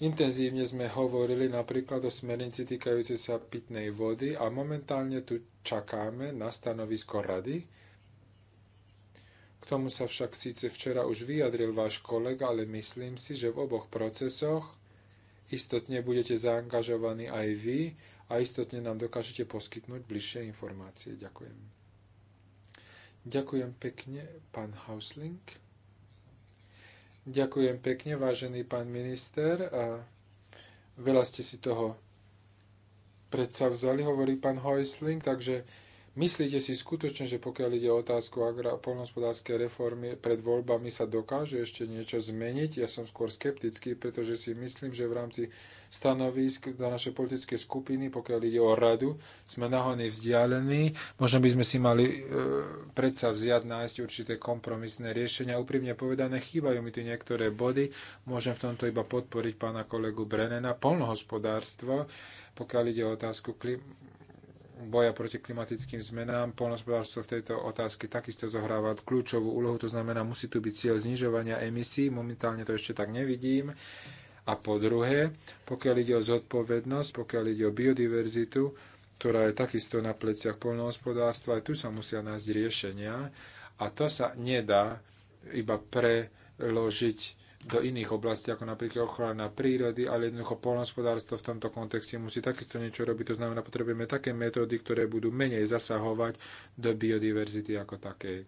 Intenzívne sme hovorili napríklad o smernici týkajúcej sa pitnej vody a momentálne tu čakáme na stanovisko rady k tomu sa však síce včera už vyjadril váš kolega, ale myslím si, že v oboch procesoch istotne budete zaangažovaní aj vy a istotne nám dokážete poskytnúť bližšie informácie. Ďakujem. Ďakujem pekne, pán Hausling. Ďakujem pekne, vážený pán minister. A veľa ste si toho predsa vzali, hovorí pán Hausling, takže Myslíte si skutočne, že pokiaľ ide o otázku poľnohospodárskej reformy, pred voľbami sa dokáže ešte niečo zmeniť? Ja som skôr skeptický, pretože si myslím, že v rámci stanovisk za naše politické skupiny, pokiaľ ide o radu, sme nahony vzdialení. Možno by sme si mali e, predsa vziať nájsť určité kompromisné riešenia. Úprimne povedané, chýbajú mi tu niektoré body. Môžem v tomto iba podporiť pána kolegu Brenena. Polnohospodárstvo, pokiaľ ide o otázku klim- boja proti klimatickým zmenám, polnospodárstvo v tejto otázke takisto zohráva kľúčovú úlohu, to znamená, musí tu byť cieľ znižovania emisí, momentálne to ešte tak nevidím. A po druhé, pokiaľ ide o zodpovednosť, pokiaľ ide o biodiverzitu, ktorá je takisto na pleciach polnohospodárstva, aj tu sa musia nájsť riešenia a to sa nedá iba preložiť do iných oblastí, ako napríklad ochrana prírody, ale jednoducho polnospodárstvo v tomto kontexte musí takisto niečo robiť. To znamená, potrebujeme také metódy, ktoré budú menej zasahovať do biodiverzity ako takej.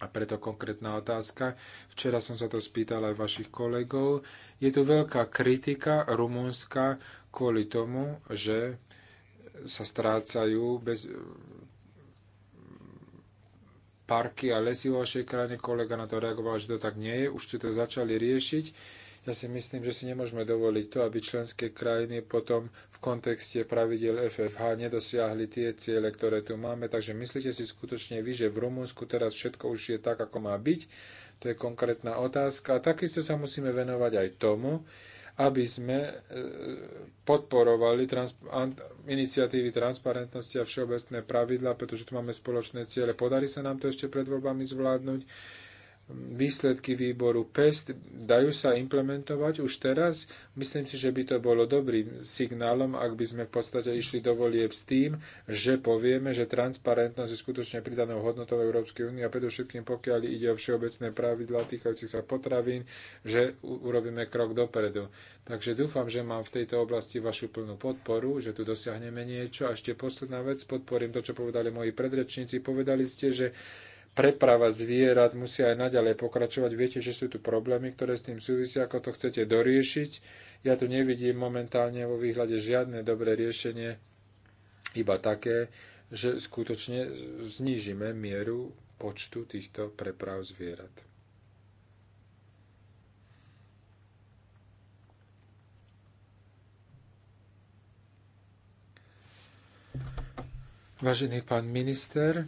A preto konkrétna otázka. Včera som sa to spýtal aj vašich kolegov. Je tu veľká kritika Rumunska kvôli tomu, že sa strácajú bez parky a lesy vo vašej krajine. Kolega na to reagoval, že to tak nie je. Už si to začali riešiť. Ja si myslím, že si nemôžeme dovoliť to, aby členské krajiny potom v kontexte pravidel FFH nedosiahli tie ciele, ktoré tu máme. Takže myslíte si skutočne vy, že v Rumunsku teraz všetko už je tak, ako má byť? To je konkrétna otázka. A takisto sa musíme venovať aj tomu, aby sme e, podporovali trans- iniciatívy transparentnosti a všeobecné pravidla, pretože tu máme spoločné ciele. Podarí sa nám to ešte pred voľbami zvládnuť? výsledky výboru PEST dajú sa implementovať už teraz. Myslím si, že by to bolo dobrým signálom, ak by sme v podstate išli do volieb s tým, že povieme, že transparentnosť je skutočne pridanou hodnotou Európskej únie a predovšetkým pokiaľ ide o všeobecné pravidla týkajúcich sa potravín, že urobíme krok dopredu. Takže dúfam, že mám v tejto oblasti vašu plnú podporu, že tu dosiahneme niečo. A ešte posledná vec, podporím to, čo povedali moji predrečníci. Povedali ste, že preprava zvierat musia aj naďalej pokračovať. Viete, že sú tu problémy, ktoré s tým súvisia, ako to chcete doriešiť. Ja tu nevidím momentálne vo výhľade žiadne dobré riešenie, iba také, že skutočne znížime mieru počtu týchto preprav zvierat. Vážený pán minister,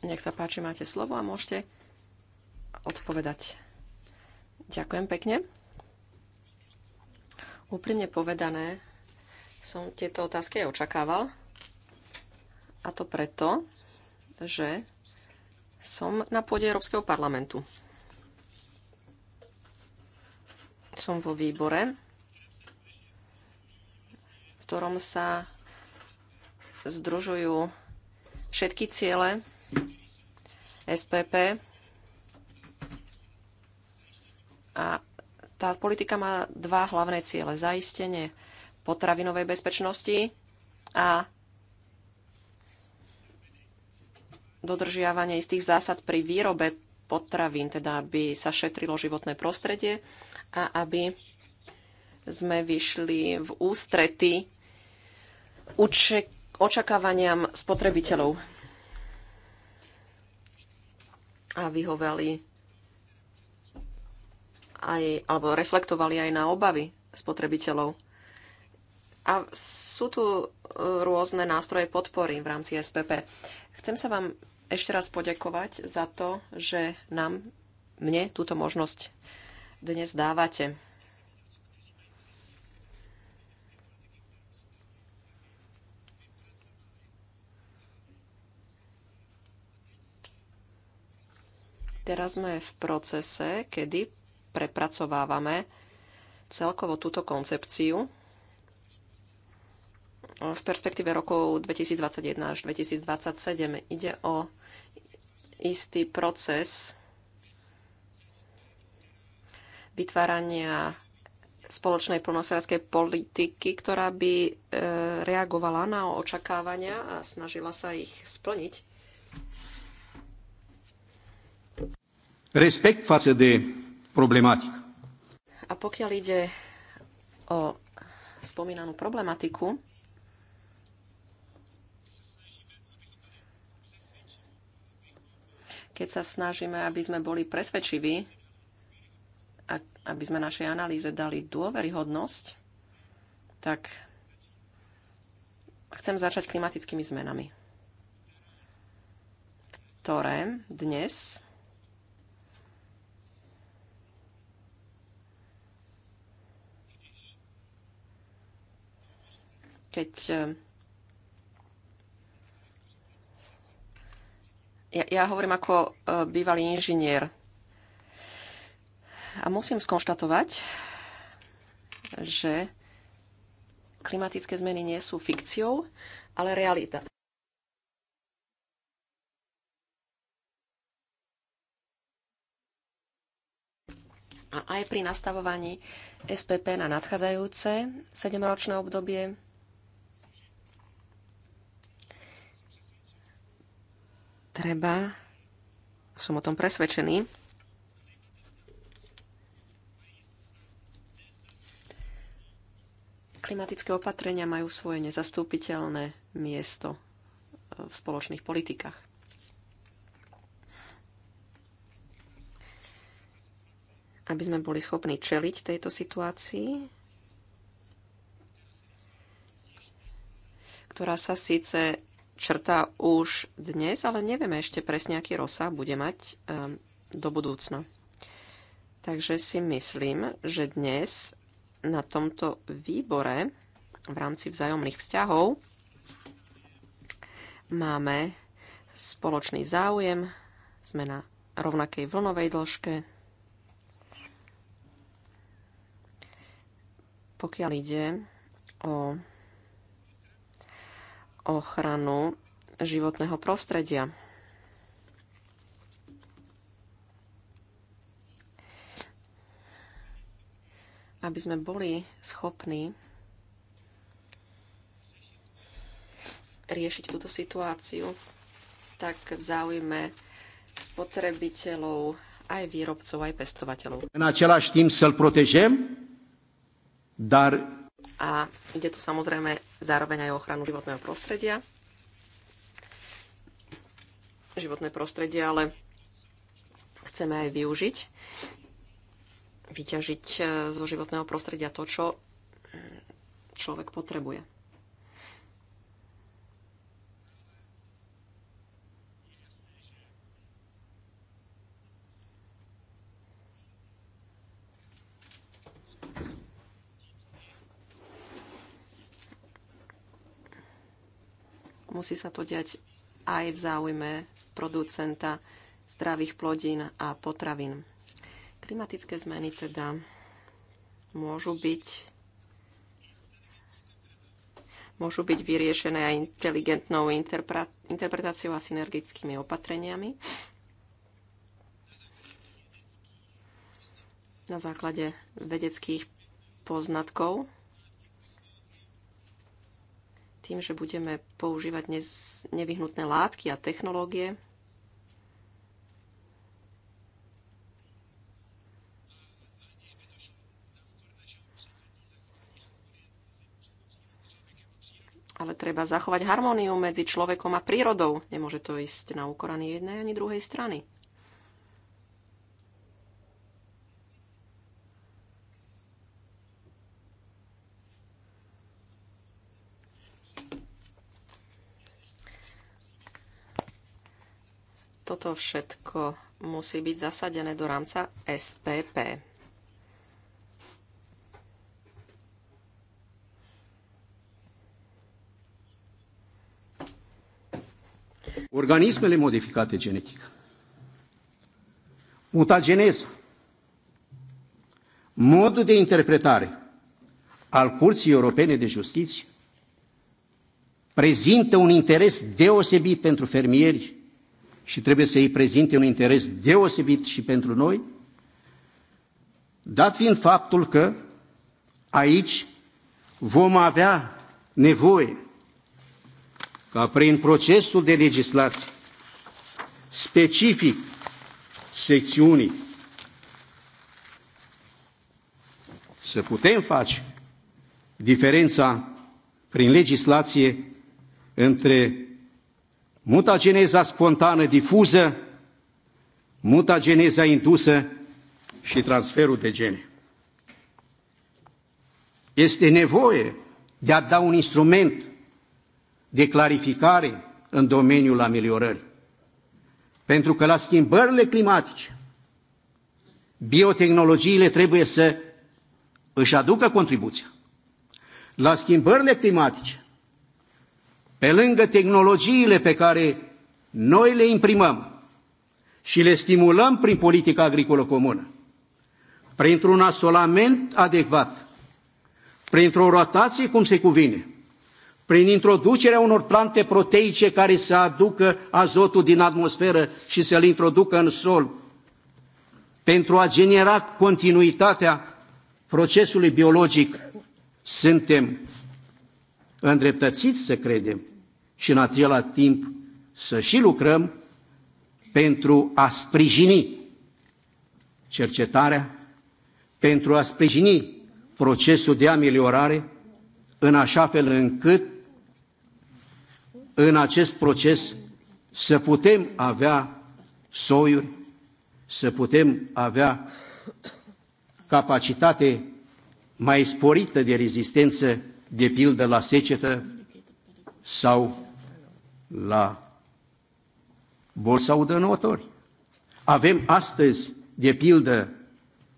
Nech sa páči, máte slovo a môžete odpovedať. Ďakujem pekne. Úprimne povedané, som tieto otázky aj očakával. A to preto, že som na pôde Európskeho parlamentu. Som vo výbore, v ktorom sa združujú všetky ciele SPP. A tá politika má dva hlavné ciele. Zaistenie potravinovej bezpečnosti a dodržiavanie istých zásad pri výrobe potravín, teda aby sa šetrilo životné prostredie a aby sme vyšli v ústrety očakávaniam spotrebiteľov a vyhovali aj, alebo reflektovali aj na obavy spotrebiteľov. A sú tu e, rôzne nástroje podpory v rámci SPP. Chcem sa vám ešte raz poďakovať za to, že nám, mne túto možnosť dnes dávate. Teraz sme v procese, kedy prepracovávame celkovo túto koncepciu v perspektíve rokov 2021 až 2027. Ide o istý proces vytvárania spoločnej plnohospodárskej politiky, ktorá by e, reagovala na očakávania a snažila sa ich splniť. respekt față de problematică. A pokiaľ ide o spomínanú problematiku, keď sa snažíme, aby sme boli presvedčiví, aby sme našej analýze dali dôveryhodnosť, tak chcem začať klimatickými zmenami, ktoré dnes Keď eh, ja, ja hovorím ako eh, bývalý inžinier a musím skonštatovať, že klimatické zmeny nie sú fikciou, ale realita. A aj pri nastavovaní SPP na nadchádzajúce 7-ročné obdobie treba, som o tom presvedčený, klimatické opatrenia majú svoje nezastúpiteľné miesto e, v spoločných politikách. Aby sme boli schopní čeliť tejto situácii, ktorá sa síce črta už dnes, ale nevieme ešte presne, aký rozsah bude mať ehm, do budúcna. Takže si myslím, že dnes na tomto výbore v rámci vzájomných vzťahov máme spoločný záujem, sme na rovnakej vlnovej dĺžke. Pokiaľ ide o ochranu životného prostredia. Aby sme boli schopní riešiť túto situáciu, tak v záujme spotrebiteľov, aj výrobcov, aj pestovateľov. Na același tým sa protežem, dar a ide tu samozrejme zároveň aj o ochranu životného prostredia. Životné prostredie, ale chceme aj využiť, vyťažiť eh, zo životného prostredia to, čo mm, človek potrebuje. musí sa to diať aj v záujme producenta zdravých plodín a potravín. Klimatické zmeny teda môžu byť môžu byť vyriešené aj inteligentnou interpretáciou a synergickými opatreniami. Na základe vedeckých poznatkov tým, že budeme používať nevyhnutné látky a technológie, ale treba zachovať harmóniu medzi človekom a prírodou. Nemôže to ísť na úkor ani jednej, ani druhej strany. toto všetko musí byť zasadené do rámca SPP. Organismele modificate genetic, mutageneza, modul de interpretare al Curții Europene de Justiție prezintă un interes deosebit pentru fermieri și trebuie să îi prezinte un interes deosebit și pentru noi, dat fiind faptul că aici vom avea nevoie ca prin procesul de legislație specific secțiunii să putem face diferența prin legislație între mutageneza spontană difuză, mutageneza indusă și transferul de gene. Este nevoie de a da un instrument de clarificare în domeniul ameliorării. Pentru că la schimbările climatice, biotehnologiile trebuie să își aducă contribuția. La schimbările climatice, Pe lângă tehnologiile pe care noi le imprimăm și le stimulăm prin politica agricolă comună, printr-un asolament adecvat, printr-o rotație cum se cuvine, prin introducerea unor plante proteice care să aducă azotul din atmosferă și să-l introducă în sol, pentru a genera continuitatea procesului biologic, suntem îndreptățiți să credem și în același timp să și lucrăm pentru a sprijini cercetarea, pentru a sprijini procesul de ameliorare, în așa fel încât în acest proces să putem avea soiuri, să putem avea capacitate mai sporită de rezistență, de pildă la secetă sau la bolsa udănători. Avem astăzi, de pildă,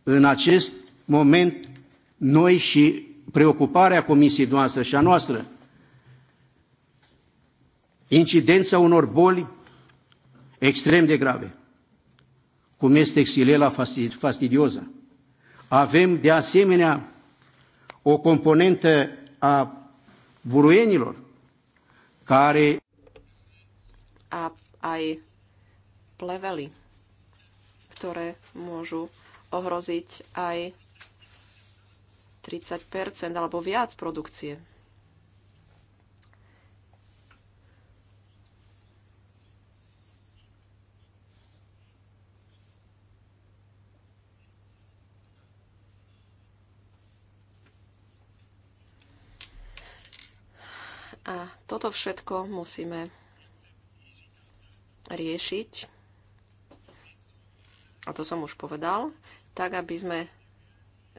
în acest moment, noi și preocuparea comisiei noastre și a noastră, incidența unor boli extrem de grave, cum este xilela fastidioză. Avem, de asemenea, o componentă a buruienilor, care a aj plevely, ktoré môžu ohroziť aj 30 alebo viac produkcie. A toto všetko musíme riešiť, a to som už povedal, tak aby sme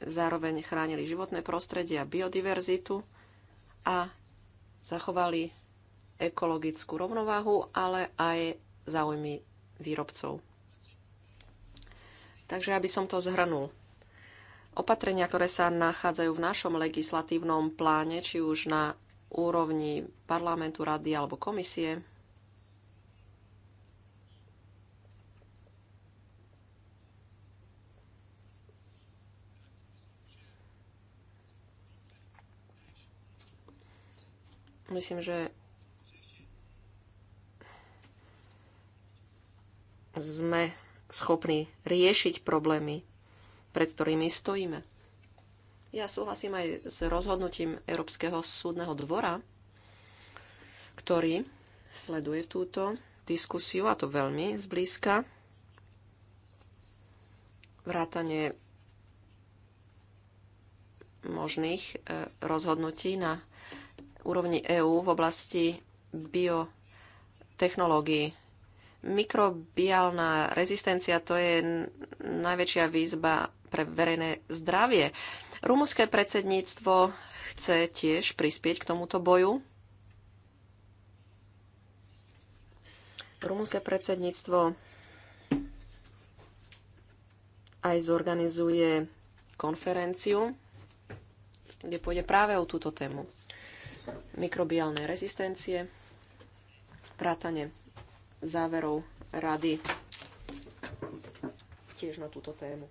zároveň chránili životné prostredie a biodiverzitu a zachovali ekologickú rovnováhu, ale aj záujmy výrobcov. Takže aby som to zhrnul. Opatrenia, ktoré sa nachádzajú v našom legislatívnom pláne, či už na úrovni parlamentu, rady alebo komisie, Myslím, že sme schopní riešiť problémy, pred ktorými stojíme. Ja súhlasím aj s rozhodnutím Európskeho súdneho dvora, ktorý sleduje túto diskusiu, a to veľmi zblízka. Vrátanie možných e, rozhodnutí na úrovni EÚ v oblasti biotechnológií. Mikrobiálna rezistencia to je najväčšia výzva pre verejné zdravie. Rumúnske predsedníctvo chce tiež prispieť k tomuto boju. Rumúnske predsedníctvo aj zorganizuje konferenciu, kde pôjde práve o túto tému mikrobiálnej rezistencie, vrátane záverov rady tiež na túto tému.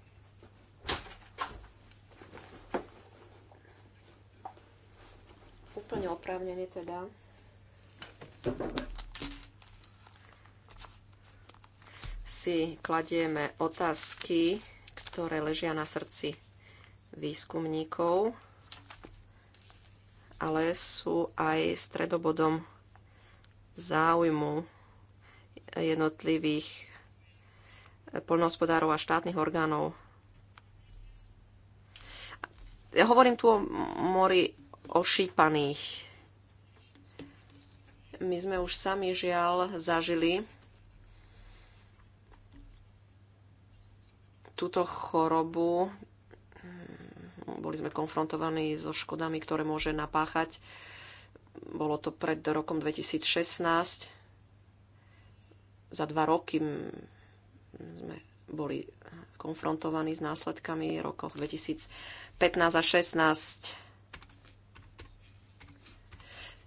Úplne oprávnene teda. Si kladieme otázky, ktoré ležia na srdci výskumníkov ale sú aj stredobodom záujmu jednotlivých eh, poľnohospodárov a štátnych orgánov. Ja hovorím tu o mori ošípaných. My sme už sami žiaľ zažili túto chorobu boli sme konfrontovaní so škodami, ktoré môže napáchať. Bolo to pred rokom 2016. Za dva roky sme boli konfrontovaní s následkami v rokoch 2015 a 16.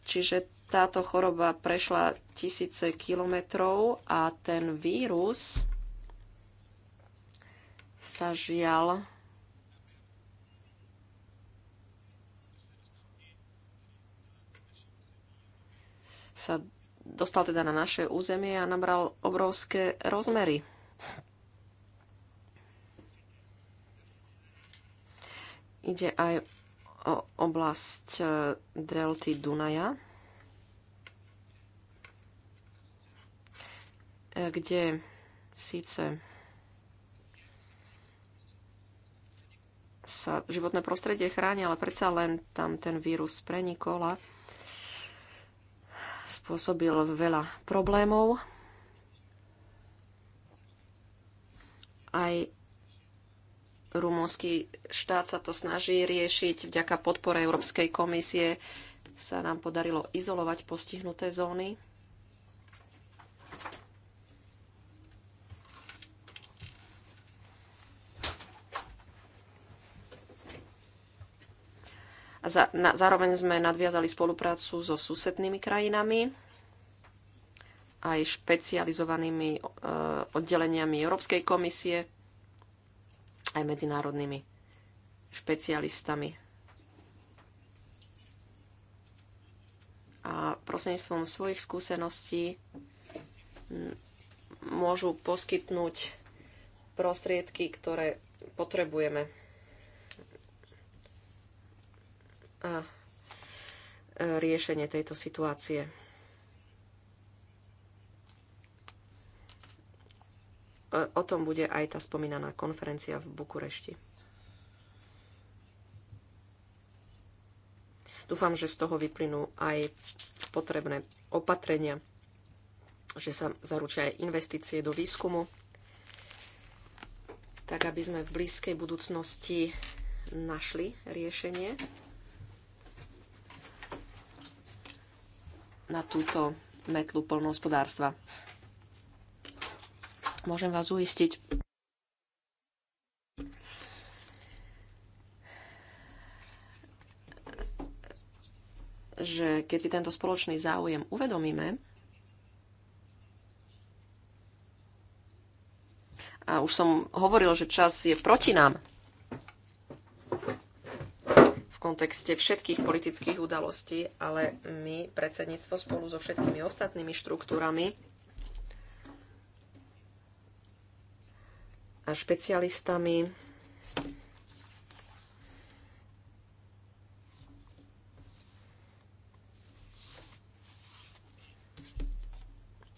Čiže táto choroba prešla tisíce kilometrov a ten vírus sa žiaľ sa dostal teda na naše územie a nabral obrovské rozmery. Ide aj o oblasť e, delty Dunaja, e, kde síce sa životné prostredie chráni, ale predsa len tam ten vírus prenikol a spôsobil veľa problémov. Aj rumúnsky štát sa to snaží riešiť. Vďaka podpore Európskej komisie sa nám podarilo izolovať postihnuté zóny. A za, na, zároveň sme nadviazali spoluprácu so susednými krajinami aj špecializovanými uh, oddeleniami Európskej komisie, aj medzinárodnými špecialistami. A prostredníctvom svojich skúseností môžu poskytnúť prostriedky, ktoré potrebujeme. a riešenie tejto situácie. O tom bude aj tá spomínaná konferencia v Bukurešti. Dúfam, že z toho vyplynú aj potrebné opatrenia, že sa zaručia aj investície do výskumu, tak aby sme v blízkej budúcnosti našli riešenie na túto metlu polnohospodárstva. Môžem vás uistiť, že keď si tento spoločný záujem uvedomíme, a už som hovoril, že čas je proti nám, kontexte všetkých politických udalostí, ale my, predsedníctvo spolu so všetkými ostatnými štruktúrami a špecialistami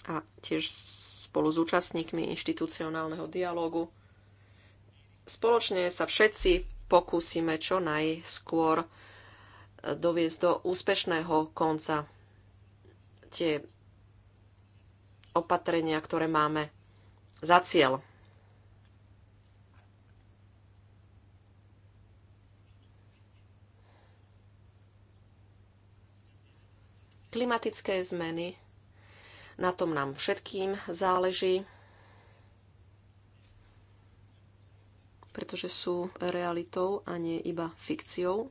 a tiež spolu s účastníkmi inštitucionálneho dialógu. Spoločne sa všetci pokúsime čo najskôr eh, doviesť do úspešného konca tie opatrenia, ktoré máme za cieľ. Klimatické zmeny, na tom nám všetkým záleží. pretože sú realitou a nie iba fikciou.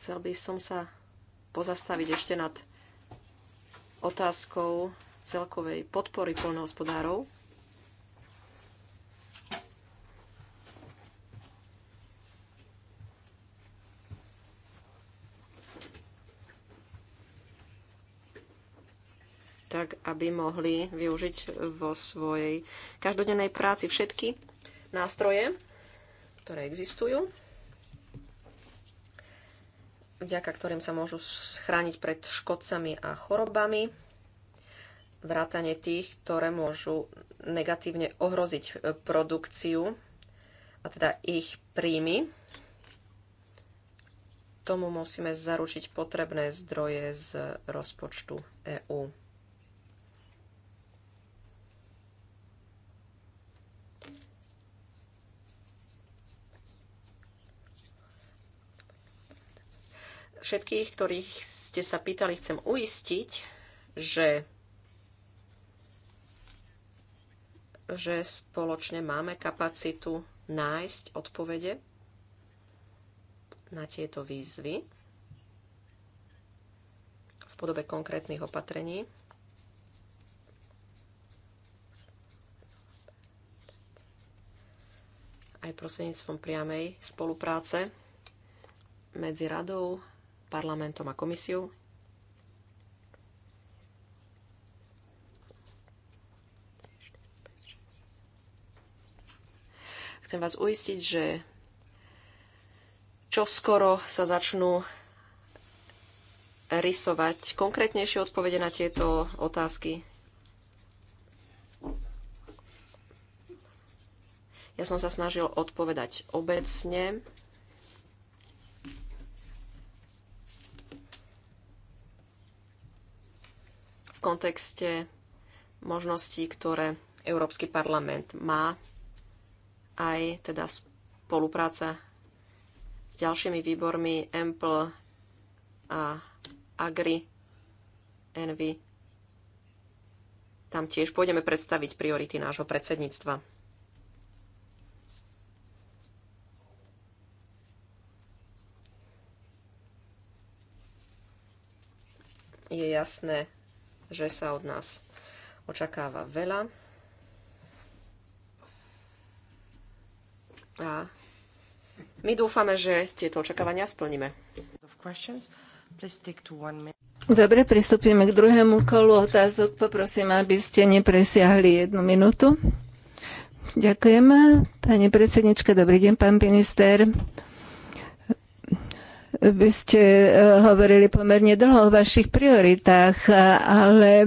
Chcel by som sa pozastaviť ešte nad otázkou celkovej podpory poľnohospodárov. tak aby mohli využiť vo svojej každodennej práci všetky nástroje, ktoré existujú, vďaka ktorým sa môžu chrániť pred škodcami a chorobami, vrátane tých, ktoré môžu negatívne ohroziť e, produkciu a teda ich príjmy. Tomu musíme zaručiť potrebné zdroje z rozpočtu EÚ. Všetkých, ktorých ste sa pýtali, chcem uistiť, že že spoločne máme kapacitu nájsť odpovede na tieto výzvy v podobe konkrétnych opatrení. aj prostredníctvom priamej spolupráce medzi radou, parlamentom a komisiou. Chcem vás uistiť, že čoskoro sa začnú rysovať konkrétnejšie odpovede na tieto otázky. Ja som sa snažil odpovedať obecne. v kontexte možností, ktoré Európsky parlament má, aj teda spolupráca s ďalšími výbormi EMPL a Agri, Envy. Tam tiež pôjdeme predstaviť priority nášho predsedníctva. Je jasné, že sa od nás očakáva veľa. A my dúfame, že tieto očakávania splníme. Dobre, pristúpime k druhému kolu otázok. Poprosím, aby ste nepresiahli jednu minútu. Ďakujem. Pani predsednička, dobrý deň, pán minister. Vy ste e, hovorili pomerne dlho o vašich prioritách, e, ale e,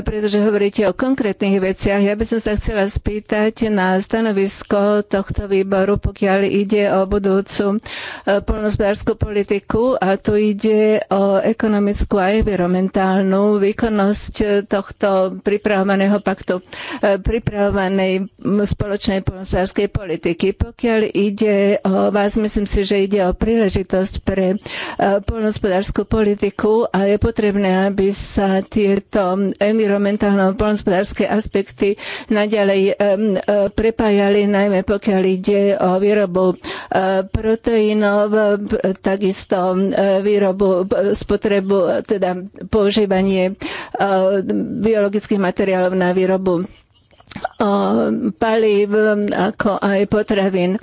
pretože hovoríte o konkrétnych veciach, ja by som sa chcela spýtať na stanovisko tohto výboru, pokiaľ ide o budúcu polnospodárskú politiku a tu ide o ekonomickú a environmentálnu výkonnosť tohto pripravovaného paktu, pripravovanej spoločnej polnospodárskej politiky. Pokiaľ ide o vás, myslím si, že ide o príležitosť pre pre e, polnospodárskú politiku a je potrebné, aby sa tieto environmentálno-polnospodárske aspekty naďalej e, e, prepájali, najmä pokiaľ ide o výrobu proteínov, takisto výrobu, spotrebu, teda používanie biologických materiálov na výrobu Ehm, palív ehm, ako aj potravín. Ehm,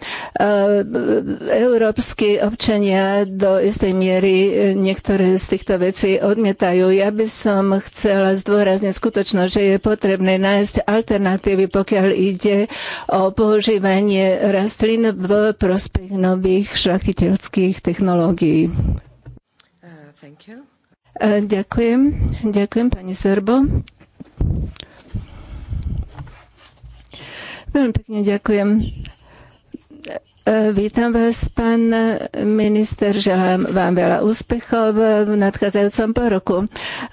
európsky občania do istej miery e, niektoré z týchto vecí odmietajú. Ja by som chcela zdôrazniť skutočnosť, že je potrebné nájsť alternatívy, pokiaľ ide o používanie rastlín v prospech nových šlachtiteľských technológií. Uh, e, Ďakujem. Ďakujem, pani Serbo. Veľmi pekne ďakujem. Eh, Vítam vás, pán minister. Želám vám veľa úspechov v nadchádzajúcom poroku.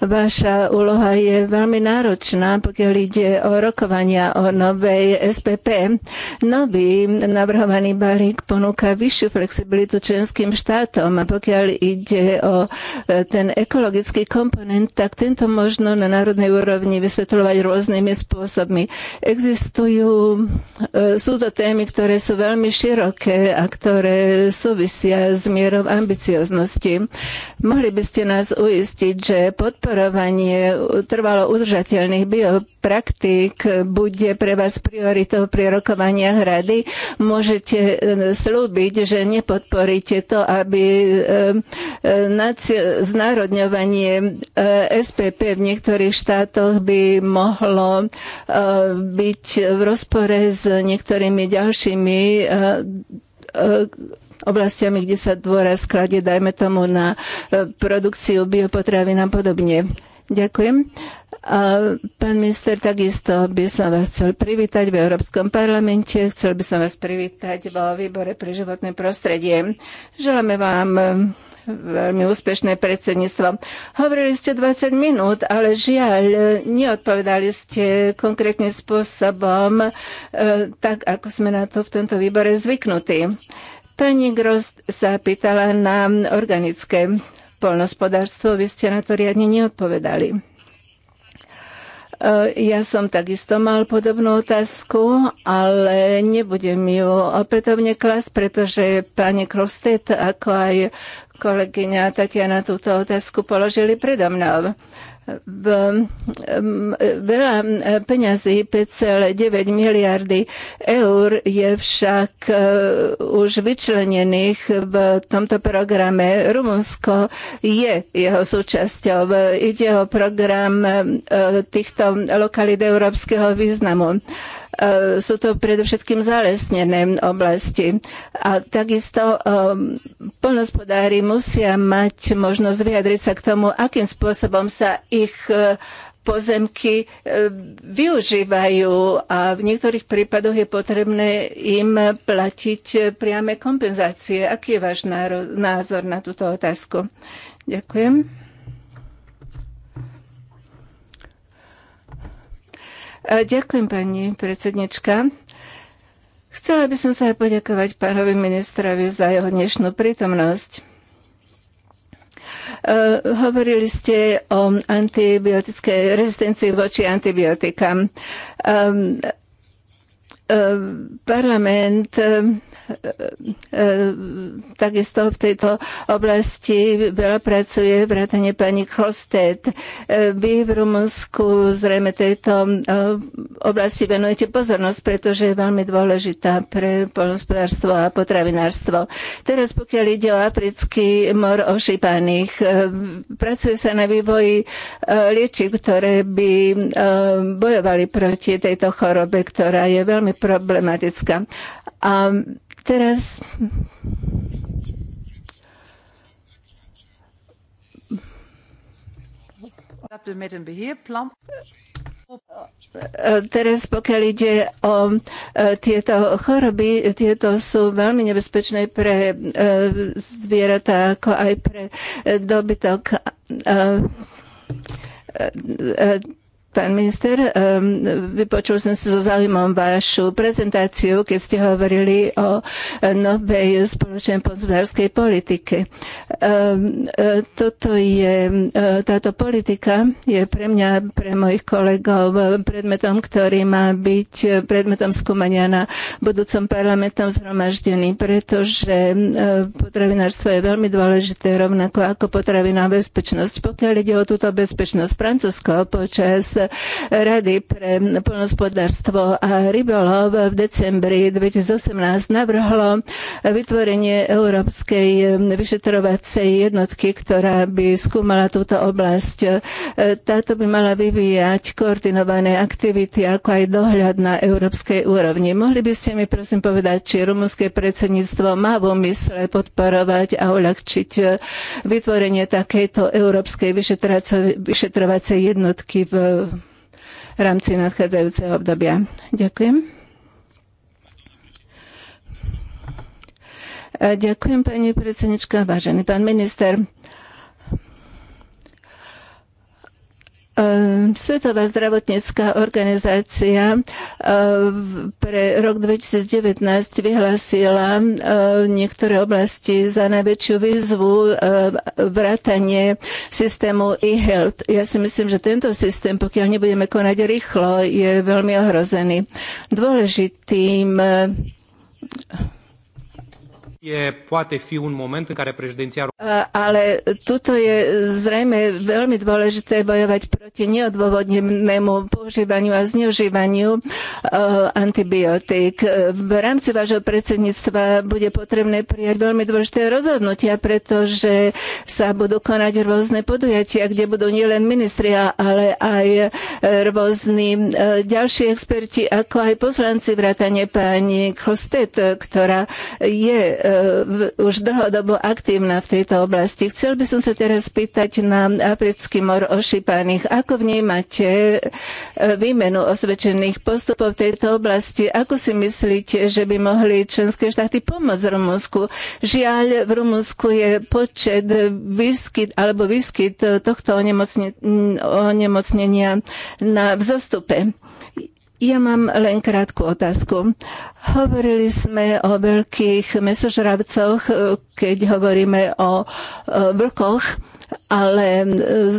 Vaša úloha je veľmi náročná, pokiaľ ide o rokovania o novej SPP. Nový navrhovaný balík ponúka vyššiu flexibilitu členským štátom a pokiaľ ide o eh, ten ekologický komponent, tak tento možno na národnej úrovni vysvetľovať rôznymi spôsobmi. Existujú, eh, sú to témy, ktoré sú veľmi široké také a ktoré súvisia s mierou ambicioznosti. Mohli by ste nás uistiť, že podporovanie trvalo udržateľných bio praktík bude pre vás prioritou pri rokovaniach rady. Môžete e, slúbiť, že nepodporíte to, aby e, e, znárodňovanie SPP v niektorých štátoch by mohlo byť v rozpore s niektorými ďalšími oblastiami, kde sa dôraz skladie, dajme tomu na produkciu biopotravy a podobne. Ďakujem. A pán minister, takisto by som vás chcel privítať v Európskom parlamente, chcel by som vás privítať vo výbore pre životné prostredie. Želáme vám veľmi úspešné predsedníctvo. Hovorili ste 20 minút, ale žiaľ, neodpovedali ste konkrétnym spôsobom, e, tak ako sme na to v tomto výbore zvyknutí. Pani Grost sa pýtala na organické polnospodárstvo, vy ste na to riadne neodpovedali. E, ja som takisto mal podobnú otázku, ale nebudem ju opätovne klas, pretože pani Krostet, ako aj kolegyňa Tatiana túto otázku položili predo mnou v, veľa peňazí, 5,9 miliardy eur je však e, už vyčlenených v tomto programe. Rumunsko je jeho súčasťou. Ide o program e, týchto lokalít európskeho významu. Eh, sú to predovšetkým zalesnené oblasti. A takisto eh, polnospodári musia mať možnosť vyjadriť sa k tomu, akým spôsobom sa ich eh, pozemky využívajú a v niektorých prípadoch je potrebné im platiť priame kompenzácie. Aký je váš názor na túto otázku? Ďakujem. E, ďakujem pani predsednička. Chcela by som sa aj poďakovať pánovi ministrovi za jeho dnešnú prítomnosť. Uh, hovorili ste o antibiotickej rezistencii voči antibiotikám. Um, uh, parlament uh, Eh, eh, takisto v tejto oblasti veľa pracuje vrátane pani Kostet. Eh, vy v Rumunsku zrejme tejto oblasti venujete pozornosť, pretože je veľmi dôležitá pre polospodárstvo a potravinárstvo. Teraz pokiaľ ide o africký mor ošípaných, pracuje sa na vývoji liečiv, ktoré by bojovali proti tejto chorobe, ktorá je veľmi problematická. A teraz eh, Teraz pokiaľ ide o eh, tieto choroby, tieto sú veľmi nebezpečné pre eh, zvieratá, ako aj pre dobytok Pán minister, ehm, vypočul som si so záujmom vašu prezentáciu, keď ste hovorili o eh, novej spoločnej hospodárskej politike. Ehm, eh, toto je, eh, táto politika je pre mňa, pre mojich kolegov predmetom, ktorý má byť predmetom skúmania na budúcom parlamentom zhromaždený, pretože potravinárstvo je veľmi dôležité, rovnako ako potravina bezpečnosť. Pokiaľ ide o túto bezpečnosť, Francúzsko počas Rady pre polnospodárstvo a rybolov v decembri 2018 navrhlo vytvorenie Európskej vyšetrovacej jednotky, ktorá by skúmala túto oblasť. Táto by mala vyvíjať koordinované aktivity, ako aj dohľad na európskej úrovni. Mohli by ste mi prosím povedať, či rumunské predsedníctvo má vo mysle podporovať a uľahčiť vytvorenie takejto európskej vyšetrovacej jednotky v rámci nadchádzajúceho obdobia. Ďakujem. E, ďakujem, pani predsednička, vážený pán minister. Ehm, Svetová zdravotnícká organizácia ehm, pre rok 2019 vyhlásila ehm, niektoré oblasti za najväčšiu výzvu vrátanie systému e-health. Ja si myslím, že tento systém, pokiaľ nebudeme konať rýchlo, je veľmi ohrozený. Dôležitým E, e, ale tuto je zrejme veľmi dôležité bojovať proti neodôvodnenému používaniu a zneužívaniu e, antibiotík. V rámci vášho predsedníctva bude potrebné prijať veľmi dôležité rozhodnutia, pretože sa budú konať rôzne podujatia, kde budú nielen ministria, ale aj rôzni ďalší experti, ako aj poslanci vrátane pani Klostet, ktorá je už dlhodobo aktívna v tejto oblasti. Chcel by som sa teraz spýtať na africký mor ošípaných. Ako vnímate e, výmenu osvedčených postupov v tejto oblasti? Ako si myslíte, že by mohli členské štáty pomôcť Rumunsku? Žiaľ, v Rumunsku je počet výskyt alebo výskyt tohto onemocnenia na vzostupe. Ja mám len krátku otázku. Hovorili sme o veľkých mesožravcoch, e, keď hovoríme o e, vlkoch ale e,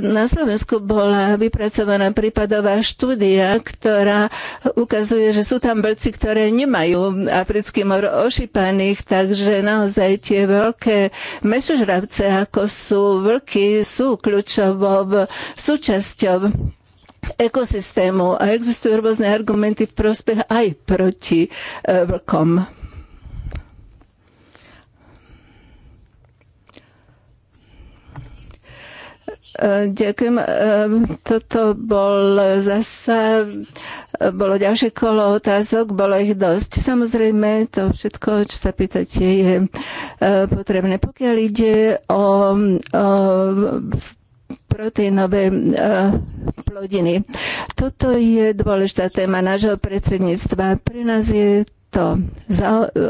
na Slovensku bola vypracovaná prípadová štúdia, ktorá ukazuje, že sú tam vlci, ktoré nemajú africký mor ošípaných, takže naozaj tie veľké mesožravce, ako sú vlky, sú kľúčovou súčasťou ekosystému a existujú rôzne argumenty v prospech aj proti e, vlkom. E, ďakujem. E, toto bol zasa, bolo ďalšie kolo otázok, bolo ich dosť. Samozrejme, to všetko, čo sa pýtate, je potrebné. Pokiaľ ide o, o proteínové e, plodiny. Toto je dôležitá téma nášho predsedníctva. Pre nás je to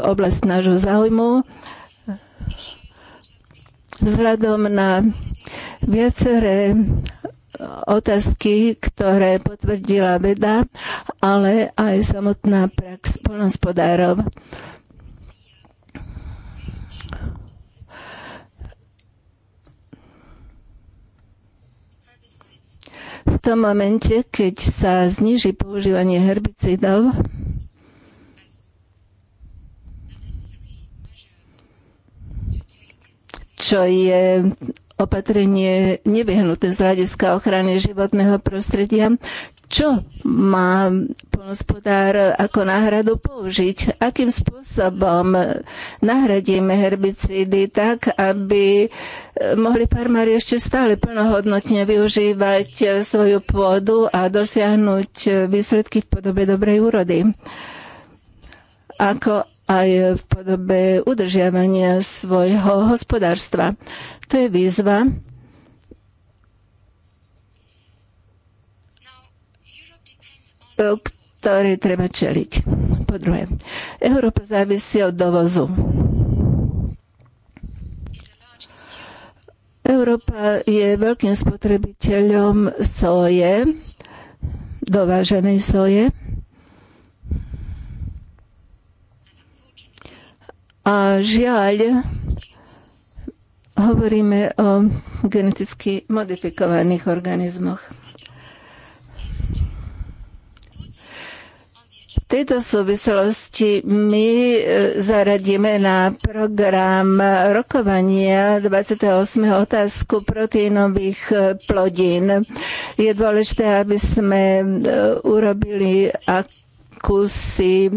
oblasť nášho záujmu vzhľadom na viaceré otázky, ktoré potvrdila veda, ale aj samotná prax polnospodárov. tom momente, keď sa zniží používanie herbicidov, čo je opatrenie nevyhnuté z hľadiska ochrany životného prostredia, čo má polnospodár ako náhradu použiť, akým spôsobom nahradíme herbicídy tak, aby e, mohli farmári ešte stále plnohodnotne využívať e, svoju pôdu a dosiahnuť e, výsledky v podobe dobrej úrody. Ako aj v podobe udržiavania svojho hospodárstva. To je výzva, ktoré treba čeliť. Po druhé, Európa závisí od dovozu. Európa je veľkým spotrebiteľom soje, dováženej soje. A žiaľ, hovoríme o geneticky modifikovaných organizmoch. tejto súvislosti my e, zaradíme na program rokovania 28. otázku proteínových e, plodín. Je dôležité, aby sme e, urobili ak akúsi e,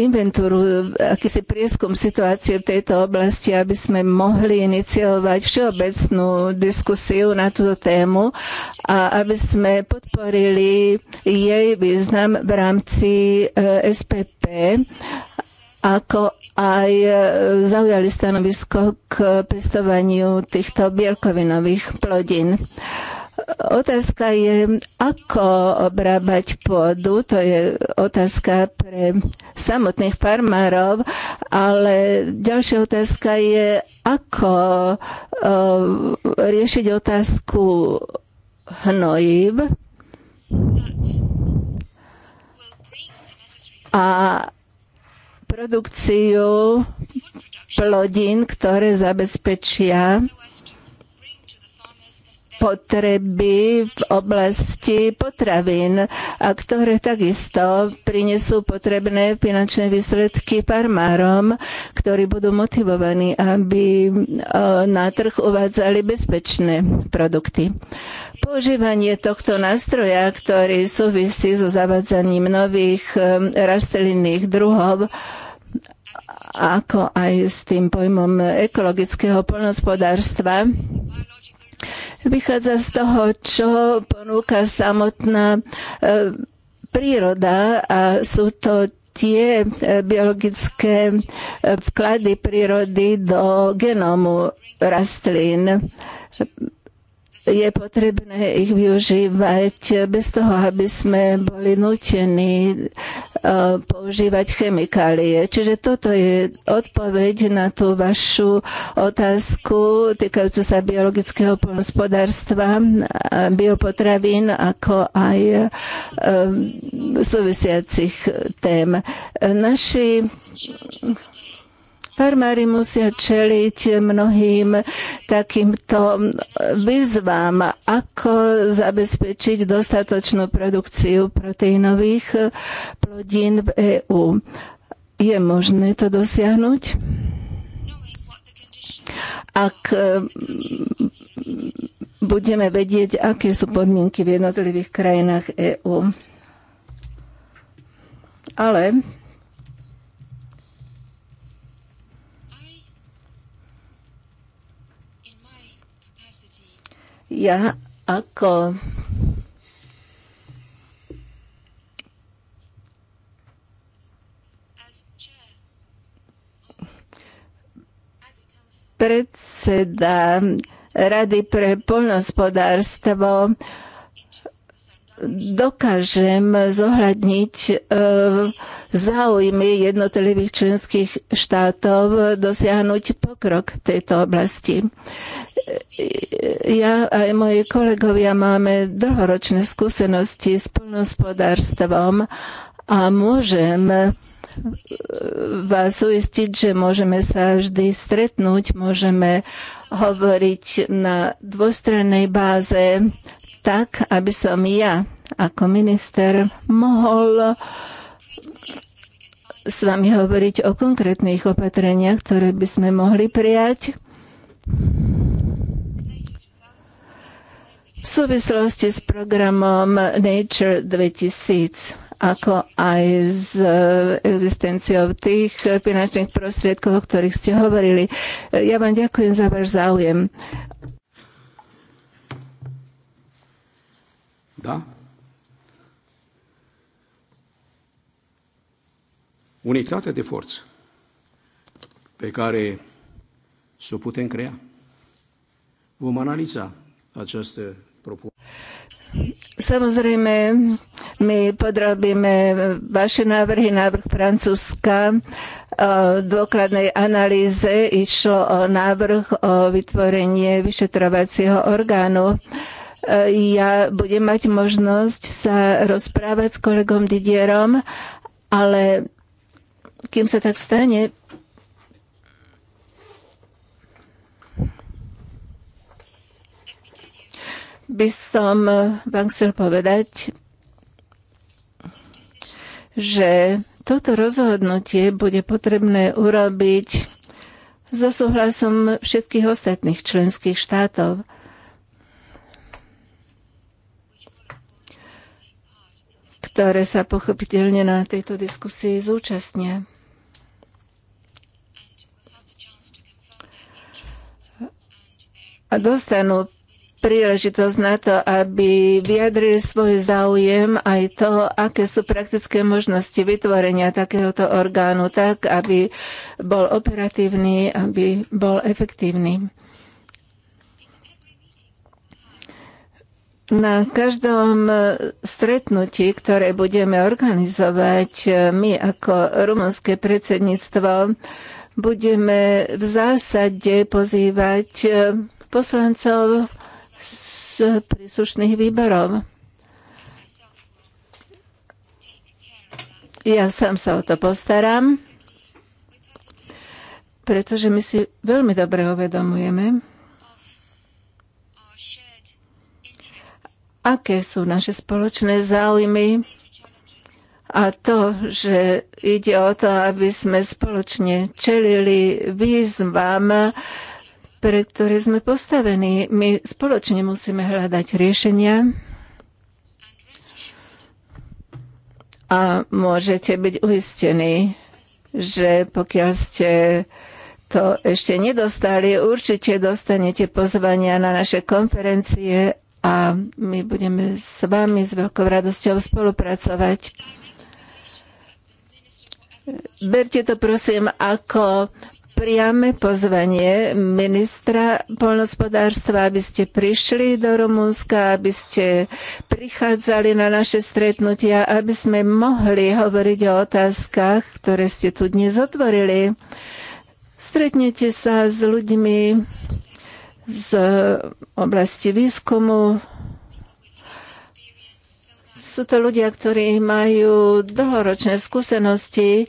inventúru, akýsi prieskum situácie v tejto oblasti, aby sme mohli iniciovať všeobecnú diskusiu na túto tému a aby sme podporili jej význam v rámci e, SPP ako aj e, zaujali stanovisko k pestovaniu týchto bielkovinových plodín. Otázka je, ako obrábať pôdu, to je otázka pre samotných farmárov, ale ďalšia otázka je, ako e, riešiť otázku hnojiv a produkciu plodín, ktoré zabezpečia potreby v oblasti potravín a ktoré takisto prinesú potrebné finančné výsledky farmárom, ktorí budú motivovaní, aby e, na trh uvádzali bezpečné produkty. Používanie tohto nástroja, ktorý súvisí so zavádzaním nových e, rastlinných druhov, ako aj s tým pojmom ekologického poľnohospodárstva, Vychádza z toho, čo ponúka samotná e, príroda a sú to tie e, biologické e, vklady prírody do genómu rastlín je potrebné ich využívať bez toho, aby sme boli nutení e, používať chemikálie. Čiže toto je odpoveď na tú vašu otázku týkajúcu sa biologického polnospodárstva, biopotravín, ako aj e, súvisiacich tém. Naši Farmári musia čeliť mnohým takýmto výzvam, ako zabezpečiť dostatočnú produkciu proteínových plodín v EÚ. Je možné to dosiahnuť? Ak mm, budeme vedieť, aké sú podmienky v jednotlivých krajinách EÚ. Ale Ja ako predseda Rady pre poľnohospodárstvo dokážem zohľadniť e, záujmy jednotlivých členských štátov dosiahnuť pokrok v tejto oblasti. Ja aj moji kolegovia máme dlhoročné skúsenosti s plnospodárstvom a môžem vás uistiť, že môžeme sa vždy stretnúť, môžeme hovoriť na dvostrannej báze tak, aby som ja ako minister mohol uh, s vami hovoriť o konkrétnych opatreniach, ktoré by sme mohli prijať. V súvislosti s programom Nature 2000 ako aj s e, existenciou tých finančných prostriedkov, o ktorých ste hovorili. Ja vám ďakujem za váš záujem. Da? unitate de forță pe care să o putem crea. Vom analiza această propunere. Samozrejme, my podrobíme vaše návrhy, návrh Francúzska. E, v dôkladnej analýze išlo o návrh o vytvorenie vyšetrovacieho orgánu e, ja budem mať možnosť sa rozprávať s kolegom Didierom, ale kým sa tak stane, by som vám chcel povedať, že toto rozhodnutie bude potrebné urobiť so súhlasom všetkých ostatných členských štátov. ktoré sa pochopiteľne na tejto diskusii zúčastnia. a dostanú príležitosť na to, aby vyjadrili svoj záujem aj to, aké sú praktické možnosti vytvorenia takéhoto orgánu, tak aby bol operatívny, aby bol efektívny. Na každom stretnutí, ktoré budeme organizovať my ako rumunské predsedníctvo, budeme v zásade pozývať poslancov z príslušných výborov. Ja sám sa o to postaram, pretože my si veľmi dobre uvedomujeme, aké sú naše spoločné záujmy a to, že ide o to, aby sme spoločne čelili výzvam, pre ktoré sme postavení. My spoločne musíme hľadať riešenia a môžete byť uistení, že pokiaľ ste to ešte nedostali, určite dostanete pozvania na naše konferencie a my budeme s vami s veľkou radosťou spolupracovať. Berte to prosím ako priame pozvanie ministra polnospodárstva, aby ste prišli do Rumunska, aby ste prichádzali na naše stretnutia, aby sme mohli hovoriť o otázkach, ktoré ste tu dnes otvorili. Stretnete sa s ľuďmi z oblasti výskumu, sú to ľudia, ktorí majú dlhoročné skúsenosti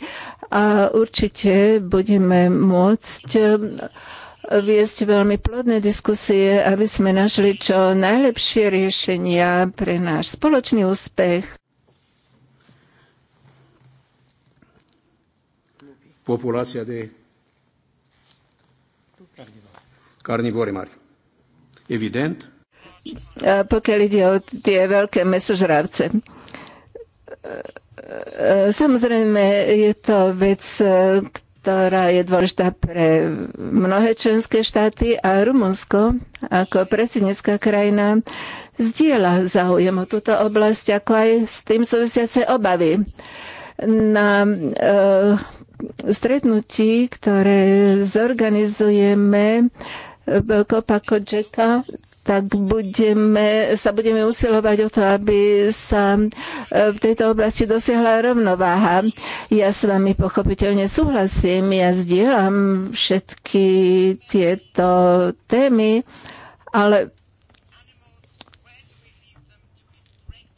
a určite budeme môcť eh, viesť veľmi plodné diskusie, aby sme našli čo najlepšie riešenia pre náš spoločný úspech. Populácia de carnivori mari. Evident, pokiaľ ide o tie veľké mesožravce. E, e, samozrejme, je to vec, e, ktorá je dôležitá pre mnohé členské štáty a Rumunsko ako predsednická krajina zdieľa záujem o túto oblasť, ako aj s tým súvisiace obavy. Na e, stretnutí, ktoré zorganizujeme v Kopako tak budeme, sa budeme usilovať o to, aby sa e, v tejto oblasti dosiahla rovnováha. Ja s vami pochopiteľne súhlasím, ja zdieľam všetky tieto témy, ale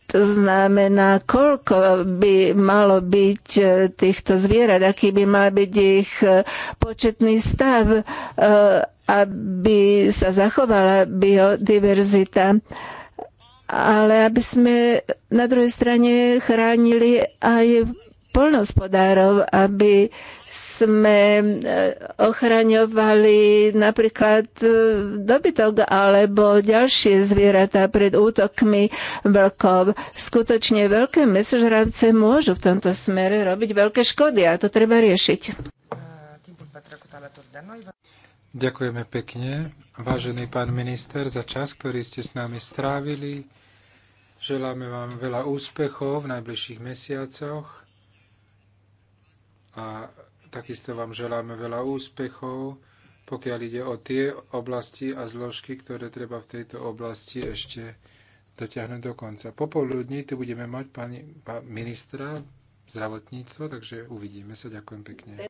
To znamená, koľko by malo byť e, týchto zvierat, aký by mal byť ich e, početný stav aby sa zachovala biodiverzita, ale aby sme na druhej strane chránili aj polnospodárov, aby sme eh, ochraňovali napríklad eh, dobytok alebo ďalšie zvieratá pred útokmi vlkov. Skutočne veľké mesožravce môžu v tomto smere robiť veľké škody a to treba riešiť. Ďakujeme pekne, vážený pán minister, za čas, ktorý ste s nami strávili. Želáme vám veľa úspechov v najbližších mesiacoch a takisto vám želáme veľa úspechov, pokiaľ ide o tie oblasti a zložky, ktoré treba v tejto oblasti ešte dotiahnuť do konca. Popoludní tu budeme mať pani, pán ministra zdravotníctva, takže uvidíme sa. Ďakujem pekne.